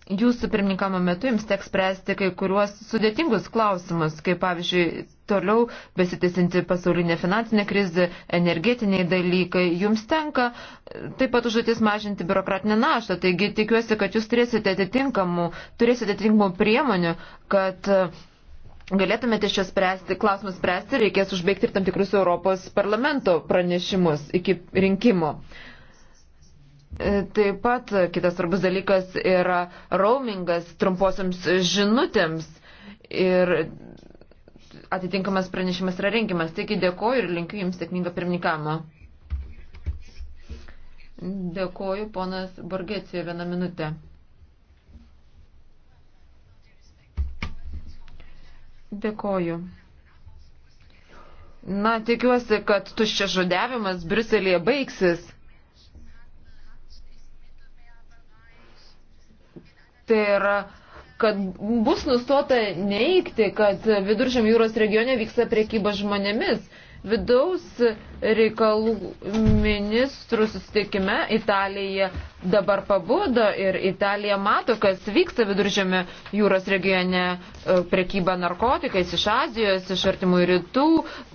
jūsų pirmininkamo metu jums teks spręsti kai kuriuos sudėtingus klausimus, kaip pavyzdžiui, toliau besitisinti pasaulinė finansinė krizė, energetiniai dalykai. Jums tenka taip pat užduotis mažinti biurokratinę naštą, taigi tikiuosi, kad jūs turėsite atitinkamų, turėsite atitinkamų priemonių, kad uh, galėtumėte šios spręsti, klausimus spręsti, reikės užbaigti ir tam tikrus Europos parlamento pranešimus iki rinkimų. E, taip pat kitas svarbus dalykas yra roamingas trumposiams žinutėms ir atitinkamas pranešimas yra rinkimas. Taigi dėkoju ir linkiu Jums sėkmingą pirmininkamą. Dėkoju, ponas Borgėcija, vieną minutę. Dėkoju. Na, tikiuosi, kad tuščia žodėvimas Briuselėje baigsis. Tai yra, kad bus nustota neikti, kad viduržėm jūros regione vyksta priekyba žmonėmis. Vidaus reikalų ministrų susitikime Italija dabar pabudo ir Italija mato, kas vyksta viduržėme jūros regione e, prekyba narkotikais iš Azijos, iš artimų rytų,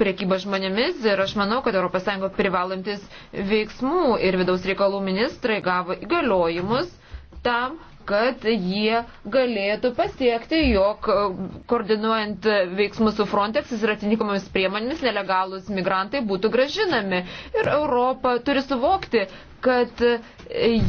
prekyba žmonėmis ir aš manau, kad ES privalantis veiksmų ir vidaus reikalų ministrai gavo įgaliojimus tam, kad jie galėtų pasiekti, jog e, koordinuojant veiksmus su Frontex ir atitinkamomis priemonėmis nelegalus migrantai būtų gražinami. Ir Europa turi suvokti, kad e,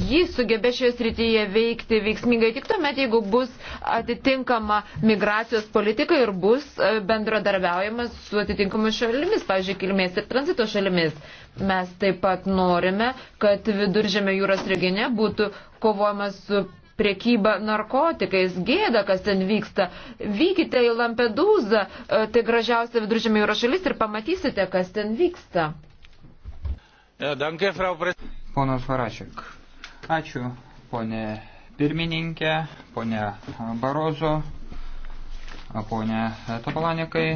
ji sugebė šioje srityje veikti veiksmingai tik tuomet, jeigu bus atitinkama migracijos politika ir bus e, bendradarbiaujamas su atitinkamomis šalimis, pavyzdžiui, kilmės ir tranzito šalimis. Mes taip pat norime, kad viduržėme jūros regione būtų kovojamas su priekyba narkotikais, gėda, kas ten vyksta. Vykite į Lampedūzą, e, tai gražiausia viduržėmė jūros šalis ir pamatysite, kas ten vyksta.
Ponas Farašik. Ačiū, ponė pirmininkė, ponė Barozo, ponė Topolanikai.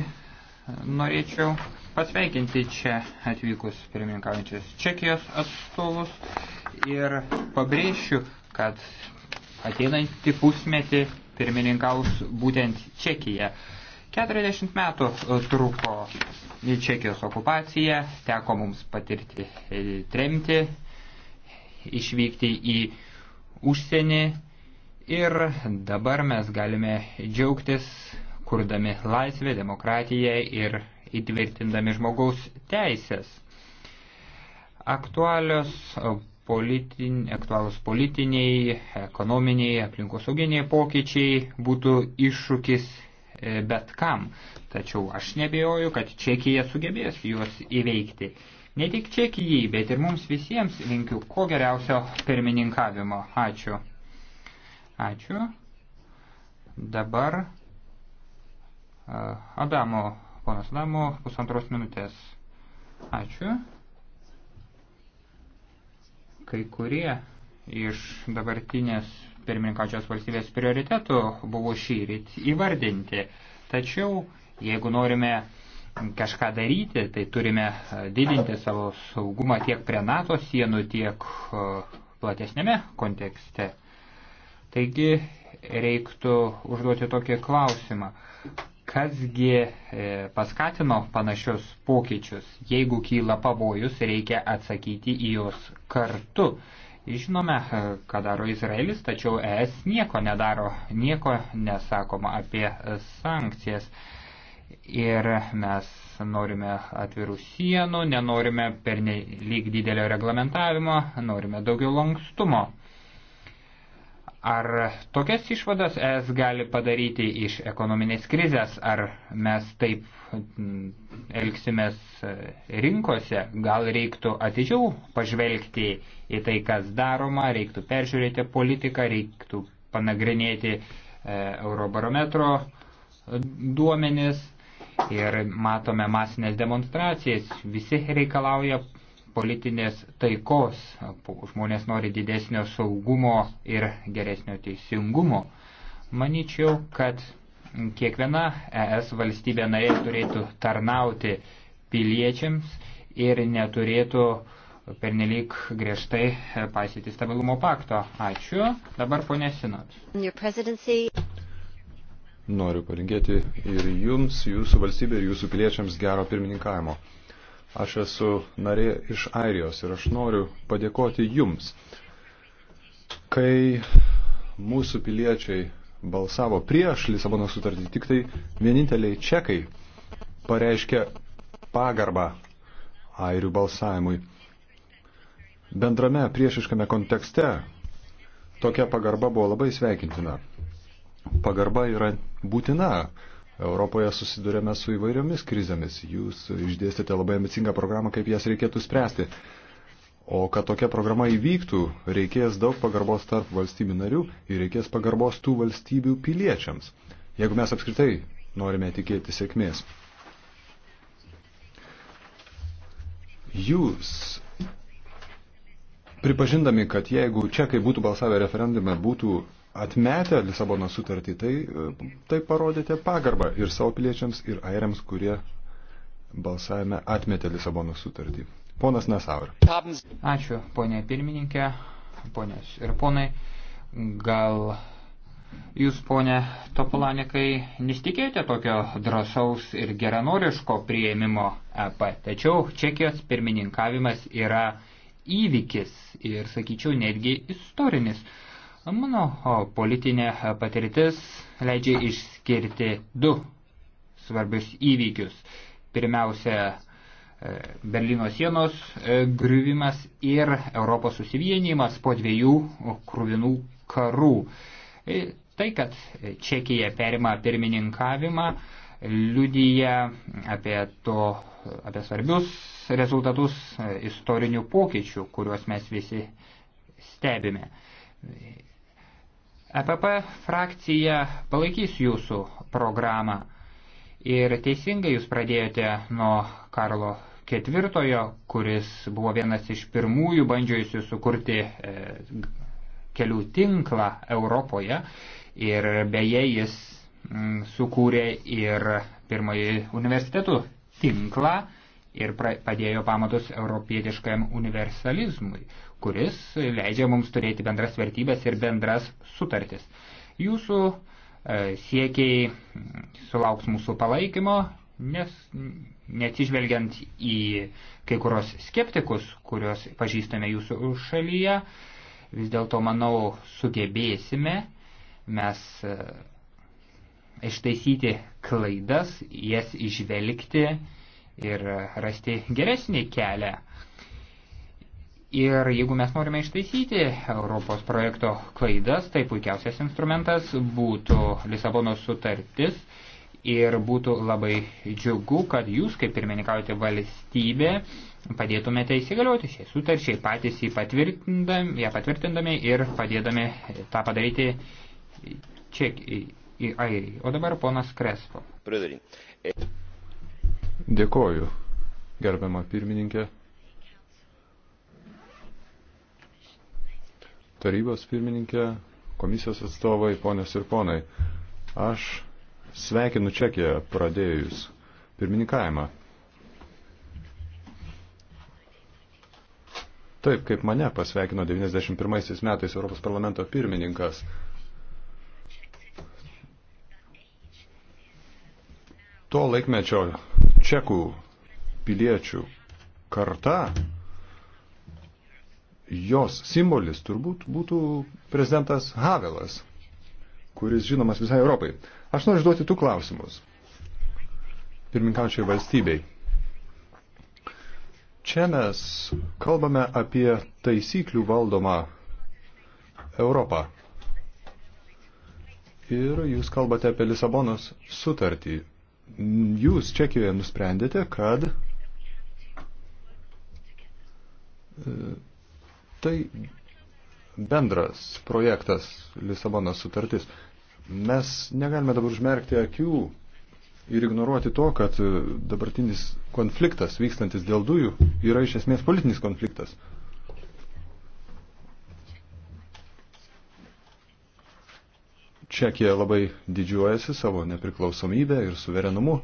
Norėčiau pasveikinti čia atvykus pirmininkaujančios Čekijos atstovus ir pabrėšiu, kad ateinantį pusmetį pirmininkaus būtent Čekija. 40 metų e, truko Čekijos okupacija, teko mums patirti e, tremti, išvykti į užsienį ir dabar mes galime džiaugtis, kurdami laisvę, demokratiją ir įtvirtindami žmogaus teisės. Aktualios politin, aktualūs politiniai, ekonominiai, aplinkosauginiai pokyčiai būtų iššūkis e, bet kam. Tačiau aš nebejoju, kad Čekija sugebės juos įveikti. Ne tik Čekijai, bet ir mums visiems linkiu ko geriausio pirmininkavimo. Ačiū. Ačiū. Dabar e, Adamo, ponas Adamo, pusantros minutės. Ačiū. Kai kurie iš dabartinės pirmininkačios valstybės prioritetų buvo šį ryt įvardinti. Tačiau, jeigu norime kažką daryti, tai turime e, didinti savo saugumą tiek prie NATO sienų, tiek e, platesnėme kontekste. Taigi reiktų užduoti tokį klausimą kasgi e, paskatino panašius pokyčius. Jeigu kyla pavojus, reikia atsakyti į juos kartu. Žinome, e, ką daro Izraelis, tačiau ES nieko nedaro, nieko nesakoma apie sankcijas. Ir mes norime atvirų sienų, nenorime pernelyg didelio reglamentavimo, norime daugiau lankstumo. Ar tokias išvadas es gali padaryti iš ekonominės krizės, ar mes taip mm, elgsimės e, rinkose, gal reiktų atidžiau pažvelgti į tai, kas daroma, reiktų peržiūrėti politiką, reiktų panagrinėti e, Eurobarometro duomenis ir matome masinės demonstracijas, visi reikalauja politinės taikos, žmonės nori didesnio saugumo ir geresnio teisingumo. Maničiau, kad kiekviena ES valstybė narė turėtų tarnauti piliečiams ir neturėtų pernelyg griežtai paisyti stabilumo pakto. Ačiū. Dabar ponė Sinot.
Noriu palinkėti ir jums, jūsų valstybė ir jūsų piliečiams gero pirmininkavimo. Aš esu narė iš Airijos ir aš noriu padėkoti jums. Kai mūsų piliečiai balsavo prieš Lisabono sutartį, tik tai vieninteliai čekai pareiškė pagarbą airių balsavimui. Bendrame priešiškame kontekste tokia pagarba buvo labai sveikintina. Pagarba yra būtina Europoje susidurėme su įvairiomis krizėmis. Jūs išdėstėte labai ambicingą programą, kaip jas reikėtų spręsti. O kad tokia programa įvyktų, reikės daug pagarbos tarp valstybių narių ir reikės pagarbos tų valstybių piliečiams, jeigu mes apskritai norime tikėti sėkmės. Jūs, pripažindami, kad jeigu čekai būtų balsavę referendume, būtų atmetę Lisabono sutartį, tai, tai parodėte pagarbą ir savo piliečiams, ir airiams, kurie balsavime atmetė Lisabono sutartį. Ponas Nesaur.
Ačiū, ponė pirmininkė, ponės ir ponai. Gal jūs, ponė Topolanikai, nesitikėjote tokio drąsaus ir geranoriško prieimimo EP, tačiau Čekijos pirmininkavimas yra įvykis ir, sakyčiau, netgi istorinis. Mano politinė patirtis leidžia išskirti du svarbius įvykius. Pirmiausia, e, Berlyno sienos e, griuvimas ir Europos susivienimas po dviejų krūvinų karų. E, tai, kad Čekija perima pirmininkavimą, liudyja apie, to, apie svarbius rezultatus istorinių pokyčių, kuriuos mes visi stebime. EPP frakcija palaikys jūsų programą. Ir teisingai jūs pradėjote nuo Karlo IV, kuris buvo vienas iš pirmųjų bandžiusių sukurti e, kelių tinklą Europoje. Ir beje, jis sukūrė ir pirmąjį universitetų tinklą ir padėjo pamatus europietiškajam universalizmui kuris leidžia mums turėti bendras vertybės ir bendras sutartis. Jūsų e, siekiai sulauks mūsų palaikymo, nes neatsižvelgiant į kai kurios skeptikus, kuriuos pažįstame jūsų šalyje, vis dėlto manau sugebėsime mes e, ištaisyti klaidas, jas išvelgti ir rasti geresnį kelią. Ir jeigu mes norime ištaisyti Europos projekto klaidas, tai puikiausias instrumentas būtų Lisabonos sutartis ir būtų labai džiugu, kad jūs, kaip pirmininkaujate valstybė, padėtumėte įsigalioti šiai sutarčiai, patys jį patvirtindami, ją patvirtindami ir padėdami tą padaryti ček į, į Airiją. O dabar ponas Krespo.
Dėkoju, gerbiama pirmininkė. tarybos pirmininkė, komisijos atstovai, ponios ir ponai. Aš sveikinu Čekiją pradėjus pirmininkavimą. Taip, kaip mane pasveikino 91 metais Europos parlamento pirmininkas. To laikmečio čekų piliečių karta jos simbolis turbūt būtų prezidentas Havelas, kuris žinomas visai Europai. Aš noriu išduoti tų klausimus pirminkaučiai valstybei. Čia mes kalbame apie taisyklių valdomą Europą. Ir jūs kalbate apie Lisabonos sutartį. Jūs Čekijoje nusprendėte, kad e, tai bendras projektas Lisabonos sutartis. Mes negalime dabar užmerkti akių ir ignoruoti to, kad dabartinis konfliktas vykstantis dėl dujų yra iš esmės politinis konfliktas. Čekija labai didžiuojasi savo nepriklausomybę ir suverenumu.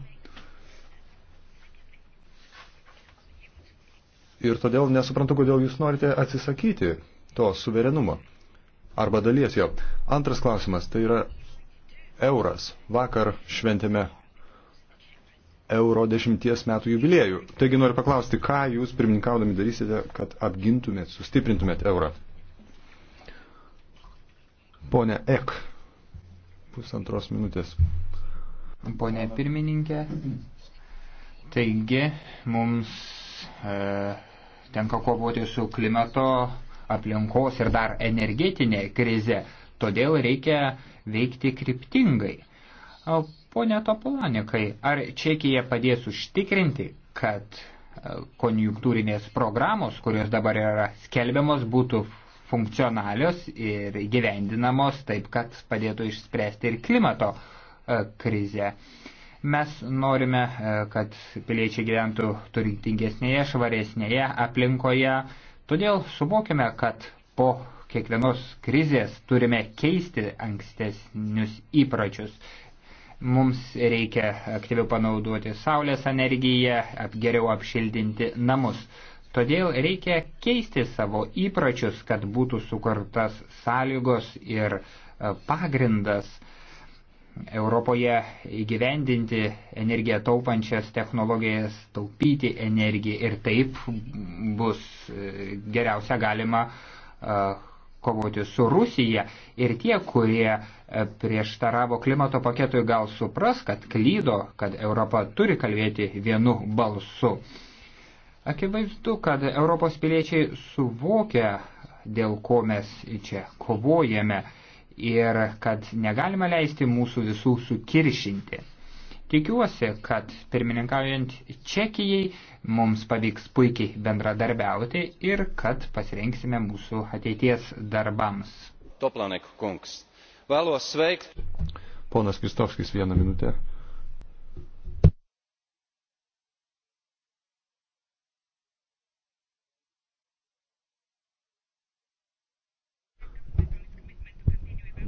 Ir todėl nesuprantu, kodėl jūs norite atsisakyti to suverenumo arba dalies jo. Antras klausimas, tai yra euras. Vakar šventėme euro dešimties metų jubiliejų. Taigi noriu paklausti, ką jūs pirmininkaudami darysite, kad apgintumėt, sustiprintumėt eurą? Pone Ek, pusantros minutės.
Pone pirmininkė, taigi mums e, tenka kovoti su klimato, aplinkos ir dar energetinė krize, todėl reikia veikti kryptingai. Pone Topolanikai, ar Čekija padės užtikrinti, kad konjunktūrinės programos, kurios dabar yra skelbiamos, būtų funkcionalios ir gyvendinamos taip, kad padėtų išspręsti ir klimato krizę. Mes norime, e, kad piliečiai gyventų turtingesnėje, švaresnėje aplinkoje. Todėl suvokime, kad po kiekvienos krizės turime keisti ankstesnius įpročius. Mums reikia aktyviau panaudoti saulės energiją, geriau apšildinti namus. Todėl reikia keisti savo įpročius, kad būtų sukurtas sąlygos ir e, pagrindas uh, Europoje įgyvendinti energiją taupančias technologijas, taupyti energiją ir taip bus e, geriausia galima e, kovoti su Rusija. Ir tie, kurie e, prieštaravo klimato paketui, gal supras, kad klydo, kad Europa turi kalbėti vienu balsu. Akivaizdu, kad Europos piliečiai suvokia, dėl ko mes čia kovojame ir kad negalima leisti mūsų visų sukiršinti. Tikiuosi, kad pirmininkaujant Čekijai mums pavyks puikiai bendradarbiauti ir kad pasirinksime mūsų ateities darbams.
Toplanek kungs. Valos sveikt. Ponas Kristovskis vieną minutę.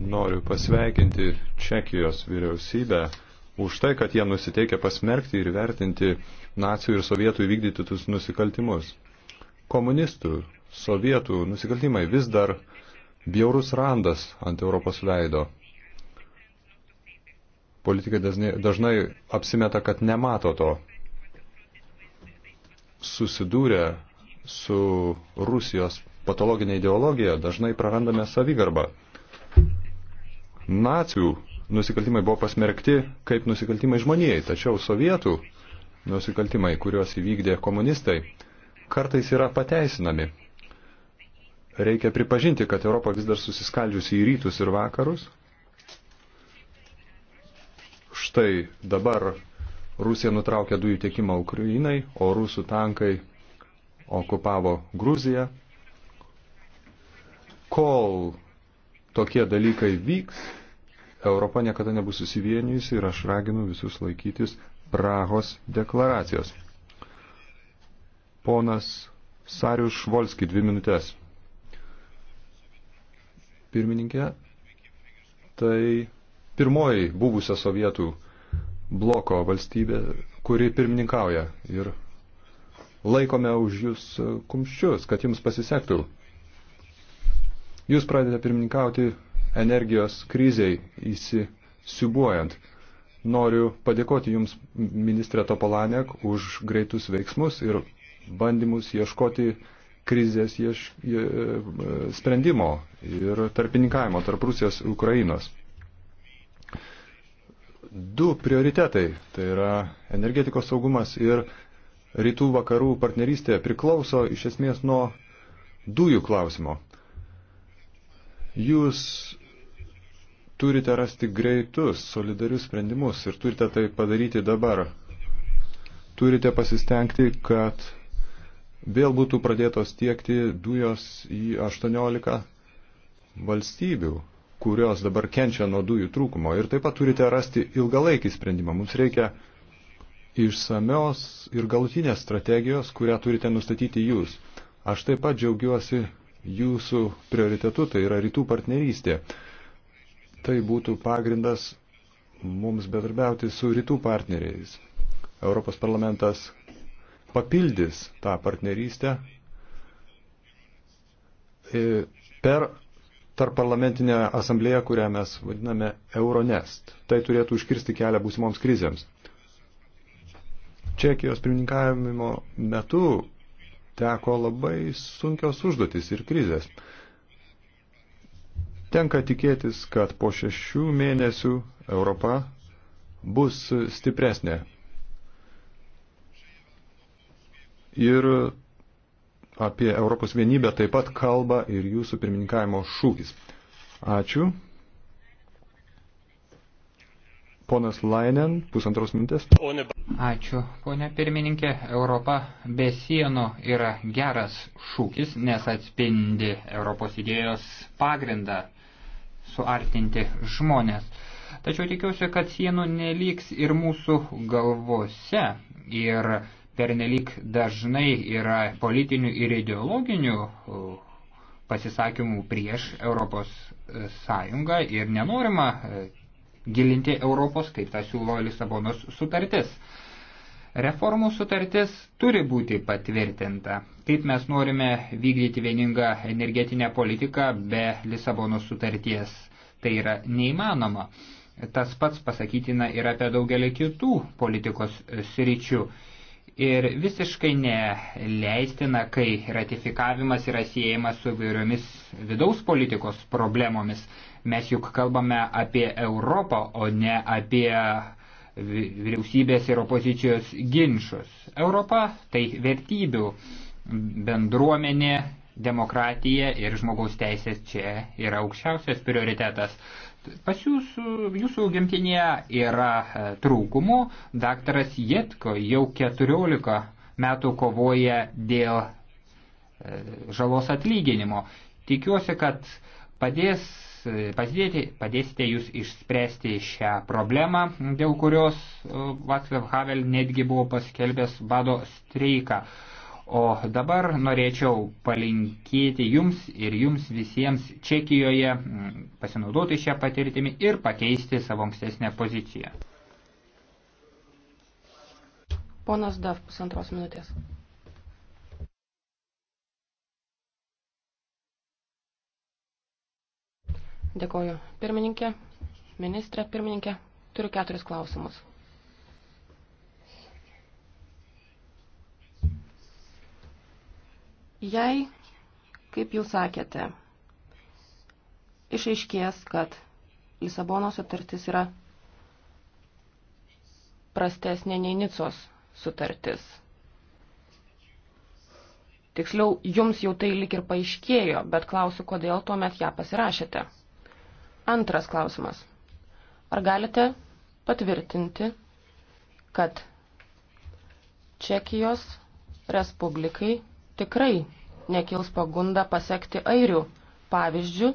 Noriu pasveikinti Čekijos vyriausybę už tai, kad jie nusiteikia pasmerkti ir vertinti nacijų ir sovietų įvykdytus nusikaltimus. Komunistų, sovietų nusikaltimai vis dar bjaurus randas ant Europos veido. Politikai dažnai, dažnai apsimeta, kad nemato to. Susidūrę su Rusijos patologinė ideologija dažnai prarandame savigarbą. Nacijų nusikaltimai buvo pasmerkti kaip nusikaltimai žmonijai, tačiau sovietų nusikaltimai, kuriuos įvykdė komunistai, kartais yra pateisinami. Reikia pripažinti, kad Europa vis dar susiskaldžiusi į rytus ir vakarus. Štai dabar Rusija nutraukė dujų tiekimą Ukrainai, o rusų tankai okupavo Gruziją. Kol tokie dalykai vyks, Europa niekada nebus susivienijusi ir aš raginu visus laikytis Prahos deklaracijos. Ponas Sarius Švolski, dvi minutės. Pirmininkė, tai pirmoji buvusią sovietų bloko valstybė, kuri pirmininkauja ir laikome už jūs kumščius, kad jums pasisektų. Jūs pradedate pirmininkauti energijos kriziai įsisiubuojant. Noriu padėkoti Jums, ministrė Topolanek, už greitus veiksmus ir bandymus ieškoti krizės ieš, je, e, sprendimo ir tarpininkavimo tarp Rusijos ir Ukrainos. Du prioritetai, tai yra energetikos saugumas ir rytų vakarų partnerystė priklauso iš esmės nuo dujų klausimo. Jūs turite rasti greitus, solidarius sprendimus ir turite tai padaryti dabar. Turite pasistengti, kad vėl būtų pradėtos tiekti dujos į 18 valstybių, kurios dabar kenčia nuo dujų trūkumo. Ir taip pat turite rasti ilgalaikį sprendimą. Mums reikia išsamios ir galutinės strategijos, kurią turite nustatyti jūs. Aš taip pat džiaugiuosi jūsų prioritetu, tai yra rytų partnerystė. Tai būtų pagrindas mums bedarbiauti su rytų partneriais. Europos parlamentas papildys tą partnerystę e, per tarp parlamentinę asamblėją, kurią mes vadiname Euronest. Tai turėtų užkirsti kelią būsimoms krizėms. Čekijos pirmininkavimo metu teko labai sunkios užduotis ir krizės. Tenka tikėtis, kad po šešių mėnesių Europa bus stipresnė. Ir apie Europos vienybę taip pat kalba ir jūsų pirmininkavimo šūkis. Ačiū. Ponas Lainen, pusantros mintės.
Ačiū, ponia pirmininkė. Europa be sienų yra geras šūkis, nes atspindi Europos idėjos pagrindą suartinti žmonės. Tačiau tikiuosi, kad sienų neliks ir mūsų galvose. Ir pernelyg dažnai yra politinių ir ideologinių uh, pasisakymų prieš Europos uh, Sąjungą ir nenorima uh, gilinti Europos, kaip tą siūlo Lisabonos sutartis. Reformų sutartis turi būti patvirtinta. Kaip mes norime vykdyti vieningą energetinę politiką be Lisabonos sutarties, tai yra neįmanoma. Tas pats pasakytina ir apie daugelį kitų politikos sričių. Ir visiškai neleistina, kai ratifikavimas yra siejamas su vairiomis vidaus politikos problemomis. Mes juk kalbame apie Europą, o ne apie vyriausybės ir opozicijos ginčius. Europa tai vertybių bendruomenė, demokratija ir žmogaus teisės čia yra aukščiausias prioritetas. Pas jūsų, jūsų gimtinėje yra e, trūkumų. Daktaras Jetko jau 14 metų kovoja dėl e, žalos atlyginimo. Tikiuosi, kad padės, e, pasidėti, padėsite jūs išspręsti šią problemą, dėl kurios Václav Havel netgi buvo paskelbęs bado streiką. O dabar norėčiau palinkėti jums ir jums visiems Čekijoje mm, pasinaudoti šią patirtimį ir pakeisti savo ankstesnę poziciją.
Ponas Dav, pusantros minutės. Dėkoju. Pirmininkė, ministrė, pirmininkė, turiu keturis klausimus. Jei, kaip jūs sakėte, išaiškės, kad Lisabono sutartis yra prastesnė nei Nicos sutartis. Tiksliau, jums jau tai lik ir paaiškėjo, bet klausiu, kodėl tuomet ją pasirašėte. Antras klausimas. Ar galite patvirtinti, kad Čekijos Respublikai tikrai nekils pagunda pasiekti airių pavyzdžių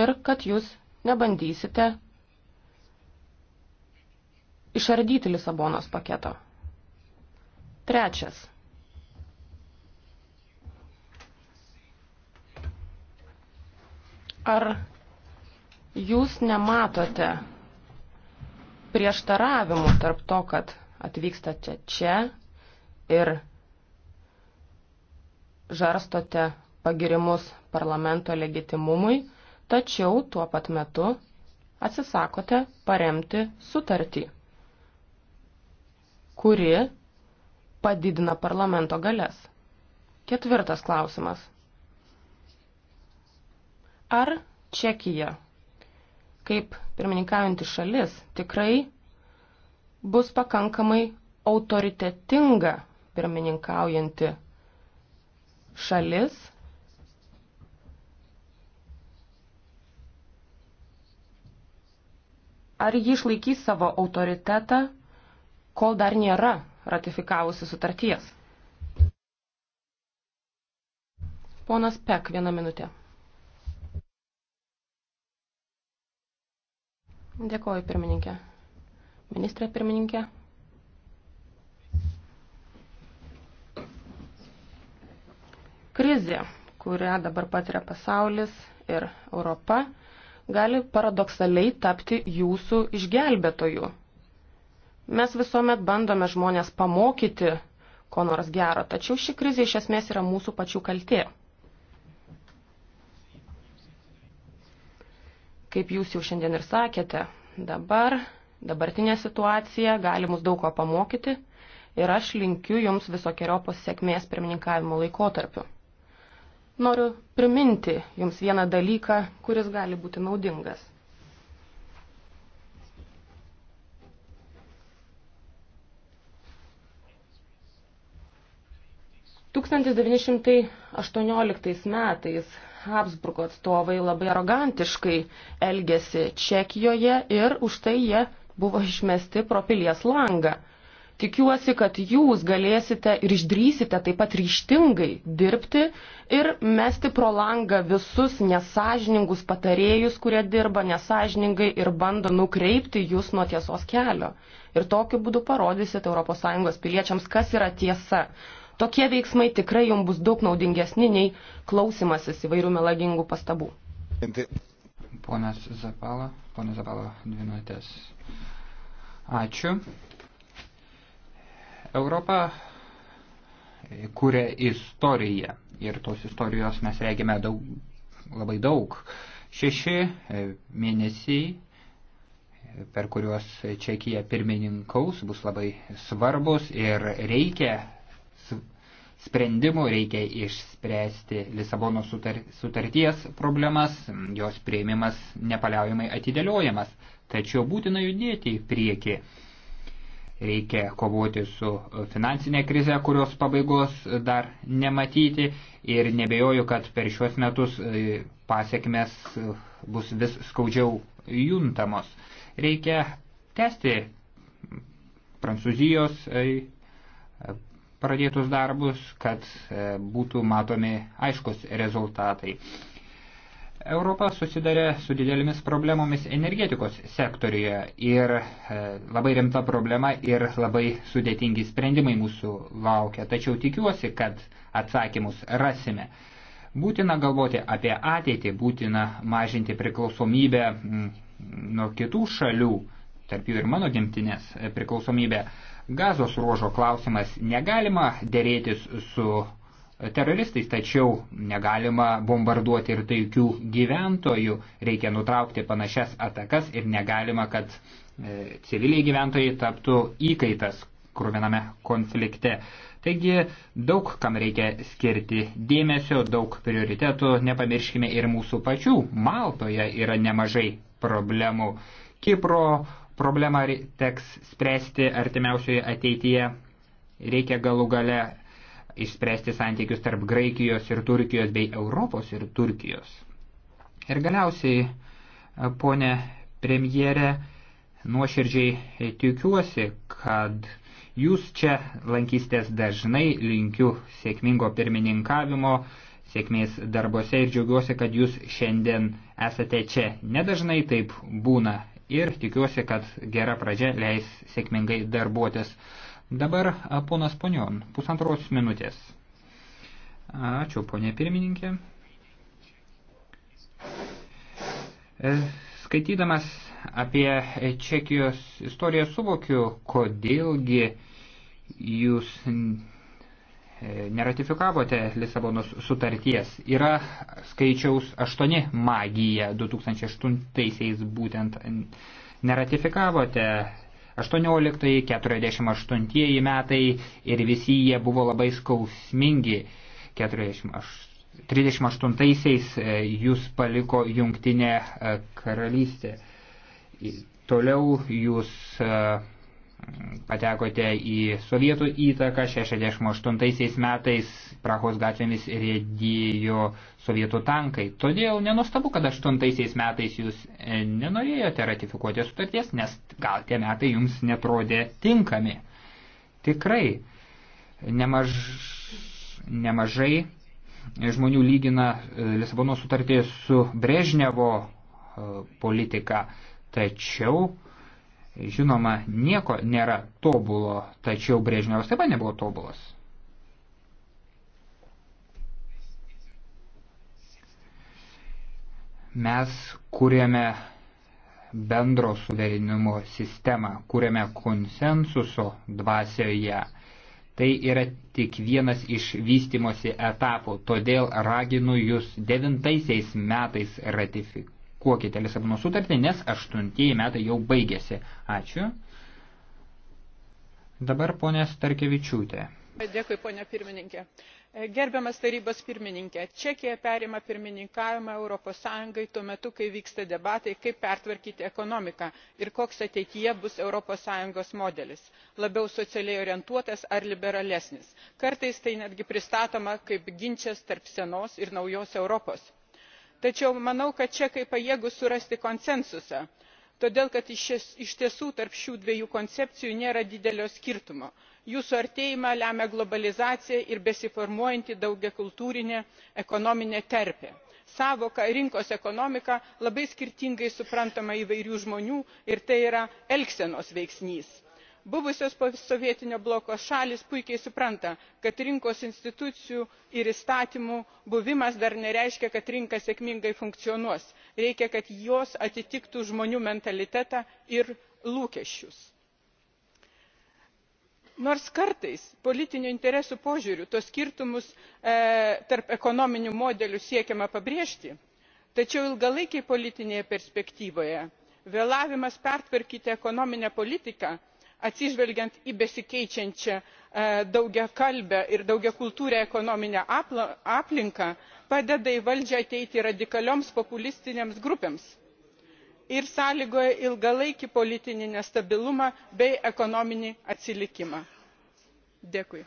ir kad jūs nebandysite išardyti Lisabonos paketo. Trečias. Ar jūs nematote prieštaravimų tarp to, kad atvykstate čia ir žarstote pagirimus parlamento legitimumui, tačiau tuo pat metu atsisakote paremti sutartį, kuri padidina parlamento galės. Ketvirtas klausimas. Ar Čekija, kaip pirmininkaujanti šalis, tikrai bus pakankamai autoritetinga pirmininkaujanti šalis. Ar ji išlaikys savo autoritetą, kol dar nėra ratifikavusi sutarties? Ponas Pek, vieną minutę. Dėkoju, pirmininkė. Ministrė pirmininkė. Krizė, kurią dabar patiria pasaulis ir Europa, gali paradoksaliai tapti jūsų išgelbėtoju. Mes visuomet bandome žmonės pamokyti ko nors gero, tačiau ši krizė iš esmės yra mūsų pačių kaltė. Kaip jūs jau šiandien ir sakėte, dabar, dabartinė situacija gali mus daug ko pamokyti ir aš linkiu jums visokiojopos sėkmės pirmininkavimo laikotarpiu. Noriu priminti jums vieną dalyką, kuris gali būti naudingas. Tūkstantis 1918 metais Habsburgo atstovai labai arogantiškai elgėsi Čekijoje ir už tai jie buvo išmesti pro pilies langą. Tikiuosi, kad jūs galėsite ir išdrysite taip pat ryštingai dirbti ir mesti pro langą visus nesažiningus patarėjus, kurie dirba nesažiningai ir bando nukreipti jūs nuo tiesos kelio. Ir tokiu būdu parodysite ES piliečiams, kas yra tiesa. Tokie veiksmai tikrai jums bus daug naudingesni nei klausimasis įvairių melagingų pastabų.
Ponas Zapala, ponas Zapala, dvi minutės. Ačiū. Europa kuria istoriją ir tos istorijos mes regime daug, labai daug. Šeši e, mėnesiai, e, per kuriuos Čekija pirmininkaus, bus labai svarbus ir reikia sprendimų, reikia išspręsti Lisabono sutar, sutarties problemas, jos prieimimas nepaliaujamai atidėliojamas, tačiau būtina judėti į priekį reikia kovoti su finansinė krize, kurios pabaigos dar nematyti ir nebejoju, kad per šiuos metus e, pasiekmes e, bus vis skaudžiau juntamos. Reikia tęsti Prancūzijos e, pradėtus darbus, kad būtų matomi aiškus rezultatai. Europa susidarė su didelėmis problemomis energetikos sektoriuje ir e, labai rimta problema ir labai sudėtingi sprendimai mūsų laukia. Tačiau tikiuosi, kad atsakymus rasime. Būtina galvoti apie ateitį, būtina mažinti priklausomybę nuo kitų šalių, tarp jų ir mano gimtinės e, priklausomybę. Gazos ruožo klausimas negalima dėrėtis su teroristais, tačiau negalima bombarduoti ir taikių gyventojų, reikia nutraukti panašias atakas ir negalima, kad e, civiliai gyventojai taptų įkaitas krūviname konflikte. Taigi daug kam reikia skirti dėmesio, daug prioritetų, nepamirškime ir mūsų pačių. Maltoje yra nemažai problemų. Kipro problemą teks spręsti artimiausioje ateityje. Reikia galų gale išspręsti santykius tarp Graikijos ir Turkijos bei Europos ir Turkijos. Ir galiausiai, ponė premjerė, nuoširdžiai tikiuosi, kad jūs čia lankystės dažnai, linkiu sėkmingo pirmininkavimo, sėkmės darbose ir džiaugiuosi, kad jūs šiandien esate čia. Nedažnai taip būna ir tikiuosi, kad gera pradžia leis sėkmingai darbuotis. Dabar ponas Ponion, pusantros minutės. Ačiū, ponė pirmininkė. E, skaitydamas apie Čekijos istoriją suvokiu, kodėlgi jūs e, neratifikavote Lisabonos sutarties. Yra skaičiaus 8 magija 2008-aisiais būtent neratifikavote 18-48 metai ir visi jie buvo labai skausmingi. 38-aisiais e, jūs paliko jungtinė e, karalystė. Toliau jūs e, patekote į sovietų įtaką, 68 metais Prahos gatvėmis rėdėjo sovietų tankai. Todėl nenustabu, kad 8 metais jūs e, nenorėjote ratifikuoti sutarties, nes gal tie metai jums netrodė tinkami. Tikrai nemaž, nemažai žmonių lygina e, Lisabono sutartį su Brežnevo e, politika, tačiau Žinoma, nieko nėra tobulo, tačiau Brežnevas taip pat nebuvo tobulas. Mes kūrėme bendro suverenimo sistemą, kūrėme konsensuso dvasioje. Tai yra tik vienas iš vystimosi etapų, todėl raginu jūs devintaisiais metais ratifikuoti kritikuokite Lisabono sutartį, nes aštuntieji metai jau baigėsi. Ačiū. Dabar ponė Starkevičiūtė.
Dėkui, ponė pirmininkė. E, gerbiamas tarybos pirmininkė, Čekija perima pirmininkavimą Europos Sąjungai tuo metu, kai vyksta debatai, kaip pertvarkyti ekonomiką ir koks ateityje bus Europos Sąjungos modelis - labiau socialiai orientuotas ar liberalesnis. Kartais tai netgi pristatoma kaip ginčas tarp senos ir naujos Europos tačiau manau kad čekai pajėgūs surasti konsensusą todėl kad iš tiesų tarp šių dviejų koncepcijų nėra didelio skirtumo jų suartėjimą lemia globalizacija ir besiformuojanti daugiakultūrinė ekonominė terpė. sąvoka rinkos ekonomika labai skirtingai suprantama įvairių žmonių ir tai yra elgsenos veiksnys buvusios posovietinio bloko šalys puikiai supranta kad rinkos institucijų ir įstatymų buvimas dar nereiškia kad rinka sėkmingai funkcionuos reikia kad jos atitiktų žmonių mentalitetą ir lūkesčius. nors kartais politinių interesų požiūriu tuos skirtumus e, tarp ekonominių modelių siekiama pabrėžti tačiau ilgalaikėje politinėje perspektyvoje vėlavimas pertvarkyti ekonominę politiką atsižvelgiant į besikeičiančią e, daugiakalbę ir daugiakultūrę ekonominę aplinką padeda į valdžią ateiti radikalioms populistinėms grupėms ir sąlygoja ilgalaikį politinį nestabilumą bei ekonominį atsilikimą. dėkui.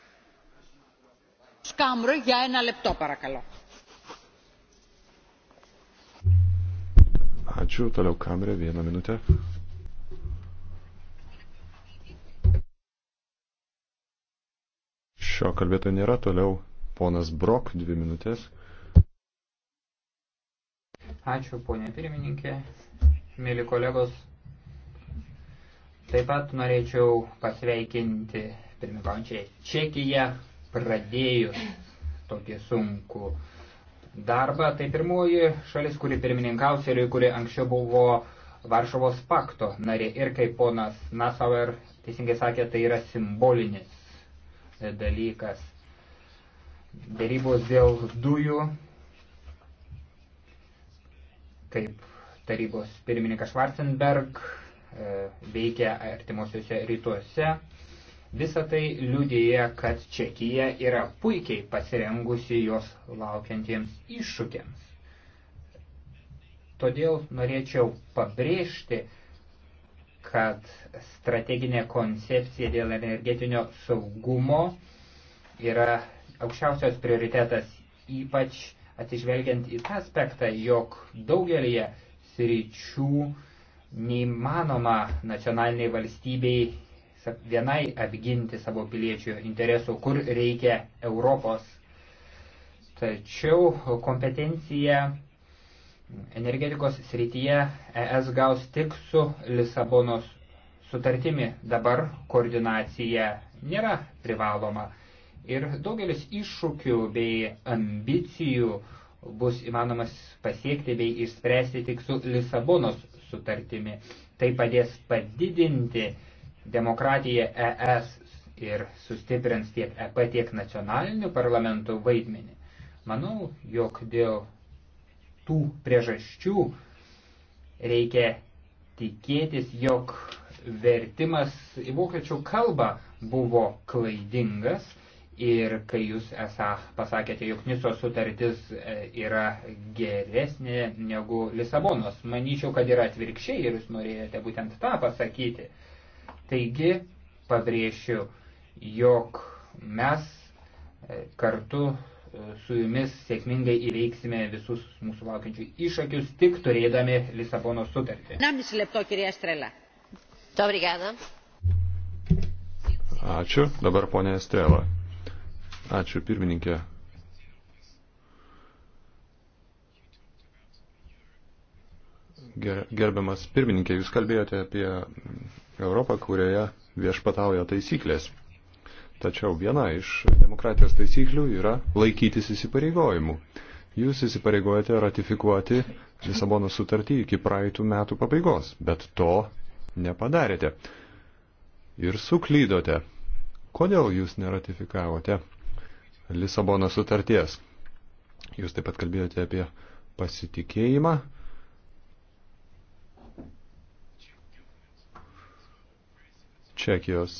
Ačiū, toliau kamera, vieną minutę. Šio kalbėtojo nėra toliau. Ponas Brok, dvi minutės.
Ačiū, ponė pirmininkė. Mėly kolegos, taip pat norėčiau pasveikinti pirmininkaujančiai Čekiją pradėjus tokį sunku darbą. Tai pirmoji šalis, kuri pirmininkaus ir kuri anksčiau buvo Varšovos pakto narė ir kaip ponas Nasauer teisingai sakė, tai yra simbolinis dalykas. Dėrybos dėl dujų, kaip tarybos pirmininkas Schwarzenberg e, veikia artimuosiuose rytuose. Visą tai liudyje, kad Čekija yra puikiai pasirengusi jos laukiantiems iššūkiams. Todėl norėčiau pabrėžti, kad strateginė koncepcija dėl energetinio saugumo yra aukščiausios prioritetas, ypač atsižvelgiant į tą aspektą, jog daugelie sričių neįmanoma nacionaliniai valstybei vienai apginti savo piliečių interesų, kur reikia Europos. Tačiau kompetencija energetikos srityje ES gaus tik su Lisabonos sutartimi. Dabar koordinacija nėra privaloma. Ir daugelis iššūkių bei ambicijų bus įmanomas pasiekti bei išspręsti tik su Lisabonos sutartimi. Tai padės padidinti demokratiją ES ir sustiprins tiek EP, tiek nacionalinių parlamentų vaidmenį. Manau, jog dėl tų priežasčių reikia tikėtis, jog vertimas į vokiečių kalbą buvo klaidingas ir kai jūs esą pasakėte, jog Nisos sutartis e, yra geresnė negu Lisabonos, manyčiau, kad yra atvirkščiai ir jūs norėjote būtent tą pasakyti. Taigi, pabrėšiu, jog mes e, kartu su jumis sėkmingai įveiksime visus mūsų laukiančių iššūkius, tik turėdami Lisabono sutartį.
Ačiū. Dabar ponė Estrela. Ačiū, pirmininkė. Gerbiamas pirmininkė, jūs kalbėjote apie Europą, kurioje viešpatauja taisyklės. Tačiau viena iš demokratijos taisyklių yra laikytis įsipareigojimų. Jūs įsipareigojate ratifikuoti Lisabono sutartį iki praeitų metų pabaigos, bet to nepadarėte. Ir suklydote. Kodėl jūs neratifikavote Lisabono sutarties? Jūs taip pat kalbėjote apie pasitikėjimą. Čekijos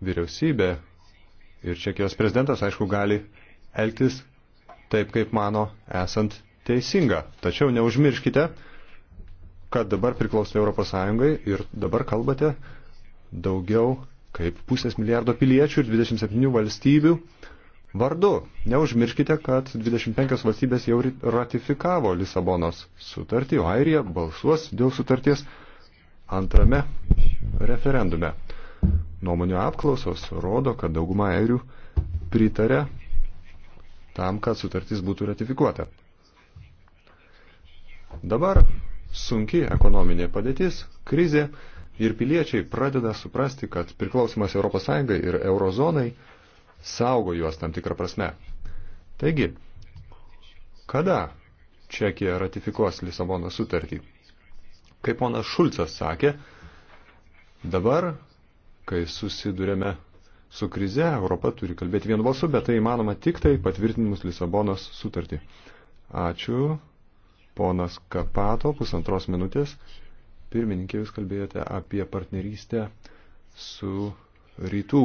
vyriausybė Ir Čekijos prezidentas, aišku, gali elgtis taip, kaip mano esant teisinga. Tačiau neužmirškite, kad dabar priklausote Europos Sąjungai ir dabar kalbate daugiau kaip pusės milijardo piliečių ir 27 valstybių vardu. Neužmirškite, kad 25 valstybės jau ratifikavo Lisabonos sutartį, o Airija balsuos dėl sutarties antrame referendume. Nuomonių apklausos rodo, kad dauguma airių pritarė tam, kad sutartis būtų ratifikuota. Dabar sunki ekonominė padėtis, krizė ir piliečiai pradeda suprasti, kad priklausimas ES ir eurozonai saugo juos tam tikrą prasme. Taigi, kada Čekija ratifikuos Lisabono sutartį? Kaip ponas Šulcas sakė, dabar kai susidurėme su krize, Europa turi kalbėti vienu balsu, bet tai įmanoma tik tai patvirtinimus Lisabonos sutartį. Ačiū, ponas Kapato, pusantros minutės. Pirmininkė, jūs kalbėjote apie partnerystę su rytų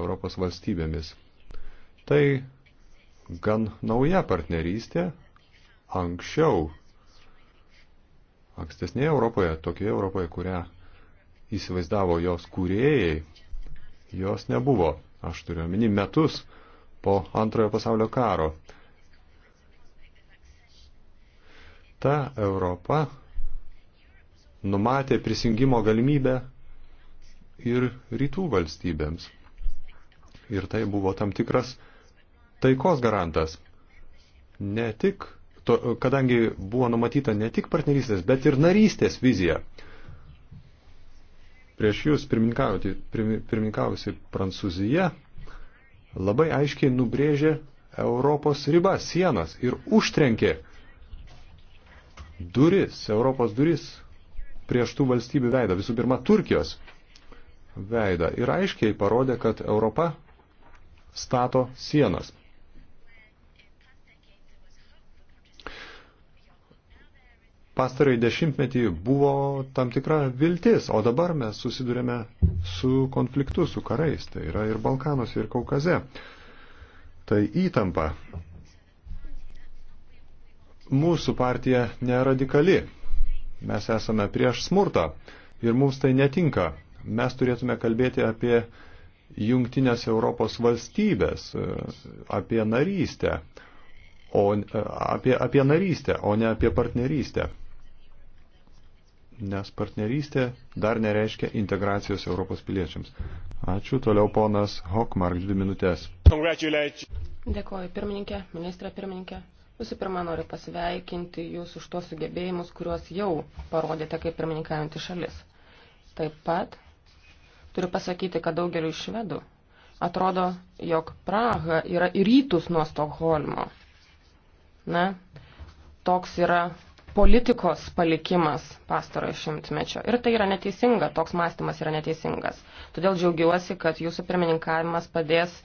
Europos valstybėmis. Tai gan nauja partnerystė. Anksčiau, ankstesnėje Europoje, tokioje Europoje, kurią įsivaizdavo jos kūrėjai, jos nebuvo, aš turiu omeny, metus po antrojo pasaulio karo. Ta Europa numatė prisijungimo galimybę ir rytų valstybėms. Ir tai buvo tam tikras taikos garantas. Ne tik, to, kadangi buvo numatyta ne tik partnerystės, bet ir narystės vizija prieš jūs pirmininkavusi Prancūzija labai aiškiai nubrėžė Europos ribas, sienas ir užtrenkė duris, Europos duris prieš tų valstybių veidą, visų pirma Turkijos veidą ir aiškiai parodė, kad Europa stato sienas. pastarąjį dešimtmetį buvo tam tikra viltis, o dabar mes susidurėme su konfliktu, su karais, tai yra ir Balkanuose, ir Kaukaze. Tai įtampa. Mūsų partija neradikali. Mes esame prieš smurtą ir mums tai netinka. Mes turėtume kalbėti apie jungtinės Europos valstybės, apie narystę, o, apie, apie narystę, o ne apie partnerystę nes partnerystė dar nereiškia integracijos Europos piliečiams. Ačiū. Toliau ponas Hokmark, dvi minutės.
Dėkoju,
pirmininkė, ministrė pirmininkė. Visų pirma, noriu pasveikinti jūs už tos sugebėjimus, kuriuos jau parodėte kaip pirmininkaujantį šalis. Taip pat turiu pasakyti, kad daugeliu švedų atrodo, jog Praha yra į rytus nuo Stokholmo. Na, toks yra politikos palikimas pastarojo šimtmečio. Ir tai yra neteisinga, toks mąstymas yra neteisingas. Todėl džiaugiuosi, kad jūsų pirmininkavimas padės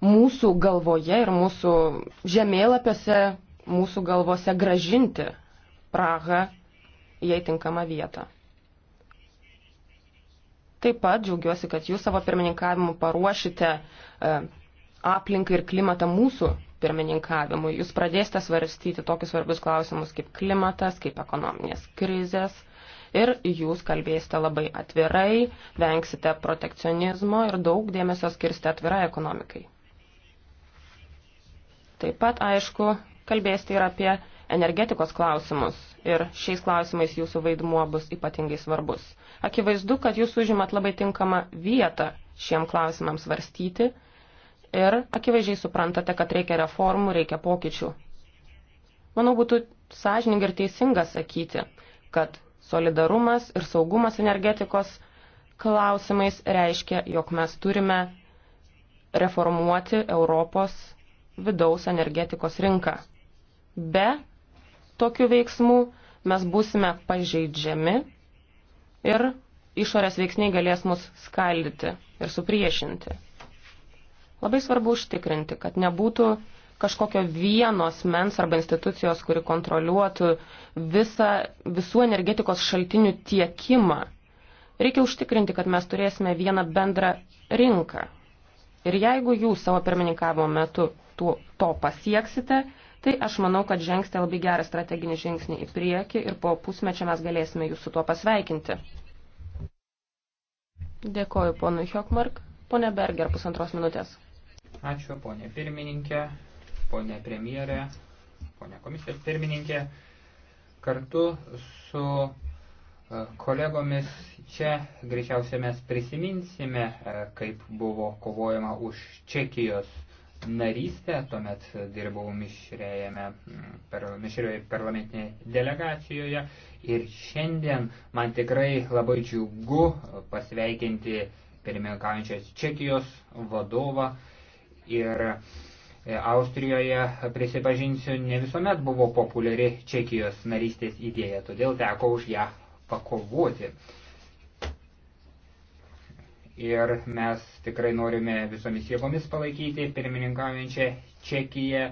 mūsų galvoje ir mūsų žemėlapiuose, mūsų galvose gražinti Prahą į tinkamą vietą. Taip pat džiaugiuosi, kad jūs savo pirmininkavimu paruošite e, aplinką ir klimatą mūsų pirmininkavimui. Jūs pradėsite svarstyti tokius svarbius klausimus kaip klimatas, kaip ekonominės krizės ir jūs kalbėsite labai atvirai, vengsite protekcionizmo ir daug dėmesio skirsite atvirai ekonomikai. Taip pat, aišku, kalbėsite ir apie energetikos klausimus ir šiais klausimais jūsų vaidmuo bus ypatingai svarbus. Akivaizdu, kad jūs užimat labai tinkamą vietą šiem klausimams svarstyti ir akivaizdžiai suprantate, kad reikia reformų, reikia pokyčių. Manau, būtų sąžininkai ir teisinga sakyti, kad solidarumas ir saugumas energetikos klausimais reiškia, jog mes turime reformuoti Europos vidaus energetikos rinką. Be tokių veiksmų mes būsime pažeidžiami ir išorės veiksniai galės mus skaldyti ir supriešinti. Labai svarbu užtikrinti, kad nebūtų kažkokio vienos mens arba institucijos, kuri kontroliuotų visą, visų energetikos šaltinių tiekimą. Reikia užtikrinti, kad mes turėsime vieną bendrą rinką. Ir jeigu jūs savo pirmininkavimo metu tu, to pasieksite, tai aš manau, kad žengsite labai gerą strateginį žingsnį į priekį ir po pusmečio mes galėsime jūs su tuo pasveikinti.
Dėkoju ponui Hiokmark. Pone Berger, pusantros minutės. Ačiū, ponė pirmininkė, ponė premjerė, ponė komisijos pirmininkė. Kartu su e, kolegomis čia greičiausiai mes prisiminsime, e, kaip buvo kovojama už Čekijos narystę, tuomet dirbau mišrėjame, per, mišrėjoje parlamentinėje delegacijoje ir šiandien man tikrai labai džiugu pasveikinti pirmininkaujančios Čekijos vadovą ir e, Austrijoje, prisipažinsiu, ne visuomet buvo populiari Čekijos narystės idėja, todėl teko už ją pakovoti. Ir mes tikrai norime visomis jėgomis palaikyti pirmininkaujančią Čekiją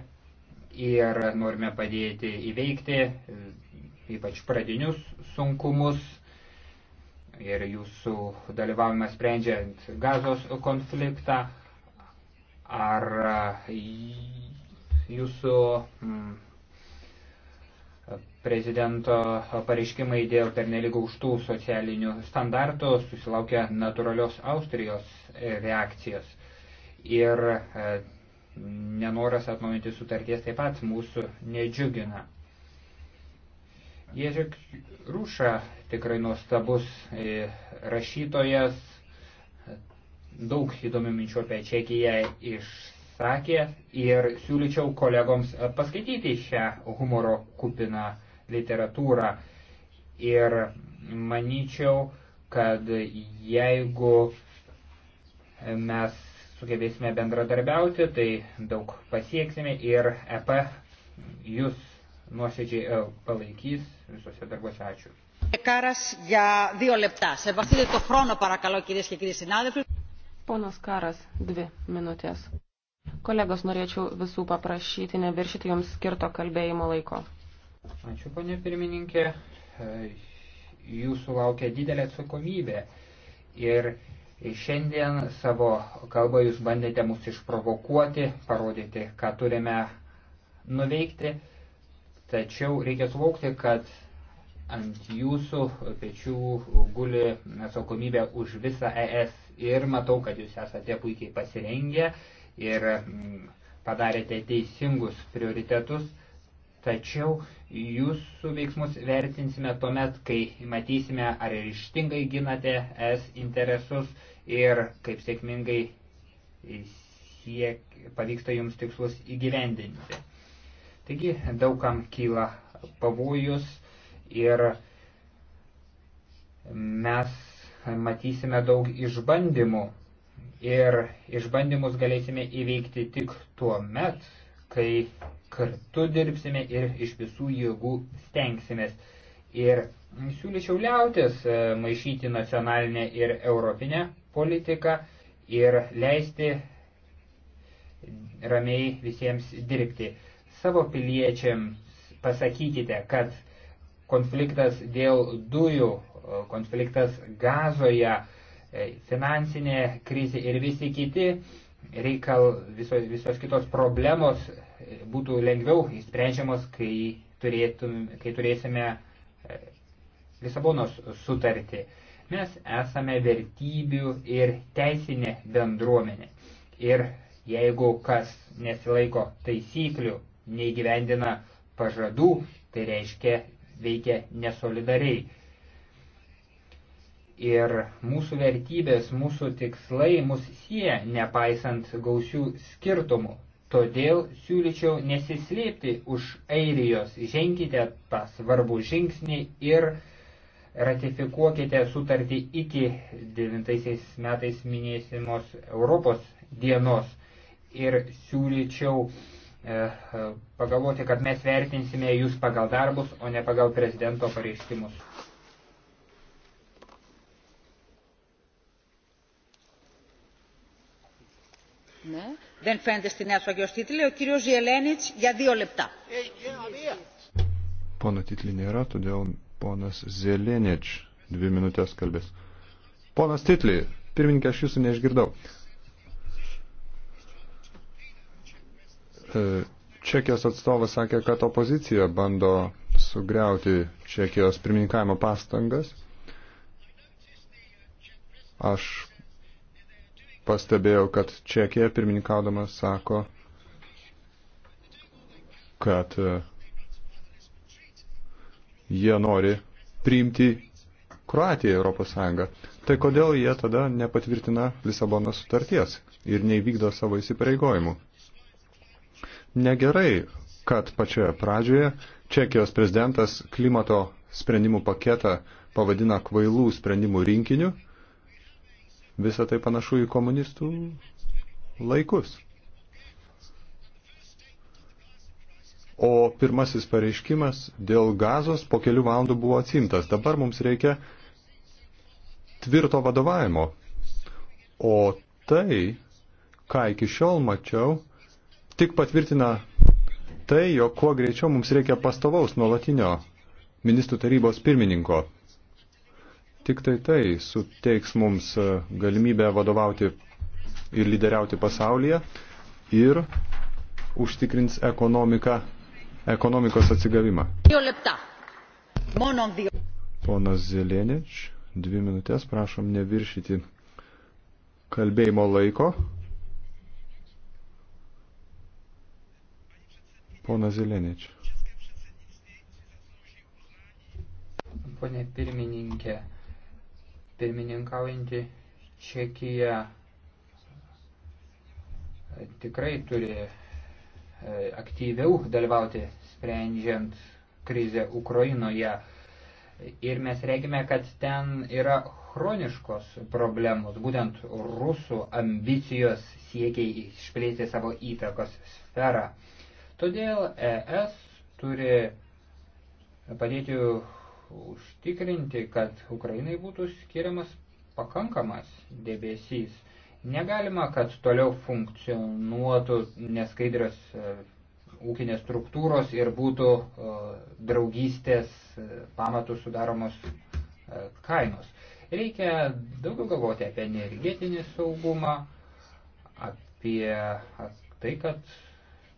ir norime padėti įveikti e, ypač pradinius sunkumus ir jūsų dalyvavimą sprendžiant gazos konfliktą ar e, jūsų mm, prezidento pareiškimai dėl pernelyg aukštų socialinių standartų susilaukia natūralios Austrijos e, reakcijos. Ir e, nenoras atnaujinti sutarties taip pat mūsų nedžiugina. Ježek Rūša tikrai nuostabus rašytojas, daug įdomių minčių apie Čekiją išsakė ir siūlyčiau kolegoms paskaityti šią humoro kupiną literatūrą. Ir manyčiau, kad jeigu mes sugebėsime bendradarbiauti, tai daug pasieksime ir EP jūs nuoširdžiai e, palaikys visose darbuose. Ačiū.
Karas για δύο λεπτά. Σεβαστείτε το χρόνο παρακαλώ κυρίες και
κύριοι συνάδελφοι. Ponas Karas, dvi minutės. Kolegos, norėčiau visų paprašyti, neviršyti jums skirto kalbėjimo laiko.
Ačiū, ponė pirmininkė. Jūsų laukia didelė atsakomybė. Ir šiandien savo kalbą jūs bandėte mus išprovokuoti, parodyti, ką turime nuveikti. Tačiau reikia suvokti, kad ant jūsų pečių guli atsakomybė už visą ES ir matau, kad jūs esate puikiai pasirengę ir mm, padarėte teisingus prioritetus, tačiau jūsų veiksmus vertinsime tuomet, kai matysime, ar ryštingai ginate es interesus ir kaip sėkmingai siek, pavyksta jums tikslus įgyvendinti. Taigi daugam kyla pavojus ir mes matysime daug išbandymų ir išbandymus galėsime įveikti tik tuo met, kai kartu dirbsime ir iš visų jėgų stengsimės. Ir siūlyčiau liautis e, maišyti nacionalinę ir europinę politiką ir leisti ramiai visiems dirbti. Savo piliečiams pasakykite, kad konfliktas dėl dujų konfliktas gazoje, e, finansinė krizė ir visi kiti reikal, visos, visos kitos problemos e, būtų lengviau įsprendžiamos, kai, turėtum, kai turėsime e, Lisabonos sutartį. Mes esame vertybių ir teisinė bendruomenė. Ir jeigu kas nesilaiko taisyklių, neįgyvendina pažadų, tai reiškia veikia nesolidariai ir mūsų vertybės, mūsų tikslai mus sieja, nepaisant gausių skirtumų. Todėl siūlyčiau nesislėpti už Airijos, ženkite tą svarbų žingsnį ir ratifikuokite sutartį iki 9 metais minėsimos Europos dienos. Ir siūlyčiau e, pagalvoti, kad mes vertinsime jūs pagal darbus, o ne pagal prezidento pareiškimus.
δεν φαίνεται στη Νέα Σφαγιός τίτλη. Ο κύριος Ζιελένιτς για δύο λεπτά.
Pono titlį nėra, todėl ponas Zelenič dvi minutės kalbės. Ponas Titlį, pirmininkė, aš jūsų neišgirdau. E, Čekijos atstovas sakė, kad opozicija bando sugriauti Čekijos pirmininkavimo pastangas. Aš pastebėjau, kad Čekija pirmininkaudamas sako, kad e, jie nori priimti Kroatiją Europos Sąjungą. Tai kodėl jie tada nepatvirtina Lisabono sutarties ir neįvykdo savo įsipareigojimų? Negerai, kad pačioje pradžioje Čekijos prezidentas klimato sprendimų paketą pavadina kvailų sprendimų rinkiniu Visą tai panašu į komunistų laikus. O pirmasis pareiškimas dėl gazos po kelių valandų buvo atsimtas. Dabar mums reikia tvirto vadovavimo. O tai, ką iki šiol mačiau, tik patvirtina tai, jog kuo greičiau mums reikia pastovaus nuolatinio ministrų tarybos pirmininko Tik tai tai suteiks mums e, galimybę vadovauti ir lyderiauti pasaulyje ir užtikrins ekonomiką, ekonomikos atsigavimą. Ponas Zelenič, dvi minutės, prašom neviršyti kalbėjimo laiko. Pona Zelenič.
Pone pirmininkė, Pirmininkaujanti Čekija e, tikrai turi e, aktyviau dalyvauti sprendžiant krizę Ukrainoje. Ir mes reikime, kad ten yra chroniškos problemos, būtent rusų ambicijos siekiai išplėsti savo įtakos sferą. Todėl ES turi padėti užtikrinti, kad Ukrainai būtų skiriamas pakankamas dėmesys. Negalima, kad toliau funkcionuotų neskaidrios e, ūkinės struktūros ir būtų e, draugystės e, pamatų sudaromos kainos. Reikia daugiau galvoti apie energetinį saugumą, apie tai, kad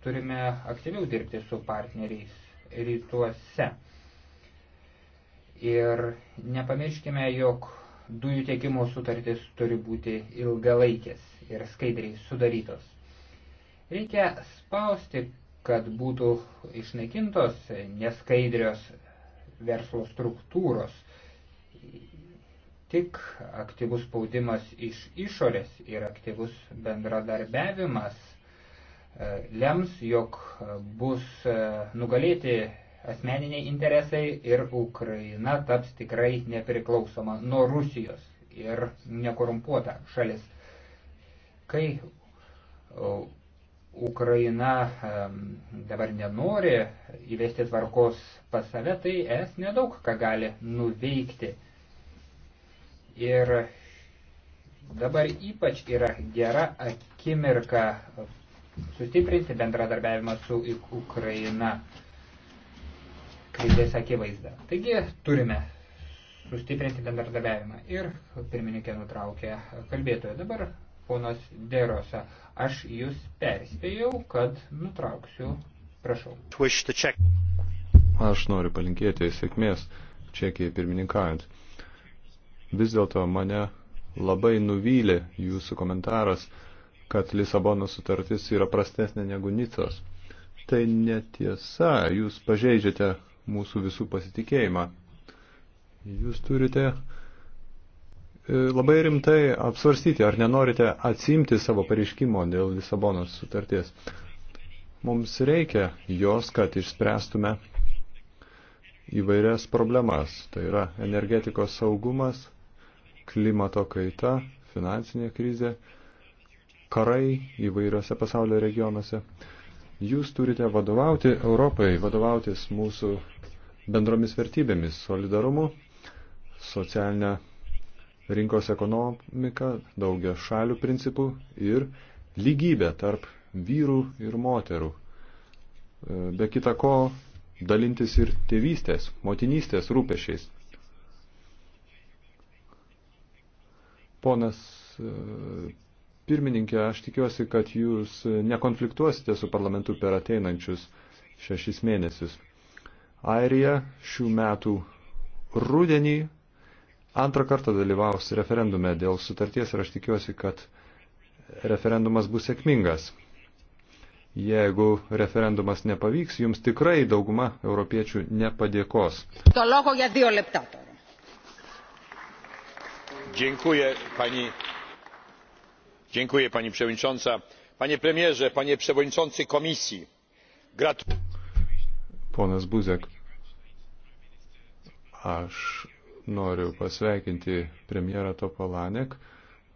turime aktyviau dirbti su partneriais rytuose. Ir nepamirškime, jog dujų tiekimo sutartis turi būti ilgalaikės ir skaidriai sudarytos. Reikia spausti, kad būtų išnaikintos neskaidrios verslo struktūros. Tik aktyvus spaudimas iš išorės ir aktyvus bendradarbiavimas e, lems, jog bus e, nugalėti asmeniniai interesai ir Ukraina taps tikrai nepriklausoma nuo Rusijos ir nekorumpuota šalis. Kai Ukraina dabar nenori įvesti tvarkos pas save, tai es nedaug ką gali nuveikti. Ir dabar ypač yra gera akimirka sustiprinti bendradarbiavimą su Ukraina krizės akivaizda. Taigi turime sustiprinti bendradarbiavimą. Ir pirmininkė nutraukė kalbėtoją. Dabar ponas Derosa, aš jūs perspėjau, kad nutrauksiu. Prašau.
Aš noriu palinkėti sėkmės Čekijai pirmininkaujant. Vis dėlto mane labai nuvylė jūsų komentaras, kad Lisabono sutartis yra prastesnė negu Nicos. Tai netiesa, jūs pažeidžiate mūsų visų pasitikėjimą. Jūs turite e, labai rimtai apsvarstyti, ar nenorite atsimti savo pareiškimo dėl Lisabonos sutarties. Mums reikia jos, kad išspręstume įvairias problemas. Tai yra energetikos saugumas, klimato kaita, finansinė krizė, karai įvairiose pasaulio regionuose. Jūs turite vadovauti Europai, vadovautis mūsų bendromis vertybėmis - solidarumu, socialinę rinkos ekonomiką, daugia šalių principų ir lygybę tarp vyrų ir moterų. E, be kita ko, dalintis ir tėvystės, motinystės rūpešiais. Ponas e, pirmininkė, aš tikiuosi, kad jūs nekonfliktuosite su parlamentu per ateinančius šešis mėnesius. Airija šių metų rudenį antrą kartą dalyvaus referendume dėl sutarties ir aš tikiuosi, kad referendumas bus sėkmingas. Jeigu referendumas nepavyks, jums tikrai dauguma europiečių nepadėkos. Dziękuję pani, dziękuję pani przewodnicząca. Panie premierze, panie przewodniczący komisji. Gratuluję. Ponas Buzek, aš noriu pasveikinti premjerą Topolanek,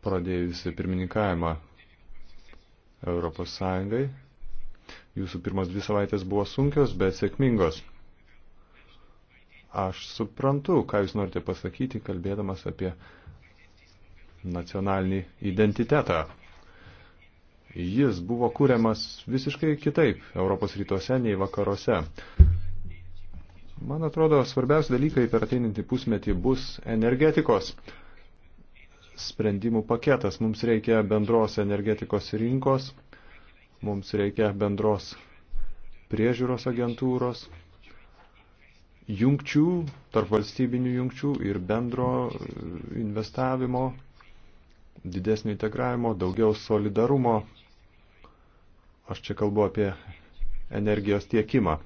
pradėjusi pirmininkavimą Europos Sąjungai. Jūsų pirmas dvi savaitės buvo sunkios, bet sėkmingos. Aš suprantu, ką jūs norite pasakyti, kalbėdamas apie nacionalinį identitetą. Jis buvo kūriamas visiškai kitaip Europos rytuose nei vakaruose. Man atrodo, svarbiausi dalykai per ateinantį pusmetį bus energetikos sprendimų paketas. Mums reikia bendros energetikos rinkos, mums reikia bendros priežiūros agentūros, jungčių, tarp valstybinių jungčių ir bendro e, investavimo, didesnio integravimo, daugiau solidarumo. Aš čia kalbu apie energijos tiekimą.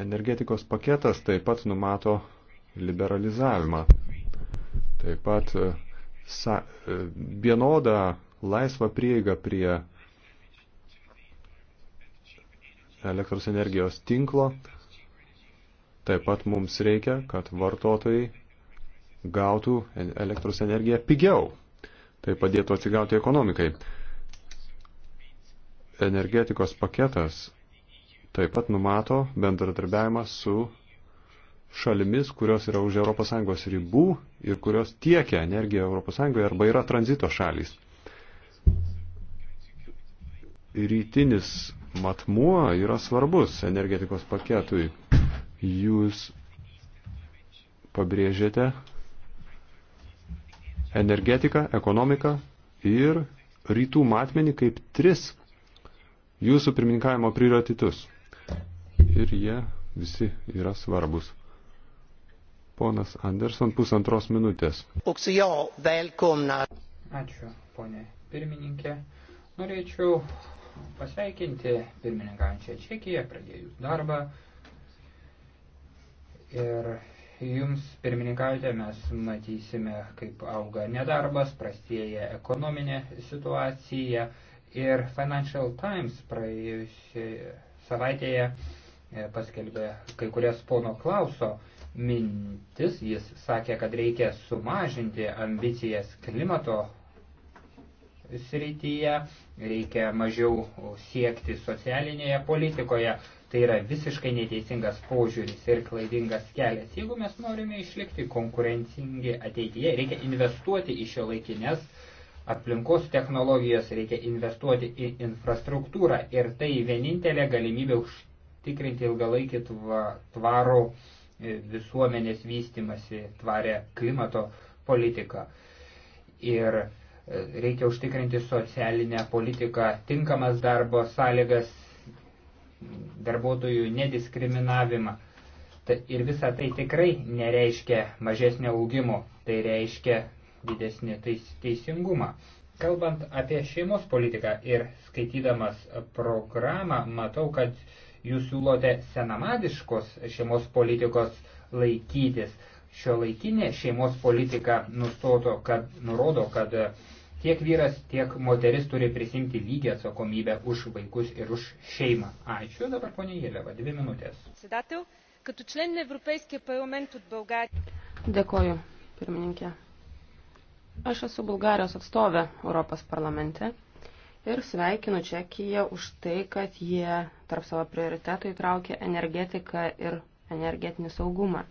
Energetikos paketas taip pat numato liberalizavimą, taip pat e, sa, e, vienodą laisvą prieigą prie elektros energijos tinklo. Taip pat mums reikia, kad vartotojai gautų elektros energiją pigiau. Tai padėtų atsigauti ekonomikai. Energetikos paketas taip pat numato bendradarbiavimą su šalimis, kurios yra už ES ribų ir kurios tiekia energiją ES arba yra tranzito šalys. Rytinis matmuo yra svarbus energetikos paketui. Jūs pabrėžėte energetiką, ekonomiką ir rytų matmenį kaip tris jūsų pirmininkavimo prioritetus ir jie visi yra svarbus. Ponas Anderson, pusantros minutės.
Ačiū, ponė pirmininkė. Norėčiau pasveikinti pirmininkančią Čekiją, pradėjus darbą. Ir jums pirmininkaujate mes matysime, kaip auga nedarbas, prastėja ekonominė situacija. Ir Financial Times praėjusioje savaitėje E, paskelbė kai kurias pono Klauso mintis. Jis sakė, kad reikia sumažinti ambicijas klimato srityje, reikia mažiau siekti socialinėje politikoje. Tai yra visiškai neteisingas požiūris ir klaidingas kelias. Jeigu mes norime išlikti konkurencingi ateityje, reikia investuoti į šio laikinės aplinkos technologijas, reikia investuoti į infrastruktūrą ir tai vienintelė galimybė už tikrinti ilgalaikį tvarų e, visuomenės vystimasi, tvarę klimato politiką. Ir e, reikia užtikrinti socialinę politiką, tinkamas darbo sąlygas, darbuotojų nediskriminavimą. Ir visa tai tikrai nereiškia mažesnio augimo, tai reiškia didesnį teisingumą. Kalbant apie šeimos politiką ir skaitydamas programą, matau, kad jūs siūlote senamadiškos šeimos politikos laikytis. Šio laikinė šeimos politika nustoto, kad, nurodo, kad tiek vyras, tiek moteris turi prisimti lygią atsakomybę už vaikus ir už šeimą. Ačiū dabar, ponė Jėleva, dvi minutės.
Dėkoju, pirmininkė. Aš esu Bulgarijos atstovė Europos parlamente ir sveikinu Čekiją už tai, kad jie tarp savo prioritetų įtraukė energetiką ir energetinį saugumą.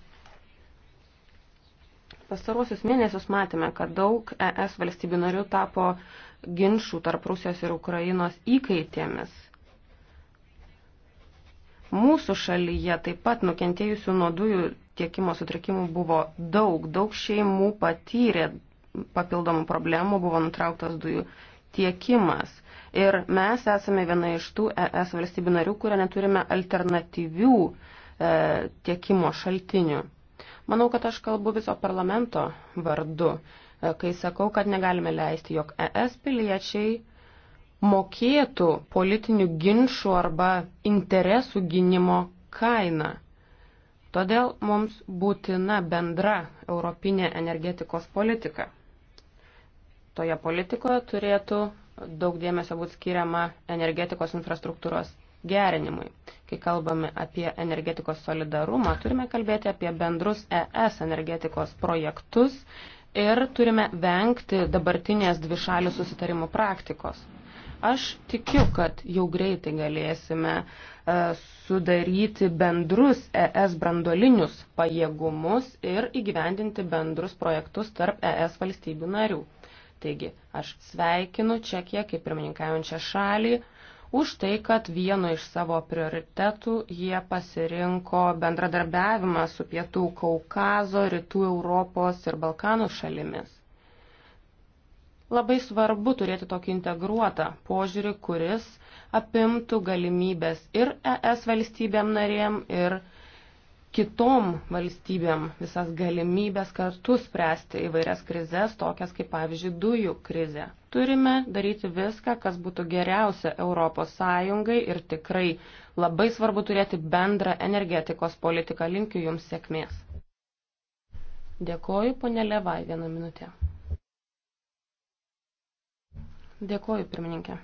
Pastaruosius mėnesius matėme, kad daug ES valstybių narių tapo ginčių tarp Rusijos ir Ukrainos įkaitėmis. Mūsų šalyje taip pat nukentėjusių nuo dujų tiekimo sutrikimų buvo daug, daug šeimų patyrė papildomų problemų, buvo nutrauktas dujų tiekimas. Ir mes esame viena iš tų ES valstybių narių, kurio neturime alternatyvių e, tiekimo šaltinių. Manau, kad aš kalbu viso parlamento vardu, e, kai sakau, kad negalime leisti, jog ES piliečiai mokėtų politinių ginčių arba interesų gynimo kainą. Todėl mums būtina bendra europinė energetikos politika. Toje politikoje turėtų daug dėmesio būtų skiriama energetikos infrastruktūros gerinimui. Kai kalbame apie energetikos solidarumą, turime kalbėti apie bendrus ES energetikos projektus ir turime vengti dabartinės dvišalių susitarimų praktikos. Aš tikiu, kad jau greitai galėsime e, sudaryti bendrus ES brandolinius pajėgumus ir įgyvendinti bendrus projektus tarp ES valstybių narių. Taigi, aš sveikinu Čekiją kaip pirmininkaujančią šalį už tai, kad vienu iš savo prioritetų jie pasirinko bendradarbiavimą su Pietų Kaukazo, Rytų Europos ir Balkanų šalimis. Labai svarbu turėti tokį integruotą požiūrį, kuris apimtų galimybės ir ES valstybėm narėm, ir kitom valstybėm visas galimybės kartu spręsti įvairias krizės, tokias kaip pavyzdžiui dujų krizė. Turime daryti viską, kas būtų geriausia Europos Sąjungai ir tikrai labai svarbu turėti bendrą energetikos politiką. Linkiu Jums sėkmės. Dėkoju, ponė Levai, vieną minutę. Dėkoju, pirmininkė.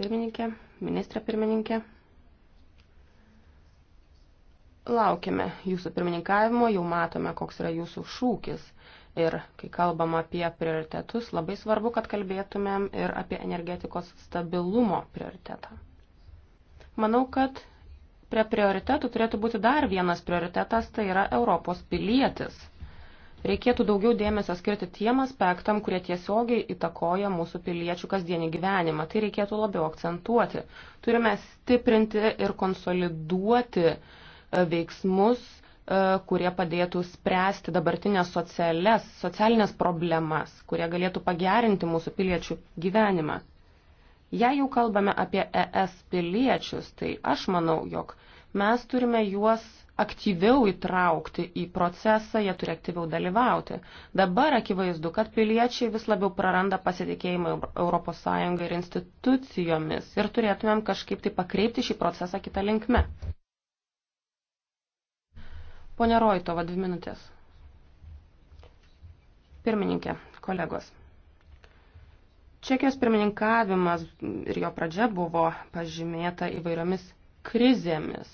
Pirmininkė, ministrė pirmininkė laukiame jūsų pirmininkavimo, jau matome, koks yra jūsų šūkis. Ir kai kalbam apie prioritetus, labai svarbu, kad kalbėtumėm ir apie energetikos stabilumo prioritetą. Manau, kad prie prioritetų turėtų būti dar vienas prioritetas, tai yra Europos pilietis. Reikėtų daugiau dėmesio skirti tiem aspektam, kurie tiesiogiai įtakoja mūsų piliečių kasdienį gyvenimą. Tai reikėtų labiau akcentuoti. Turime stiprinti ir konsoliduoti uh, veiksmus, e, kurie padėtų spręsti dabartinės sociales, socialinės problemas, kurie galėtų pagerinti mūsų piliečių gyvenimą. Jei jau kalbame apie ES piliečius, tai aš manau, jog mes turime juos aktyviau įtraukti į procesą, jie turi aktyviau dalyvauti. Dabar akivaizdu, kad piliečiai vis labiau praranda pasitikėjimą ES ir institucijomis ir turėtumėm kažkaip tai pakreipti šį procesą kitą linkmę. Pone Roitova, dvi minutės. Pirmininkė, kolegos. Čekijos pirmininkavimas ir jo pradžia buvo pažymėta įvairiomis krizėmis.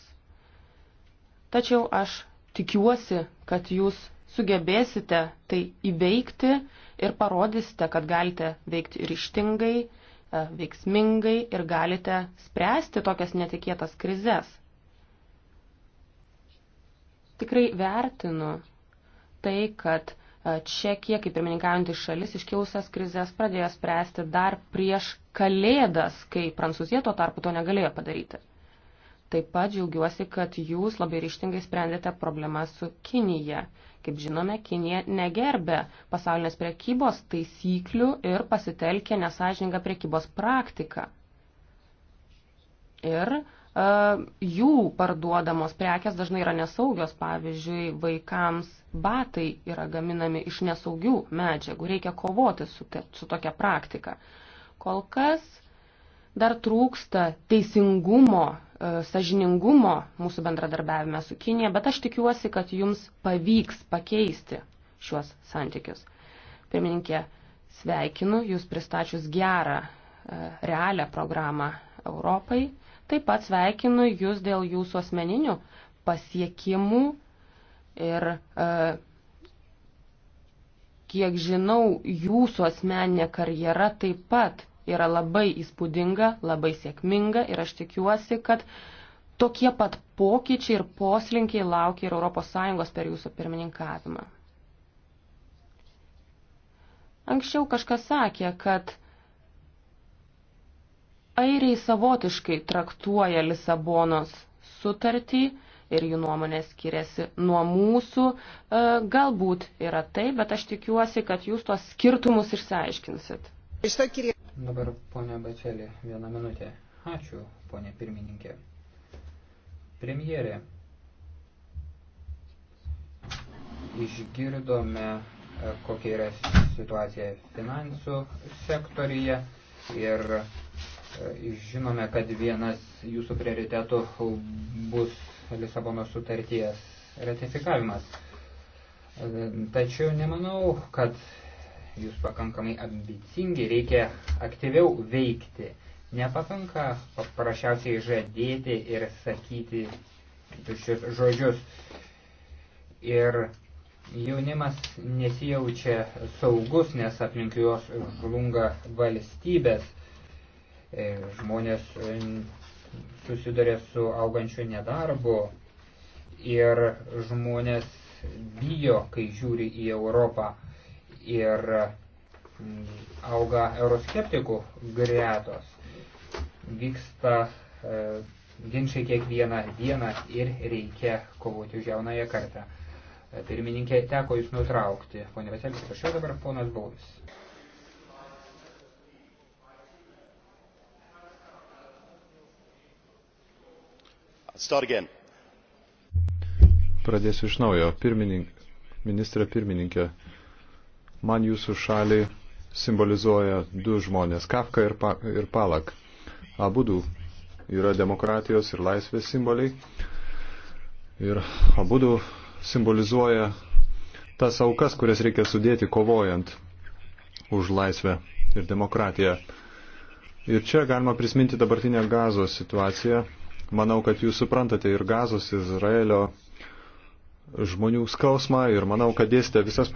Tačiau aš tikiuosi, kad jūs sugebėsite tai įveikti ir parodysite, kad galite veikti ryštingai, e, veiksmingai ir galite spręsti tokias netikėtas krizes. Tikrai vertinu tai, kad e, Čekija, kaip pirmininkaujantis šalis, iškilusias krizės pradėjo spręsti dar prieš kalėdas, kai Prancūzija tuo tarpu to negalėjo padaryti. Taip pat džiaugiuosi, kad jūs labai ryštingai sprendėte problemą su Kinija. Kaip žinome, Kinija negerbė pasaulinės priekybos taisyklių ir pasitelkė nesažininką priekybos praktiką. Ir jų parduodamos prekes dažnai yra nesaugios. Pavyzdžiui, vaikams batai yra gaminami iš nesaugių medžiagų. Reikia kovoti su, te, su tokia praktika. Kol kas dar trūksta teisingumo, e, sažiningumo mūsų bendradarbiavime su Kinė, bet aš tikiuosi, kad jums pavyks pakeisti šiuos santykius. Pirmininkė, sveikinu jūs pristačius gerą, e, realią programą Europai. Taip pat sveikinu Jūs dėl Jūsų asmeninių pasiekimų ir, e, kiek žinau, Jūsų asmeninė karjera taip pat yra labai įspūdinga, labai sėkminga ir aš tikiuosi, kad tokie pat pokyčiai ir poslinkiai laukia ir ES per jūsų pirmininkavimą. Anksčiau kažkas sakė, kad airiai savotiškai traktuoja Lisabonos sutartį ir jų nuomonė skiriasi nuo mūsų. E, galbūt yra tai, bet aš tikiuosi, kad jūs tuos skirtumus išsiaiškinsit.
Dabar, ponia Bacelė, vieną minutę. Ačiū, ponia pirmininkė. Premjerė, išgirdome, e, kokia yra situacija finansų sektorija ir E, žinome, kad vienas jūsų prioritetų bus Lisabonos sutarties ratifikavimas. E, tačiau nemanau, kad jūs pakankamai ambicingi, reikia aktyviau veikti. Nepakanka paprasčiausiai žadėti ir sakyti tuščius žodžius. Ir jaunimas nesijaučia saugus, nes aplink juos žlunga valstybės E, žmonės e, susiduria su augančiu nedarbu ir žmonės bijo, kai žiūri į Europą ir mm, auga euroskeptikų gretos. Vyksta e, ginčiai kiekvieną dieną ir reikia kovoti už jaunąją kartą. E, pirmininkė teko jūs nutraukti. Pone Vaselis, prašau dabar ponas Bauvis.
Pradėsiu iš naujo. Pirminink, ministrė pirmininkė, man jūsų šaliai simbolizuoja du žmonės - Kafka ir, pa, ir Palak. Abu du yra demokratijos ir laisvės simboliai. Ir abu du simbolizuoja tas aukas, kurias reikia sudėti kovojant už laisvę ir demokratiją. Ir čia galima prisiminti dabartinę gazo situaciją, Manau, kad jūs suprantate ir gazos Izraelio žmonių skausmą ir manau, kad dėstė visas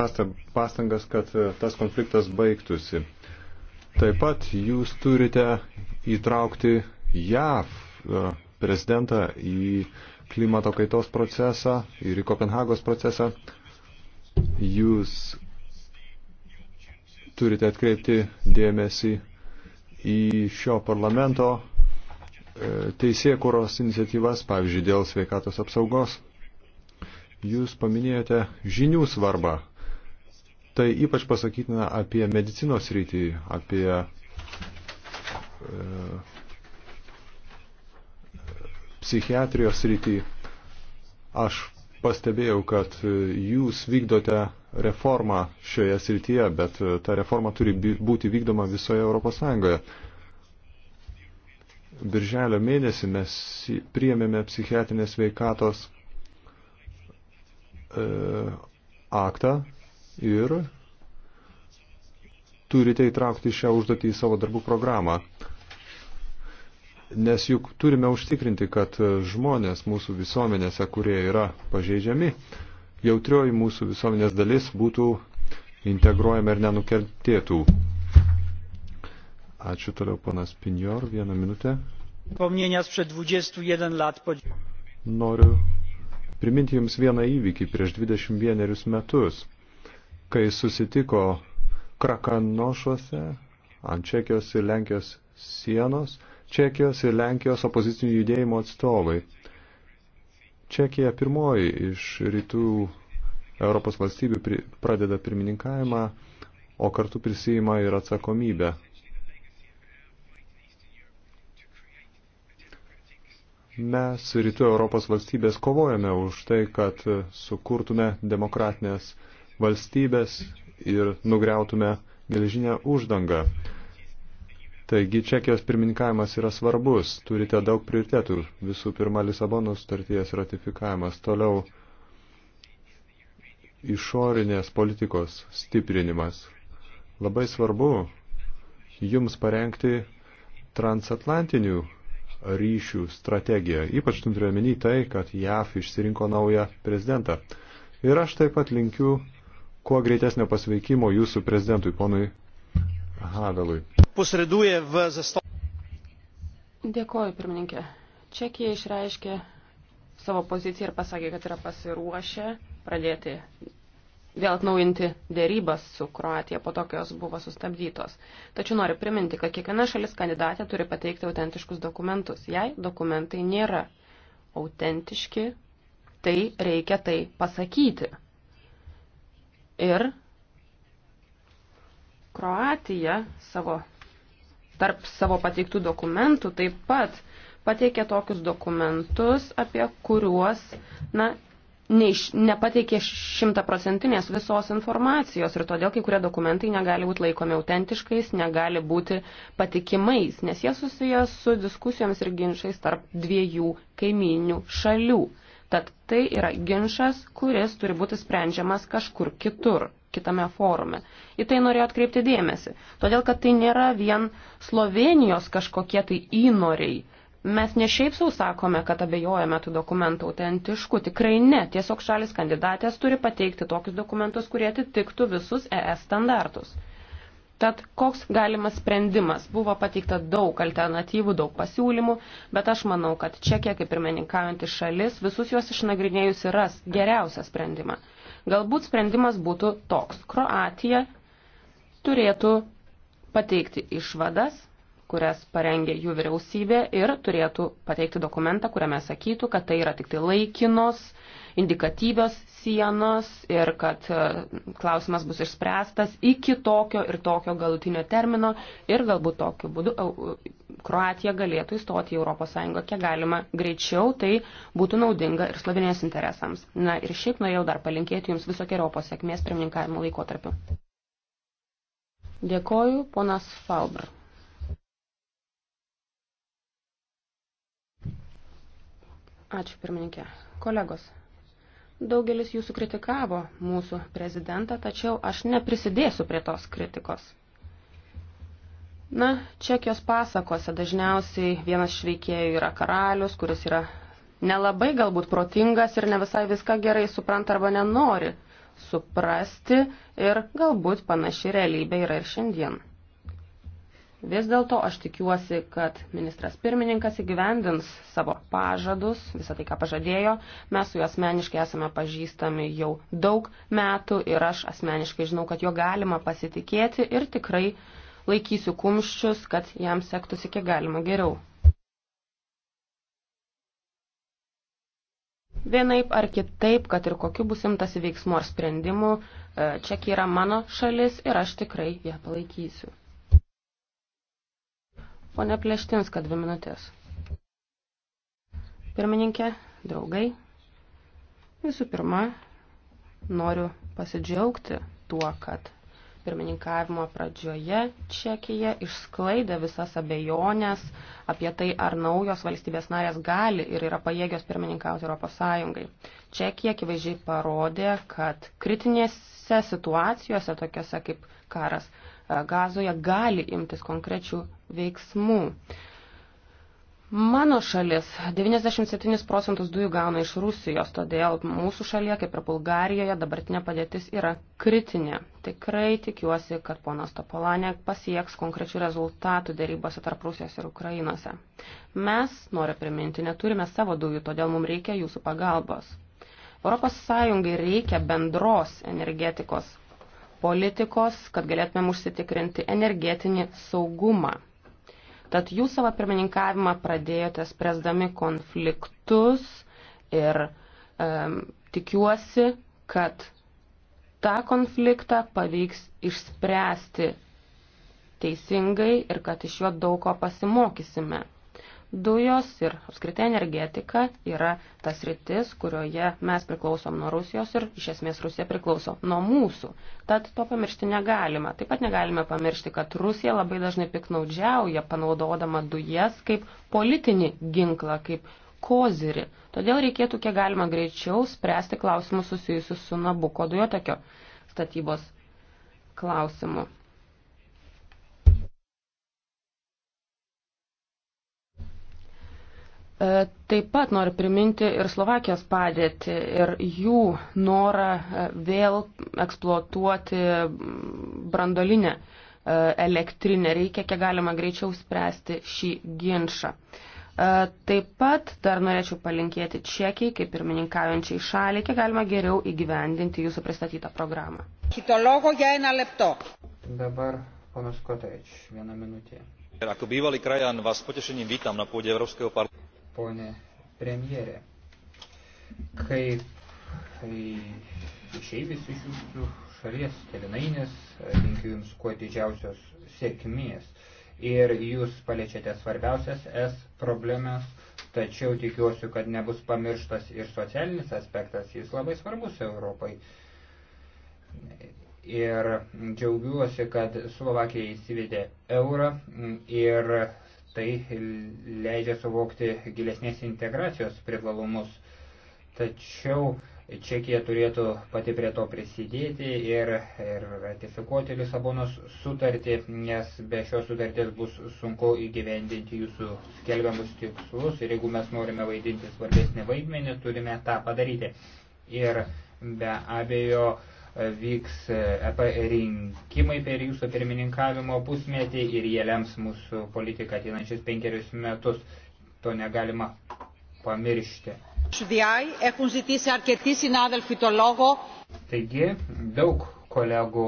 pastangas, kad e, tas konfliktas baigtųsi. Taip pat jūs turite įtraukti JAV e, prezidentą į klimato kaitos procesą ir į Kopenhagos procesą. Jūs turite atkreipti dėmesį į šio parlamento teisėkuros iniciatyvas, pavyzdžiui, dėl sveikatos apsaugos. Jūs paminėjote žinių svarbą. Tai ypač pasakytina apie medicinos rytį, apie e, psichiatrijos rytį. Aš pastebėjau, kad jūs vykdote reformą šioje srityje, bet ta reforma turi būti vykdoma visoje Europos Sąjungoje birželio mėnesį mes priėmėme psichiatrinės veikatos e, aktą ir turite įtraukti šią užduotį į savo darbų programą. Nes juk turime užtikrinti, kad žmonės mūsų visuomenėse, kurie yra pažeidžiami, jautrioji mūsų visuomenės dalis būtų integruojama ir nenukentėtų Ačiū toliau ponas Pinjor, vieną minutę.
Pomnienia spred 21 lat.
Noriu priminti Jums vieną įvykį prieš 21 metus, kai susitiko Krakanošuose ant Čekijos ir Lenkijos sienos Čekijos ir Lenkijos opozicinių judėjimo atstovai. Čekija pirmoji iš rytų Europos valstybių pradeda pirmininkavimą, o kartu prisijima ir atsakomybę Mes rytų Europos valstybės kovojame už tai, kad sukurtume demokratinės valstybės ir nugriautume geležinę uždangą. Taigi Čekijos pirmininkavimas yra svarbus, turite daug prioritetų. Visų pirma, Lisabono sutarties ratifikavimas, toliau išorinės politikos stiprinimas. Labai svarbu jums parengti transatlantinių ryšių strategiją. Ypač turiu omeny tai, kad JAF išsirinko naują prezidentą. Ir aš taip pat linkiu kuo greitesnio pasveikimo jūsų prezidentui, ponui Havelui.
Dėkoju, pirmininkė. Čekija išreiškė savo poziciją ir pasakė, kad yra pasiruošę pradėti vėl atnaujinti dėrybas su Kroatija po to, kai jos buvo sustabdytos. Tačiau noriu priminti, kad kiekviena šalis kandidatė turi pateikti autentiškus dokumentus. Jei dokumentai nėra autentiški, tai reikia tai pasakyti. Ir Kroatija savo, tarp savo pateiktų dokumentų taip pat pateikė tokius dokumentus, apie kuriuos, na, neiš, nepateikė šimtaprocentinės visos informacijos ir todėl kai kurie dokumentai negali būti laikomi autentiškais, negali būti patikimais, nes jie susijęs su diskusijomis ir ginčiais tarp dviejų kaiminių šalių. Tad tai yra ginčas, kuris turi būti sprendžiamas kažkur kitur kitame forume. Į tai norėjau atkreipti dėmesį, todėl kad tai nėra vien Slovenijos kažkokie tai įnoriai Mes ne šiaip sau sakome, kad abejojame tų dokumentų autentišku, tikrai ne. Tiesiog šalis kandidatės turi pateikti tokius dokumentus, kurie atitiktų visus ES standartus. Tad koks galimas sprendimas? Buvo pateikta daug alternatyvų, daug pasiūlymų, bet aš manau, kad Čekija, kaip ir meninkaujanti šalis, visus juos išnagrinėjusi ras geriausią sprendimą. Galbūt sprendimas būtų toks. Kroatija turėtų pateikti išvadas kurias parengė jų vyriausybė ir turėtų pateikti dokumentą, kuriame sakytų, kad tai yra tik tai laikinos, indikatyvios sienos ir kad e, klausimas bus išspręstas iki tokio ir tokio galutinio termino ir galbūt tokiu būdu e, Kroatija galėtų įstoti į ES kiek galima greičiau, tai būtų naudinga ir Slovenijos interesams. Na ir šiaip norėjau dar palinkėti Jums visokiojopos sėkmės pirmininkavimo laikotarpiu. Dėkoju, ponas Falbr. Ačiū, pirmininkė. Kolegos, daugelis jūsų kritikavo mūsų prezidentą, tačiau aš neprisidėsiu prie tos kritikos. Na, Čekijos pasakose dažniausiai vienas šveikėjų yra karalius, kuris yra nelabai galbūt protingas ir ne visai viską gerai supranta arba nenori suprasti ir galbūt panaši realybė yra ir šiandien. Vis dėlto aš tikiuosi, kad ministras pirmininkas įgyvendins savo pažadus, visą tai, ką pažadėjo. Mes su juo asmeniškai esame pažįstami jau daug metų ir aš asmeniškai žinau, kad jo galima pasitikėti ir tikrai laikysiu kumščius, kad jam sektųsi kiek galima geriau. Vienaip ar kitaip, kad ir kokiu bus imtasi veiksmų ar sprendimų, e, Čekija yra mano šalis ir aš tikrai ją palaikysiu. Pone Pleštinska, dvi minutės. Pirmininkė, draugai, visų pirma, noriu pasidžiaugti tuo, kad pirmininkavimo pradžioje Čekija išsklaidė visas abejonės apie tai, ar naujos valstybės narės gali ir yra pajėgios pirmininkauti Europos Sąjungai. Čekija akivaizdžiai parodė, kad kritinėse situacijose, tokiose kaip karas e, Gazoje, gali imtis konkrečių veiksmų. Mano šalis 97 procentus dujų gauna iš Rusijos, todėl mūsų šalyje, kaip ir Bulgarijoje, dabartinė padėtis yra kritinė. Tikrai tikiuosi, kad ponas Topolanė pasieks konkrečių rezultatų dėrybose tarp Rusijos ir Ukrainose. Mes, noriu priminti, neturime savo dujų, todėl mums reikia jūsų pagalbos. Europos Sąjungai reikia bendros energetikos politikos, kad galėtumėm užsitikrinti energetinį saugumą. Tad jūs savo pirmininkavimą pradėjote spręsdami konfliktus ir um, tikiuosi, kad tą konfliktą pavyks išspręsti teisingai ir kad iš jo daug ko pasimokysime dujos ir apskritai energetika yra tas rytis, kurioje mes priklausom nuo Rusijos ir iš esmės Rusija priklauso nuo mūsų. Tad to pamiršti negalima. Taip pat negalime pamiršti, kad Rusija labai dažnai piknaudžiauja panaudodama dujas kaip politinį ginklą, kaip kozirį. Todėl reikėtų kiek galima greičiau spręsti klausimus susijusius su Nabuko dujotekio statybos klausimu. E, taip pat noriu priminti ir Slovakijos padėtį ir jų norą e, vėl eksploatuoti brandolinę e, elektrinę. Reikia kiek galima greičiau spręsti šį ginčą. Taip pat dar norėčiau palinkėti Čekijai, kaip ir mininkaujančiai šaliai, kiek galima geriau įgyvendinti jūsų pristatytą programą.
Dabar ponas Koteč, vieną minutę. Ako bývalý krajan vás potešením vítam na pôde Európskeho parlamentu ponė premjerė. Kaip išeivis iš jūsų šalies telinainės, linkiu jums kuo didžiausios sėkmės. Ir jūs paliečiate svarbiausias S problemas, tačiau tikiuosi, kad nebus pamirštas ir socialinis aspektas, jis labai svarbus Europai. Ir džiaugiuosi, kad Slovakija įsivedė eurą ir Tai leidžia suvokti gilesnės integracijos privalumus. Tačiau Čekija turėtų pati prie to prisidėti ir, ir ratifikuoti Lisabonos sutartį, nes be šios sutarties bus sunku įgyvendinti jūsų skelbiamus tikslus ir jeigu mes norime vaidinti svarbesnį vaidmenį, turime tą padaryti. Ir be abejo, uh, vyks e, EP rinkimai per jūsų pirmininkavimo pusmetį ir jie lems mūsų politiką ateinančius penkerius metus. To negalima pamiršti. Taigi daug kolegų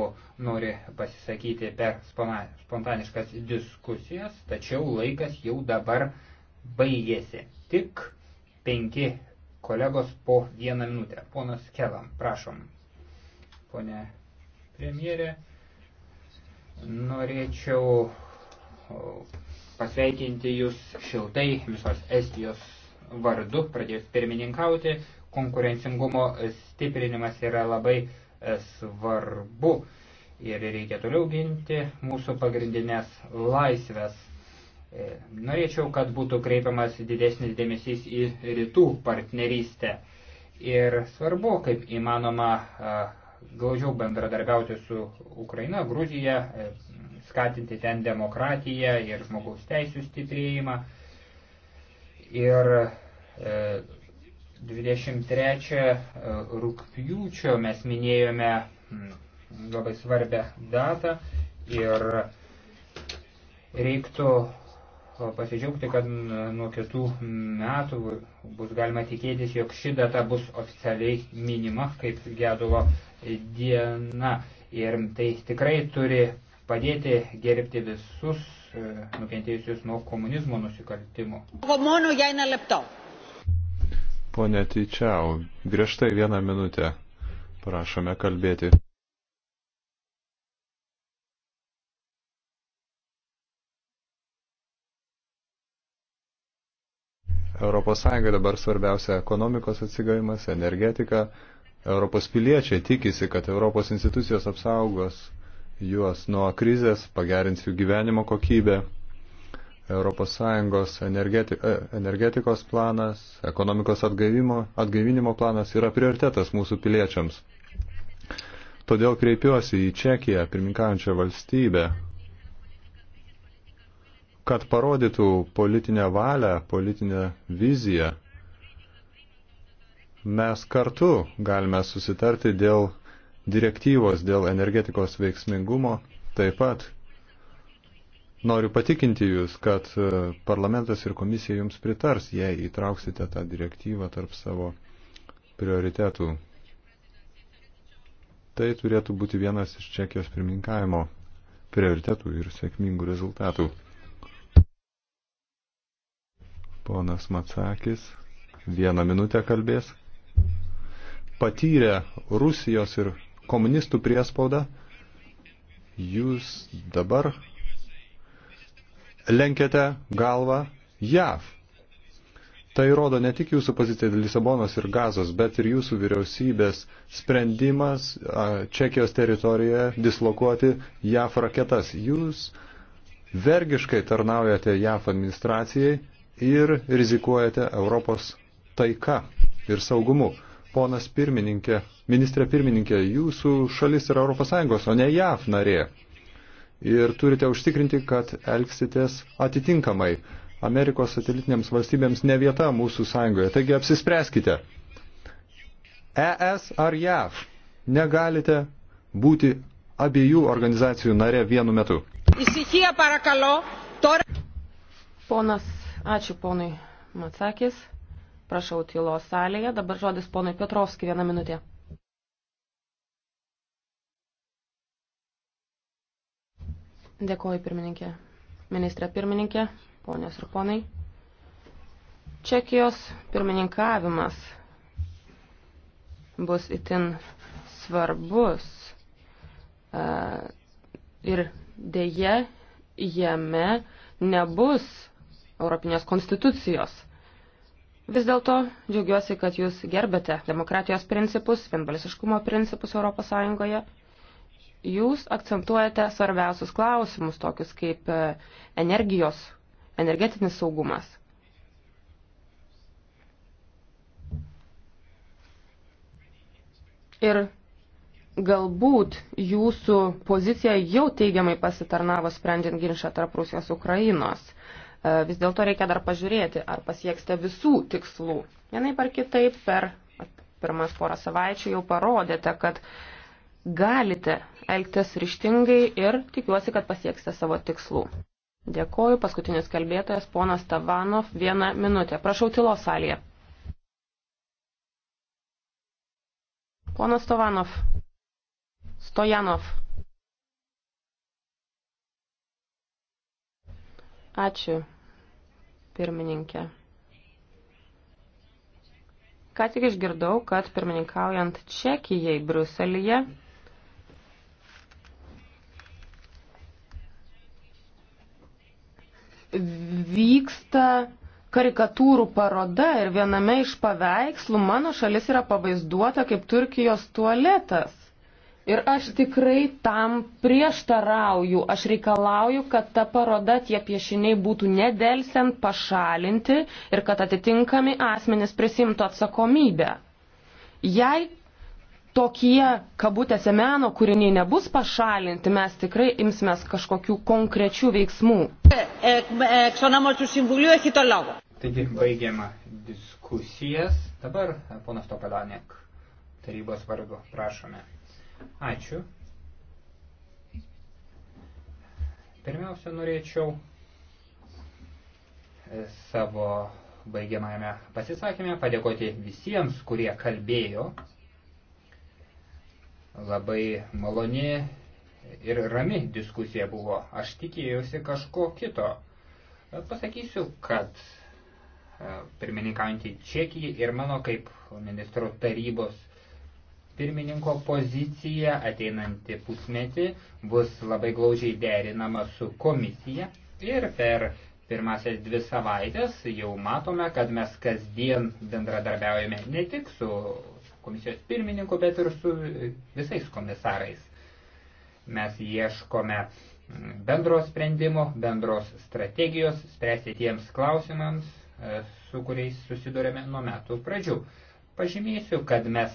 nori pasisakyti per spontaniškas diskusijas, tačiau laikas jau dabar baigėsi. Tik penki kolegos po vieną minutę. Ponas Kelam, prašom ponė premjerė. Norėčiau pasveikinti Jūs šiltai visos Estijos vardu, pradėjus pirmininkauti. Konkurencingumo stiprinimas yra labai e, svarbu ir reikia toliau ginti mūsų pagrindinės laisvės. E, norėčiau, kad būtų kreipiamas didesnis dėmesys į rytų partnerystę. Ir svarbu, kaip įmanoma, glaužiau bendradarbiauti su Ukraina, Gruzija, e, skatinti ten demokratiją ir žmogaus teisų stiprėjimą. Ir 23 e, e, rūpjūčio mes minėjome labai svarbę datą ir reiktų pasidžiaugti, kad nuo kitų metų bus galima tikėtis, jog ši data bus oficialiai minima kaip gedulo diena ir tai tikrai turi padėti gerbti visus e, nukentėjusius nuo komunizmo nusikaltimų.
Pone Tyčiau, griežtai vieną minutę prašome kalbėti. Europos Sąjunga dabar svarbiausia ekonomikos atsigavimas, energetika, Europos piliečiai tikisi, kad Europos institucijos apsaugos juos nuo krizės, pagerins jų gyvenimo kokybę. Europos Sąjungos energeti, e, energetikos planas, ekonomikos atgaivimo, atgaivinimo planas yra prioritetas mūsų piliečiams. Todėl kreipiuosi į Čekiją, pirminkaujančią valstybę, kad parodytų politinę valią, politinę viziją mes kartu galime susitarti dėl direktyvos, dėl energetikos veiksmingumo. Taip pat noriu patikinti Jūs, kad e, parlamentas ir komisija Jums pritars, jei įtrauksite tą direktyvą tarp savo prioritetų. Tai turėtų būti vienas iš Čekijos pirmininkavimo prioritetų ir sėkmingų rezultatų. Ponas Matsakis vieną minutę kalbės patyrę Rusijos ir komunistų priespaudą, jūs dabar lenkiate galvą JAV. Tai rodo ne tik jūsų pozicija dėl Lisabonos ir gazos, bet ir jūsų vyriausybės sprendimas Čekijos teritorijoje dislokuoti JAF raketas. Jūs vergiškai tarnaujate JAF administracijai ir rizikuojate Europos taika ir saugumu ponas pirmininkė, ministrė pirmininkė, jūsų šalis yra ES, o ne JAV narė. Ir turite užtikrinti, kad elgsitės atitinkamai. Amerikos satelitinėms valstybėms ne vieta mūsų sąjungoje. Taigi apsispręskite. ES ar JAV negalite būti abiejų organizacijų narė vienu metu.
Įsichija parakalo. Ponas,
ačiū ponui Matsakis. Prašau tylos salėje. Dabar žodis ponui Petrovski vieną minutę. Dėkoju, pirmininkė. Ministrė pirmininkė, ponios ir ponai. Čekijos pirmininkavimas bus itin svarbus e, ir dėje jame nebus Europinės konstitucijos. Vis dėlto džiaugiuosi, kad jūs gerbėte demokratijos principus, vienbalsiškumo principus Europos Sąjungoje. Jūs akcentuojate svarbiausius klausimus, tokius kaip e, energijos, energetinis saugumas. Ir galbūt jūsų pozicija jau teigiamai pasitarnavo sprendžiant ginčą tarp Rusijos Ukrainos. E, vis dėlto reikia dar pažiūrėti, ar pasieksite visų tikslų. Vienaip ar kitaip per pirmas porą savaičių jau parodėte, kad galite elgtis ryštingai ir tikiuosi, kad pasieksite savo tikslų. Dėkoju, paskutinis kalbėtojas, ponas Tavanov, vieną minutę. Prašau tylos salėje. Ponas Tovanov. Stojanov. Ačiū, pirmininkė. Ką tik išgirdau, kad pirmininkaujant Čekijai Bruselėje vyksta karikatūrų paroda ir viename iš paveikslų mano šalis yra pavaizduota kaip Turkijos tualetas. Ir aš tikrai tam prieštarauju. Aš reikalauju, kad ta paroda tie piešiniai būtų nedelsiant pašalinti ir kad atitinkami asmenys prisimtų atsakomybę. Jei tokie, kabutėse, meno kūriniai nebus pašalinti, mes tikrai imsime kažkokių konkrečių veiksmų.
E, e,
Taigi baigiama diskusijas. Dabar ponas Topalanek tarybos vardu prašome. Ačiū. Pirmiausia, norėčiau e, savo baigiamajame pasisakymė padėkoti visiems, kurie kalbėjo. Labai maloni ir rami diskusija buvo. Aš tikėjausi kažko kito. E, pasakysiu, kad e, pirmininkaujantį Čekiją ir mano kaip ministro tarybos pirmininko pozicija ateinantį pusmetį bus labai glaužiai derinama su komisija ir per pirmasias dvi savaitės jau matome, kad mes kasdien bendradarbiaujame ne tik su komisijos pirmininku, bet ir su visais komisarais. Mes ieškome bendro sprendimo, bendros strategijos, spręsti tiems klausimams, su kuriais susidurėme nuo metų pradžių. Pažymėsiu, kad mes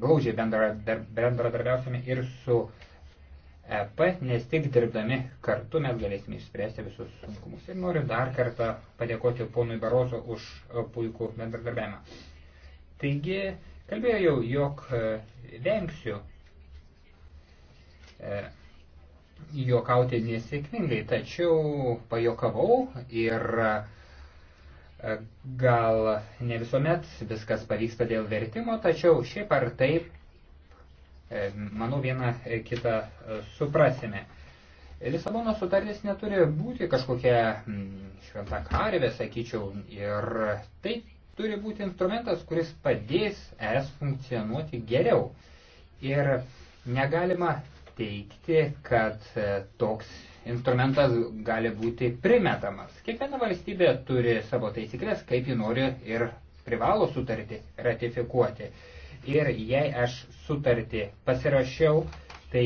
glaužiai bendradarbiausime ir su EP, nes tik dirbdami kartu mes galėsime išspręsti visus sunkumus. Ir noriu dar kartą padėkoti ponui Barozo už e, puikų bendradarbiavimą. Taigi, kalbėjau, jog e, vengsiu e, juokauti nesėkmingai, tačiau pajokavau ir Gal ne visuomet viskas pavyksta dėl vertimo, tačiau šiaip ar taip, e, manau, vieną kitą e, suprasime. Lisabono sutartis neturi būti kažkokia šventa karvė, sakyčiau, ir tai turi būti instrumentas, kuris padės es funkcionuoti geriau. Ir negalima teikti, kad e, toks instrumentas gali būti primetamas. Kiekviena valstybė turi savo taisyklės, kaip ji nori ir privalo sutartį ratifikuoti. Ir jei aš sutartį pasirašiau, tai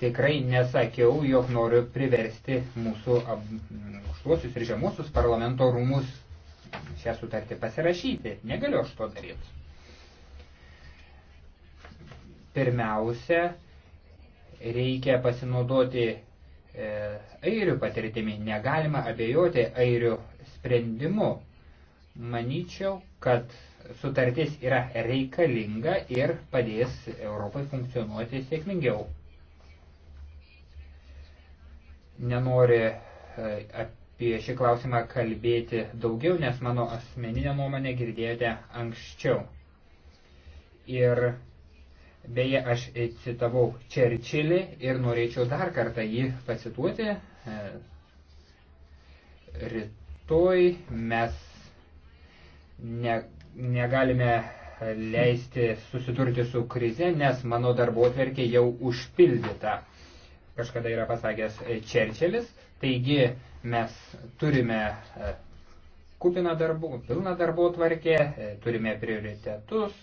tikrai nesakiau, jog noriu priversti mūsų aukštuosius ir žemusius parlamento rūmus šią sutartį pasirašyti. Negaliu aš to daryti. Pirmiausia, reikia pasinaudoti E, airių patirtimi, negalima abejoti airių sprendimu. Manyčiau, kad sutartis yra reikalinga ir padės Europai funkcionuoti sėkmingiau. Nenori e, apie šį klausimą kalbėti daugiau, nes mano asmeninę nuomonę girdėjote anksčiau. Ir Beje, aš citavau Čerčilį ir norėčiau dar kartą jį pacituoti. E, Rytoj mes ne, negalime leisti susidurti su krize, nes mano darbotverkė jau užpildyta. Kažkada yra pasakęs Čerčilis. Taigi mes turime e, kupiną darbų, pilną darbotvarkę, e, turime prioritetus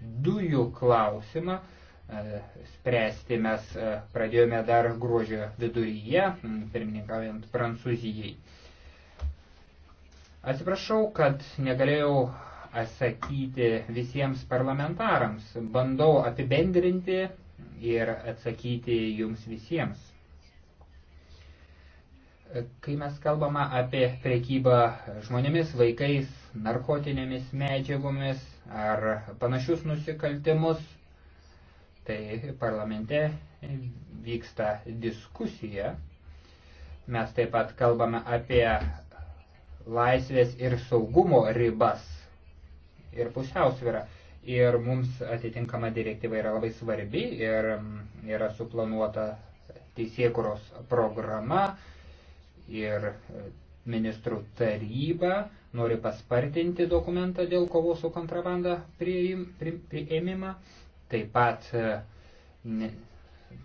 dujų klausimą e, spręsti mes e, pradėjome dar gruodžio viduryje, pirmininkaujant Prancūzijai. Atsiprašau, kad negalėjau atsakyti visiems parlamentarams. Bandau apibendrinti ir atsakyti jums visiems e, kai mes kalbame apie prekybą žmonėmis, vaikais, narkotinėmis medžiagomis ar panašius nusikaltimus. Tai parlamente vyksta diskusija. Mes taip pat kalbame apie laisvės ir saugumo ribas ir pusiausvyrą. Ir mums atitinkama direktyva yra labai svarbi ir yra suplanuota teisėkuros programa ir ministrų taryba nori paspartinti dokumentą dėl kovos su kontrabanda prieimimą. Taip pat e, ne,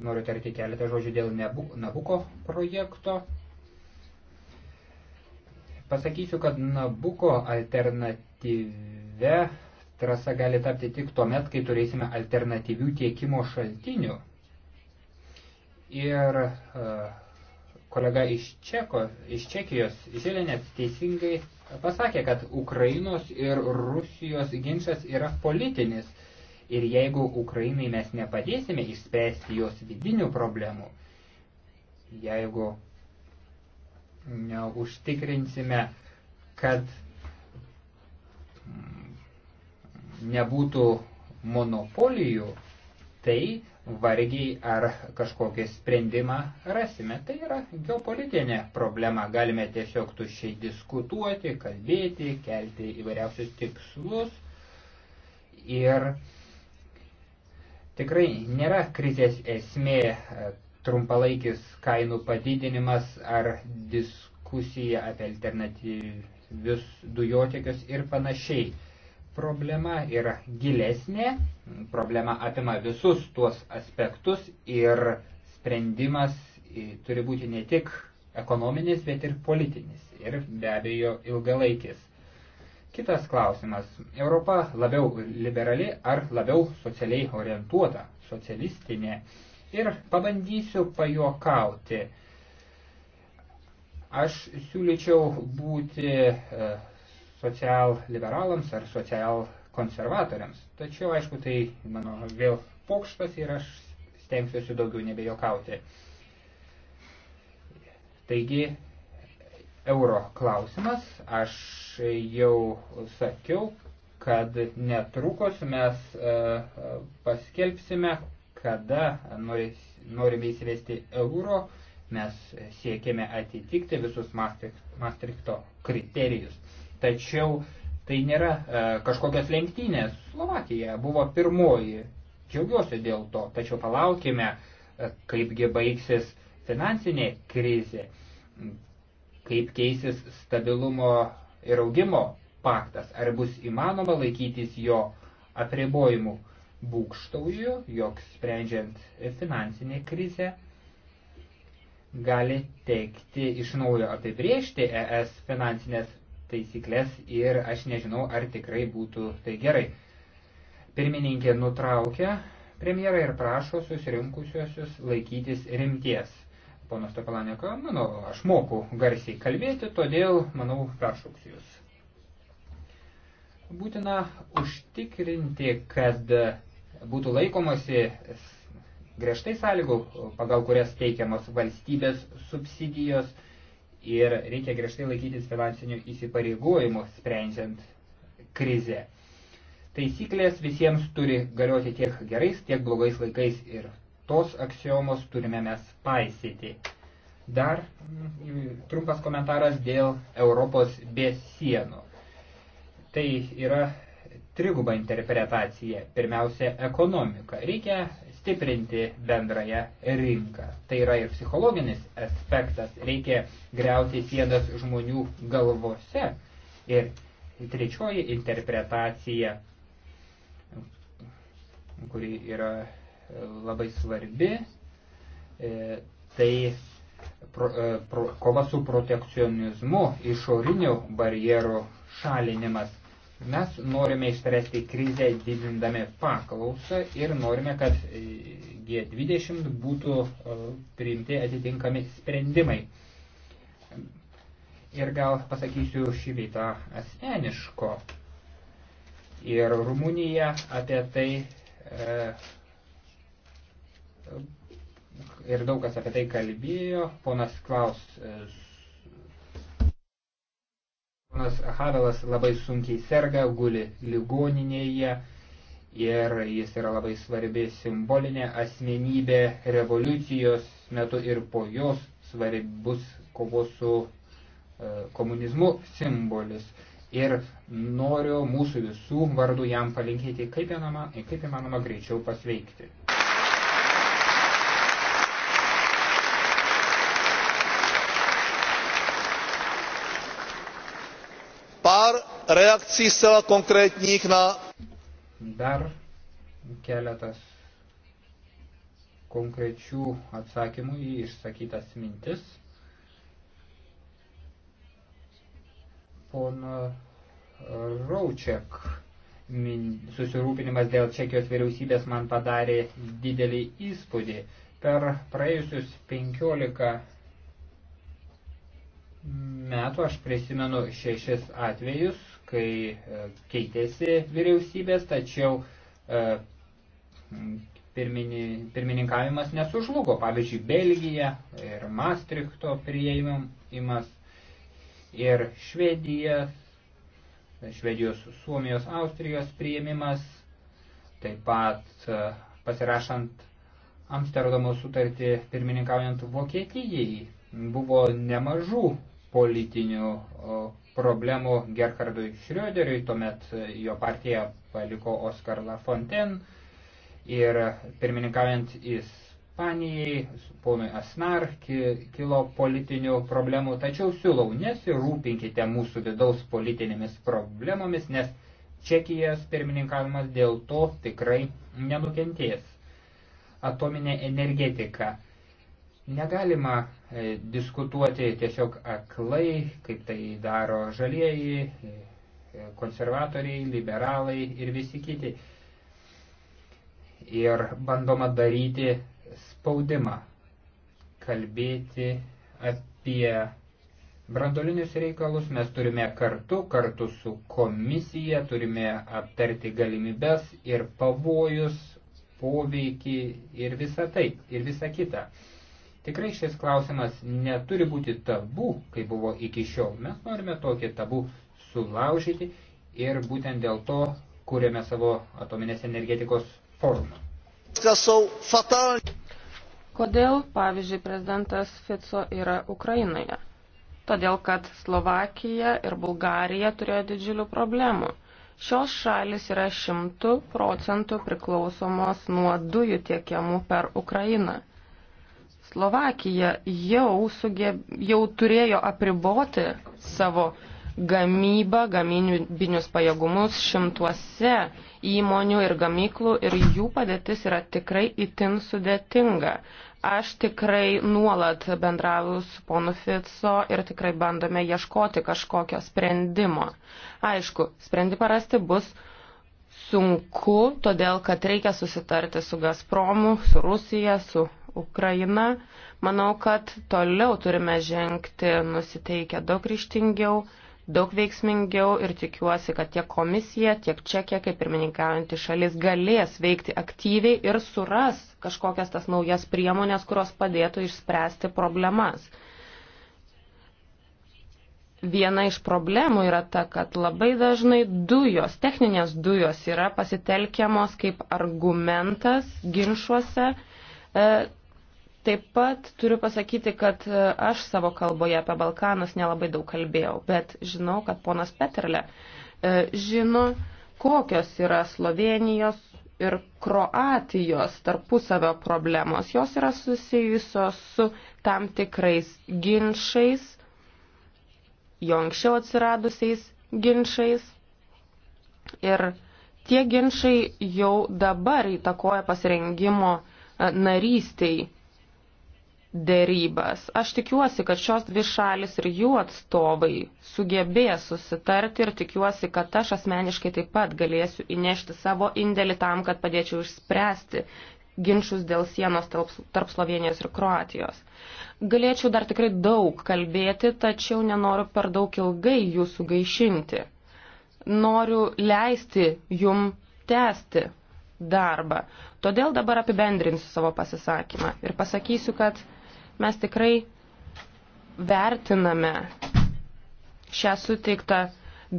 noriu tarti keletą žodžių dėl Nabuko projekto. Pasakysiu, kad Nabuko alternatyve trasa gali tapti tik tuo met, kai turėsime alternatyvių tiekimo šaltinių. Ir uh, kolega iš, Čeko, iš Čekijos, Žilinė, teisingai pasakė, kad Ukrainos ir Rusijos ginčas yra politinis ir jeigu Ukrainai mes nepadėsime išspręsti jos vidinių problemų, jeigu neužtikrinsime, kad nebūtų monopolijų, tai vargiai ar kažkokį sprendimą rasime. Tai yra geopolitinė problema. Galime tiesiog tušiai diskutuoti, kalbėti, kelti įvairiausius tikslus. Ir tikrai nėra krizės esmė e, trumpalaikis kainų padidinimas ar diskusija apie alternatyvius dujotiekius ir panašiai problema yra gilesnė, problema apima visus tuos aspektus ir sprendimas turi būti ne tik ekonominis, bet ir politinis ir be abejo ilgalaikis. Kitas klausimas. Europa labiau liberali ar labiau socialiai orientuota, socialistinė? Ir pabandysiu pajokauti. Aš siūlyčiau būti e, socialliberalams ar socialkonservatoriams. Tačiau, aišku, tai mano vėl pokštas ir aš stengsiuosi daugiau nebejokauti. Taigi, euro klausimas. Aš jau sakiau, kad netrukus mes e, paskelbsime, kada norime įsivesti euro mes siekėme atitikti visus Maastrichto kriterijus. Tačiau tai nėra e, kažkokios lenktynės. Slovakija buvo pirmoji. Džiaugiuosi dėl to. Tačiau palaukime, e, kaipgi baigsis finansinė krizė, kaip keisis stabilumo ir augimo paktas. Ar bus įmanoma laikytis jo apribojimų būkštauju, jog sprendžiant finansinę krizę gali tekti iš naujo apibriežti ES finansinės taisyklės ir aš nežinau, ar tikrai būtų tai gerai. Pirmininkė nutraukia premjerą ir prašo susirinkusiosius laikytis rimties. Ponas Topalaneka, manau, aš moku garsiai kalbėti, todėl, manau, peršauksiu jūs. Būtina užtikrinti, kad būtų laikomasi griežtai sąlygų, pagal kurias teikiamos valstybės subsidijos ir reikia griežtai laikytis finansinių įsipareigojimų sprendžiant krizę. Taisyklės visiems turi galioti tiek gerais, tiek blogais laikais ir tos aksiomos turime mes paisyti. Dar mm, trumpas komentaras dėl Europos be sienų. Tai yra triguba interpretacija. Pirmiausia, ekonomika. Reikia stiprinti bendrąją rinką. Tai yra ir psichologinis aspektas. Reikia greuti sienas žmonių galvose. Ir trečioji interpretacija, kuri yra labai svarbi, e, tai pro, e, pro, kova su protekcionizmu, išorinių barjerų šalinimas Mes norime išspręsti krizę didindami paklausą ir norime, kad e, G20 būtų e, priimti atitinkami sprendimai. Ir gal pasakysiu šį veitą asmeniško. Ir Rumunija apie tai e, ir daug kas apie tai kalbėjo. Ponas Klaus e, Ponas Havelas labai sunkiai serga, guli ligoninėje ir jis yra labai svarbi simbolinė asmenybė revoliucijos metu ir po jos svarbus kovos su e, komunizmu simbolis. Ir noriu mūsų visų vardų jam palinkėti, kaip įmanoma, kaip įmanoma greičiau pasveikti. reakcí zcela konkrétních na. Dar keletas konkrečių atsakymų į išsakytas mintis. Pono Raučiak min, susirūpinimas dėl Čekijos vyriausybės man padarė didelį įspūdį. Per praėjusius 15 metų aš prisimenu šešis atvejus, kai e, keitėsi vyriausybės, tačiau e, pirmini, pirmininkavimas nesužlugo. Pavyzdžiui, Belgija ir Maastrichto prieimimas ir Švedija, Švedijos, Suomijos, Austrijos prieimimas, taip pat e, pasirašant Amsterdamo sutartį pirmininkaujant Vokietijai buvo nemažų politinių problemų Gerhardui Šrioderiui, tuomet e, jo partija paliko Oskar Lafonten ir pirmininkaujant Ispanijai, ponui Asnar, kilo politinių problemų, tačiau siūlau, nesirūpinkite mūsų vidaus politinėmis problemomis, nes Čekijos pirmininkavimas dėl to tikrai nenukentės. Atominė energetika. Negalima e, diskutuoti tiesiog aklai, kaip tai daro žalieji, e, konservatoriai, liberalai ir visi kiti. Ir bandoma daryti spaudimą, kalbėti apie brandolinius reikalus. Mes turime kartu, kartu su komisija, turime aptarti galimybės ir pavojus, poveikį ir visą tai, ir visą kitą. Tikrai šis klausimas neturi būti tabu, kaip buvo iki šiol. Mes norime tokį tabu sulaužyti ir būtent dėl to kūrėme savo atominės energetikos formą.
Kodėl, pavyzdžiui, prezidentas Fico yra Ukrainoje? Todėl, kad Slovakija ir Bulgarija turėjo didžiulių problemų. Šios šalis yra šimtų procentų priklausomos nuo dujų tiekiamų per Ukrainą. Slovakija jau, sugeb, jau turėjo apriboti savo gamybą, gamybinius pajėgumus šimtuose įmonių ir gamyklų ir jų padėtis yra tikrai itin sudėtinga. Aš tikrai nuolat bendrauju su ponu Fico ir tikrai bandome ieškoti kažkokio sprendimo. Aišku, sprendimą rasti bus sunku, todėl kad reikia susitarti su Gazpromu, su Rusija, su Ukrainą, manau, kad toliau turime žengti nusiteikę daug ryštingiau, daug veiksmingiau ir tikiuosi, kad tiek komisija, tiek Čekija, kaip pirmininkaujantį šalis, galės veikti aktyviai ir suras kažkokias tas naujas priemonės, kurios padėtų išspręsti problemas viena iš problemų yra ta, kad labai dažnai dujos, techninės dujos yra pasitelkiamos kaip argumentas ginčiuose, e, Taip pat turiu pasakyti, kad e, aš savo kalboje apie Balkanus nelabai daug kalbėjau, bet žinau, kad ponas Peterle e, žino, kokios yra Slovenijos ir Kroatijos tarpusavio problemos. Jos yra susijusios su tam tikrais ginčiais, jo anksčiau atsiradusiais ginčiais. Ir tie ginčiai jau dabar įtakoja pasirengimo e, narystiai dėrybas. Aš tikiuosi, kad šios dvi šalis ir jų atstovai sugebės susitarti ir tikiuosi, kad aš asmeniškai taip pat galėsiu įnešti savo indėlį tam, kad padėčiau išspręsti ginčius dėl sienos tarp, tarp Slovenijos ir Kroatijos. Galėčiau dar tikrai daug kalbėti, tačiau nenoriu per daug ilgai jūsų gaišinti. Noriu leisti jum tęsti darbą. Todėl dabar apibendrinsiu savo pasisakymą ir pasakysiu, kad Mes tikrai vertiname šią suteiktą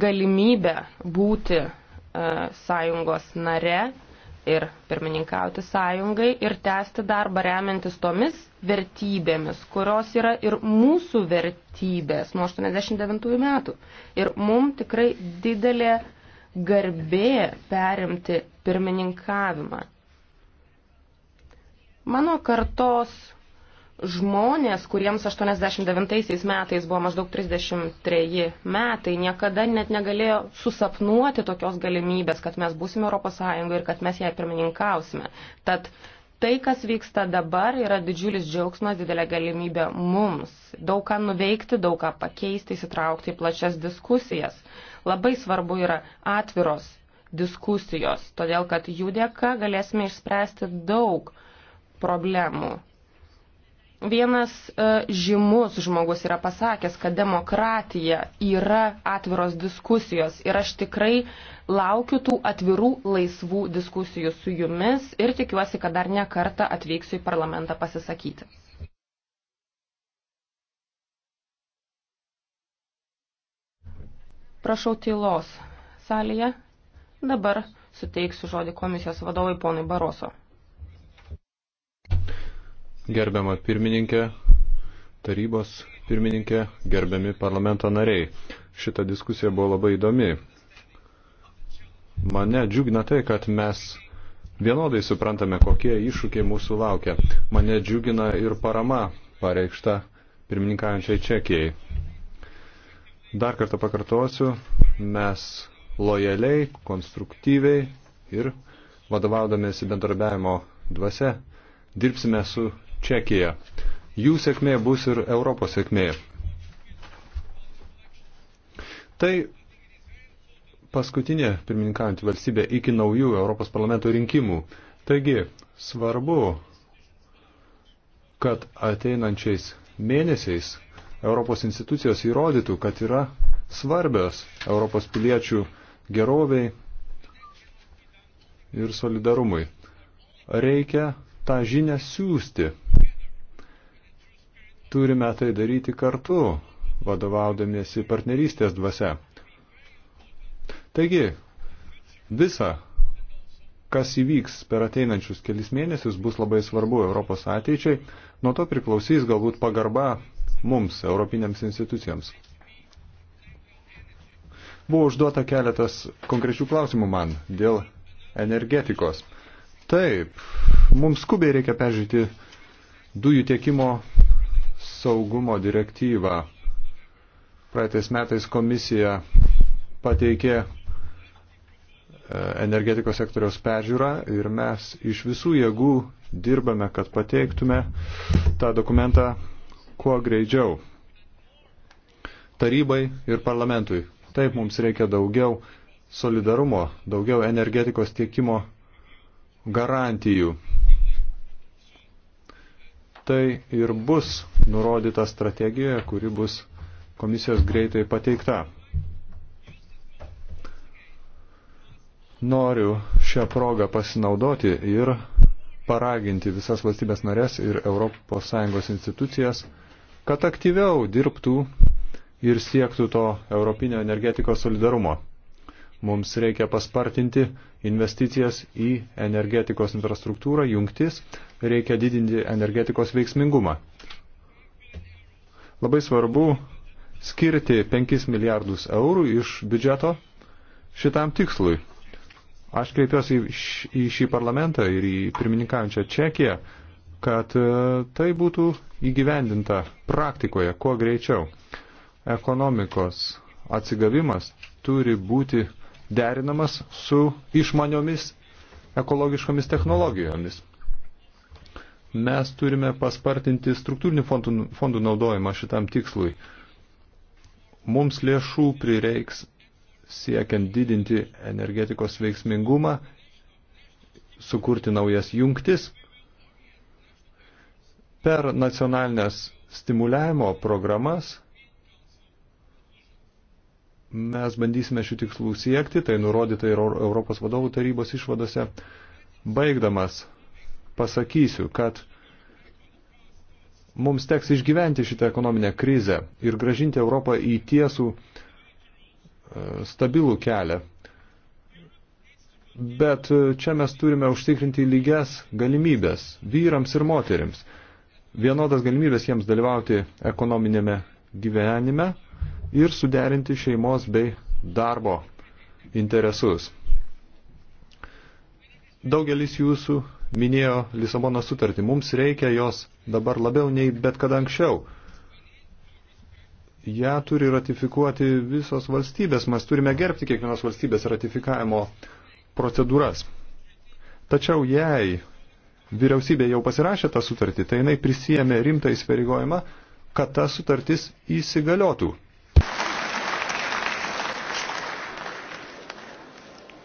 galimybę būti e, sąjungos nare ir pirmininkauti sąjungai ir tęsti darbą remiantis tomis vertybėmis, kurios yra ir mūsų vertybės nuo 89 metų. Ir mums tikrai didelė garbė perimti pirmininkavimą. Mano kartos žmonės, kuriems 89 metais buvo maždaug 33 metai, niekada net negalėjo susapnuoti tokios galimybės, kad mes būsime ES ir kad mes jai pirmininkausime. Tad tai, kas vyksta dabar, yra didžiulis džiaugsmas, didelė galimybė mums daug ką nuveikti, daug ką pakeisti, įsitraukti į plačias diskusijas. Labai svarbu yra atviros diskusijos, todėl kad jų dėka galėsime išspręsti daug problemų Vienas e, žymus žmogus yra pasakęs, kad demokratija yra atviros diskusijos ir aš tikrai laukiu tų atvirų laisvų diskusijų su jumis ir tikiuosi, kad dar ne kartą atvyksiu į parlamentą pasisakyti. Prašau tylos salėje. Dabar suteiksiu žodį komisijos vadovui ponui Baroso.
Gerbiama pirmininkė, tarybos pirmininkė, gerbiami parlamento nariai. Šita diskusija buvo labai įdomi. Mane džiugina tai, kad mes vienodai suprantame, kokie iššūkiai mūsų laukia. Mane džiugina ir parama pareikšta pirmininkaujančiai Čekijai. Dar kartą pakartosiu, mes lojaliai, konstruktyviai ir vadovaudamėsi bendradarbiavimo dvasia dirbsime su Čekija. Jų sėkmė bus ir Europos sėkmė. Tai paskutinė pirmininkaujanti valstybė iki naujų Europos parlamento rinkimų. Taigi, svarbu, kad ateinančiais mėnesiais Europos institucijos įrodytų, kad yra svarbios Europos piliečių geroviai ir solidarumui. Reikia tą žinę siūsti. Turime tai daryti kartu, vadovaudamiesi partnerystės dvasia. Taigi, visa, kas įvyks per ateinančius kelis mėnesius, bus labai svarbu Europos ateičiai. Nuo to priklausys galbūt pagarba mums, europinėms institucijams. Buvo užduota keletas konkrečių klausimų man dėl energetikos. Taip, Mums skubiai reikia peržiūrėti dujų tiekimo saugumo direktyvą. Praeitais metais komisija pateikė e, energetikos sektoriaus peržiūrą ir mes iš visų jėgų dirbame, kad pateiktume tą dokumentą kuo greičiau tarybai ir parlamentui. Taip mums reikia daugiau solidarumo, daugiau energetikos tiekimo garantijų tai ir bus nurodyta strategijoje, kuri bus komisijos greitai pateikta. Noriu šią progą pasinaudoti ir paraginti visas valstybės narės ir ES institucijas, kad aktyviau dirbtų ir siektų to europinio energetikos solidarumo. Mums reikia paspartinti investicijas į energetikos infrastruktūrą, jungtis reikia didinti energetikos veiksmingumą. Labai svarbu skirti 5 milijardus eurų iš biudžeto šitam tikslui. Aš kreipiuosi į šį parlamentą ir į pirmininkaujančią Čekiją, kad e, tai būtų įgyvendinta praktikoje kuo greičiau. Ekonomikos atsigavimas turi būti derinamas su išmaniomis ekologiškomis technologijomis mes turime paspartinti struktūrinių fondų, fondų naudojimą šitam tikslui. Mums lėšų prireiks siekiant didinti energetikos veiksmingumą, sukurti naujas jungtis. Per nacionalinės stimuliavimo programas mes bandysime šių tikslų siekti, tai nurodyta ir Europos vadovų tarybos išvadose. Baigdamas pasakysiu, kad mums teks išgyventi šitą ekonominę krizę ir gražinti Europą į tiesų e, stabilų kelią. Bet e, čia mes turime užtikrinti lygias galimybės vyrams ir moterims. Vienodas galimybės jiems dalyvauti ekonominėme gyvenime ir suderinti šeimos bei darbo interesus. Daugelis jūsų minėjo Lisabono sutartį. Mums reikia jos dabar labiau nei bet kada anksčiau. Ja turi ratifikuoti visos valstybės. Mes turime gerbti kiekvienos valstybės ratifikavimo procedūras. Tačiau jei vyriausybė jau pasirašė tą sutartį, tai jinai prisijėmė rimtą įsipareigojimą, kad ta sutartis įsigaliotų.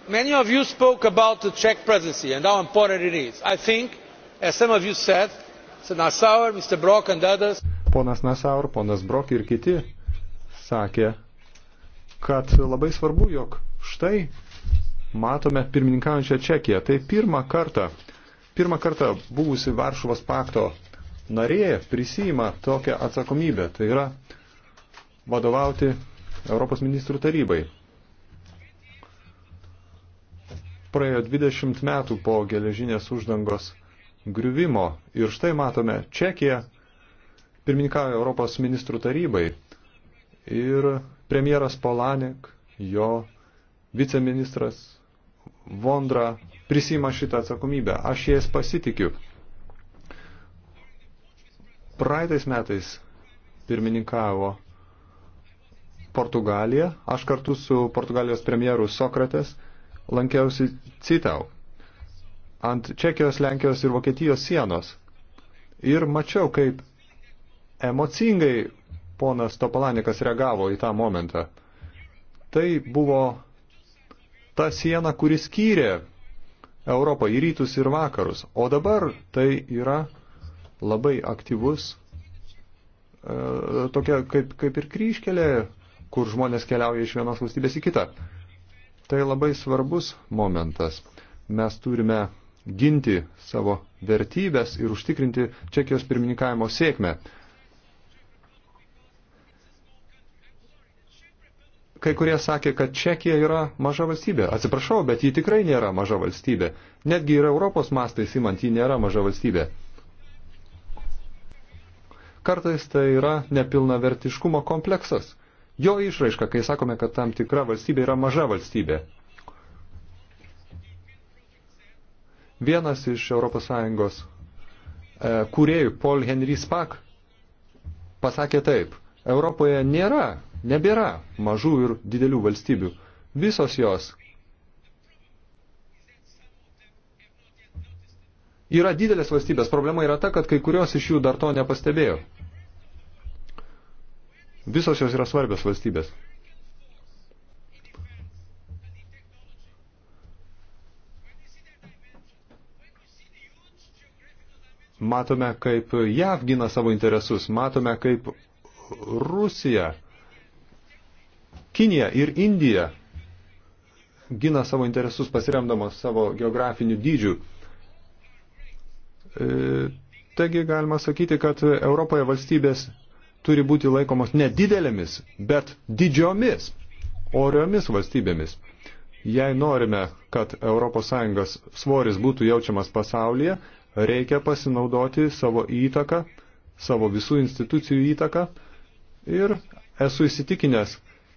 many of you spoke about the czech presidency and how important it is. i think as some of you said mr nasauer mr brok and others ponas Nasaur, ponas Brok ir kiti sakė, kad labai svarbu, jog štai matome pirmininkaujančią Čekiją. Tai pirmą kartą, pirmą kartą buvusi Varšuvos pakto narė prisima tokią atsakomybę, tai yra vadovauti Europos ministrų tarybai. Praėjo 20 metų po geležinės uždangos griuvimo ir štai matome Čekiją, pirmininkavo Europos ministrų tarybai ir premjeras Polanek, jo viceministras Vondra prisima šitą atsakomybę. Aš jais pasitikiu. Praeitais metais pirmininkavo Portugalija. Aš kartu su Portugalijos premjeru Sokrates lankiausi Citau ant Čekijos, Lenkijos ir Vokietijos sienos. Ir mačiau, kaip emocingai ponas Topalanikas reagavo į tą momentą. Tai buvo ta siena, kuri skyrė Europą į rytus ir vakarus. O dabar tai yra labai aktyvus, e, tokia kaip, kaip ir kryškelė, kur žmonės keliauja iš vienos valstybės į kitą. Tai labai svarbus momentas. Mes turime ginti savo vertybės ir užtikrinti Čekijos pirmininkavimo sėkmę. Kai kurie sakė, kad Čekija yra maža valstybė. Atsiprašau, bet ji tikrai nėra maža valstybė. Netgi yra Europos mastais įmant, ji nėra maža valstybė. Kartais tai yra nepilna vertiškumo kompleksas jo išraiška, kai sakome, kad tam tikra valstybė yra maža valstybė. Vienas iš ES e, kūrėjų Paul Henry Spack pasakė taip, Europoje nėra, nebėra mažų ir didelių valstybių. Visos jos yra didelės valstybės. Problema yra ta, kad kai kurios iš jų dar to nepastebėjo. Visos jos yra svarbios valstybės. Matome, kaip JAV gina savo interesus, matome, kaip Rusija, Kinija ir Indija gina savo interesus pasiremdamos savo geografinių dydžių. E, taigi galima sakyti, kad Europoje valstybės turi būti laikomos ne didelėmis, bet didžiomis, oriomis valstybėmis. Jei norime, kad ES svoris būtų jaučiamas pasaulyje, reikia pasinaudoti savo įtaką, savo visų institucijų įtaką ir esu įsitikinęs,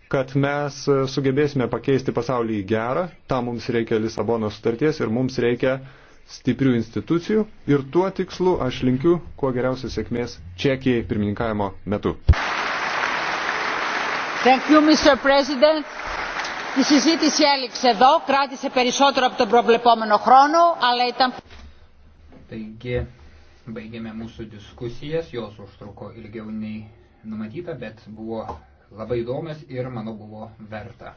kad mes sugebėsime pakeisti pasaulį į gerą, tam mums reikia Lisabono sutarties ir mums reikia uh, stiprių institucijų ir tuo tikslu aš linkiu kuo geriausios sėkmės Čekijai pirmininkavimo metu.
Thank you, Mr. President. Η συζήτηση έληξε εδώ, κράτησε περισσότερο από τον προβλεπόμενο χρόνο, αλλά ήταν...
Taigi, baigėme mūsų diskusijas, jos užtruko ilgiau nei numatyta, bet buvo labai įdomios ir, manau, buvo verta.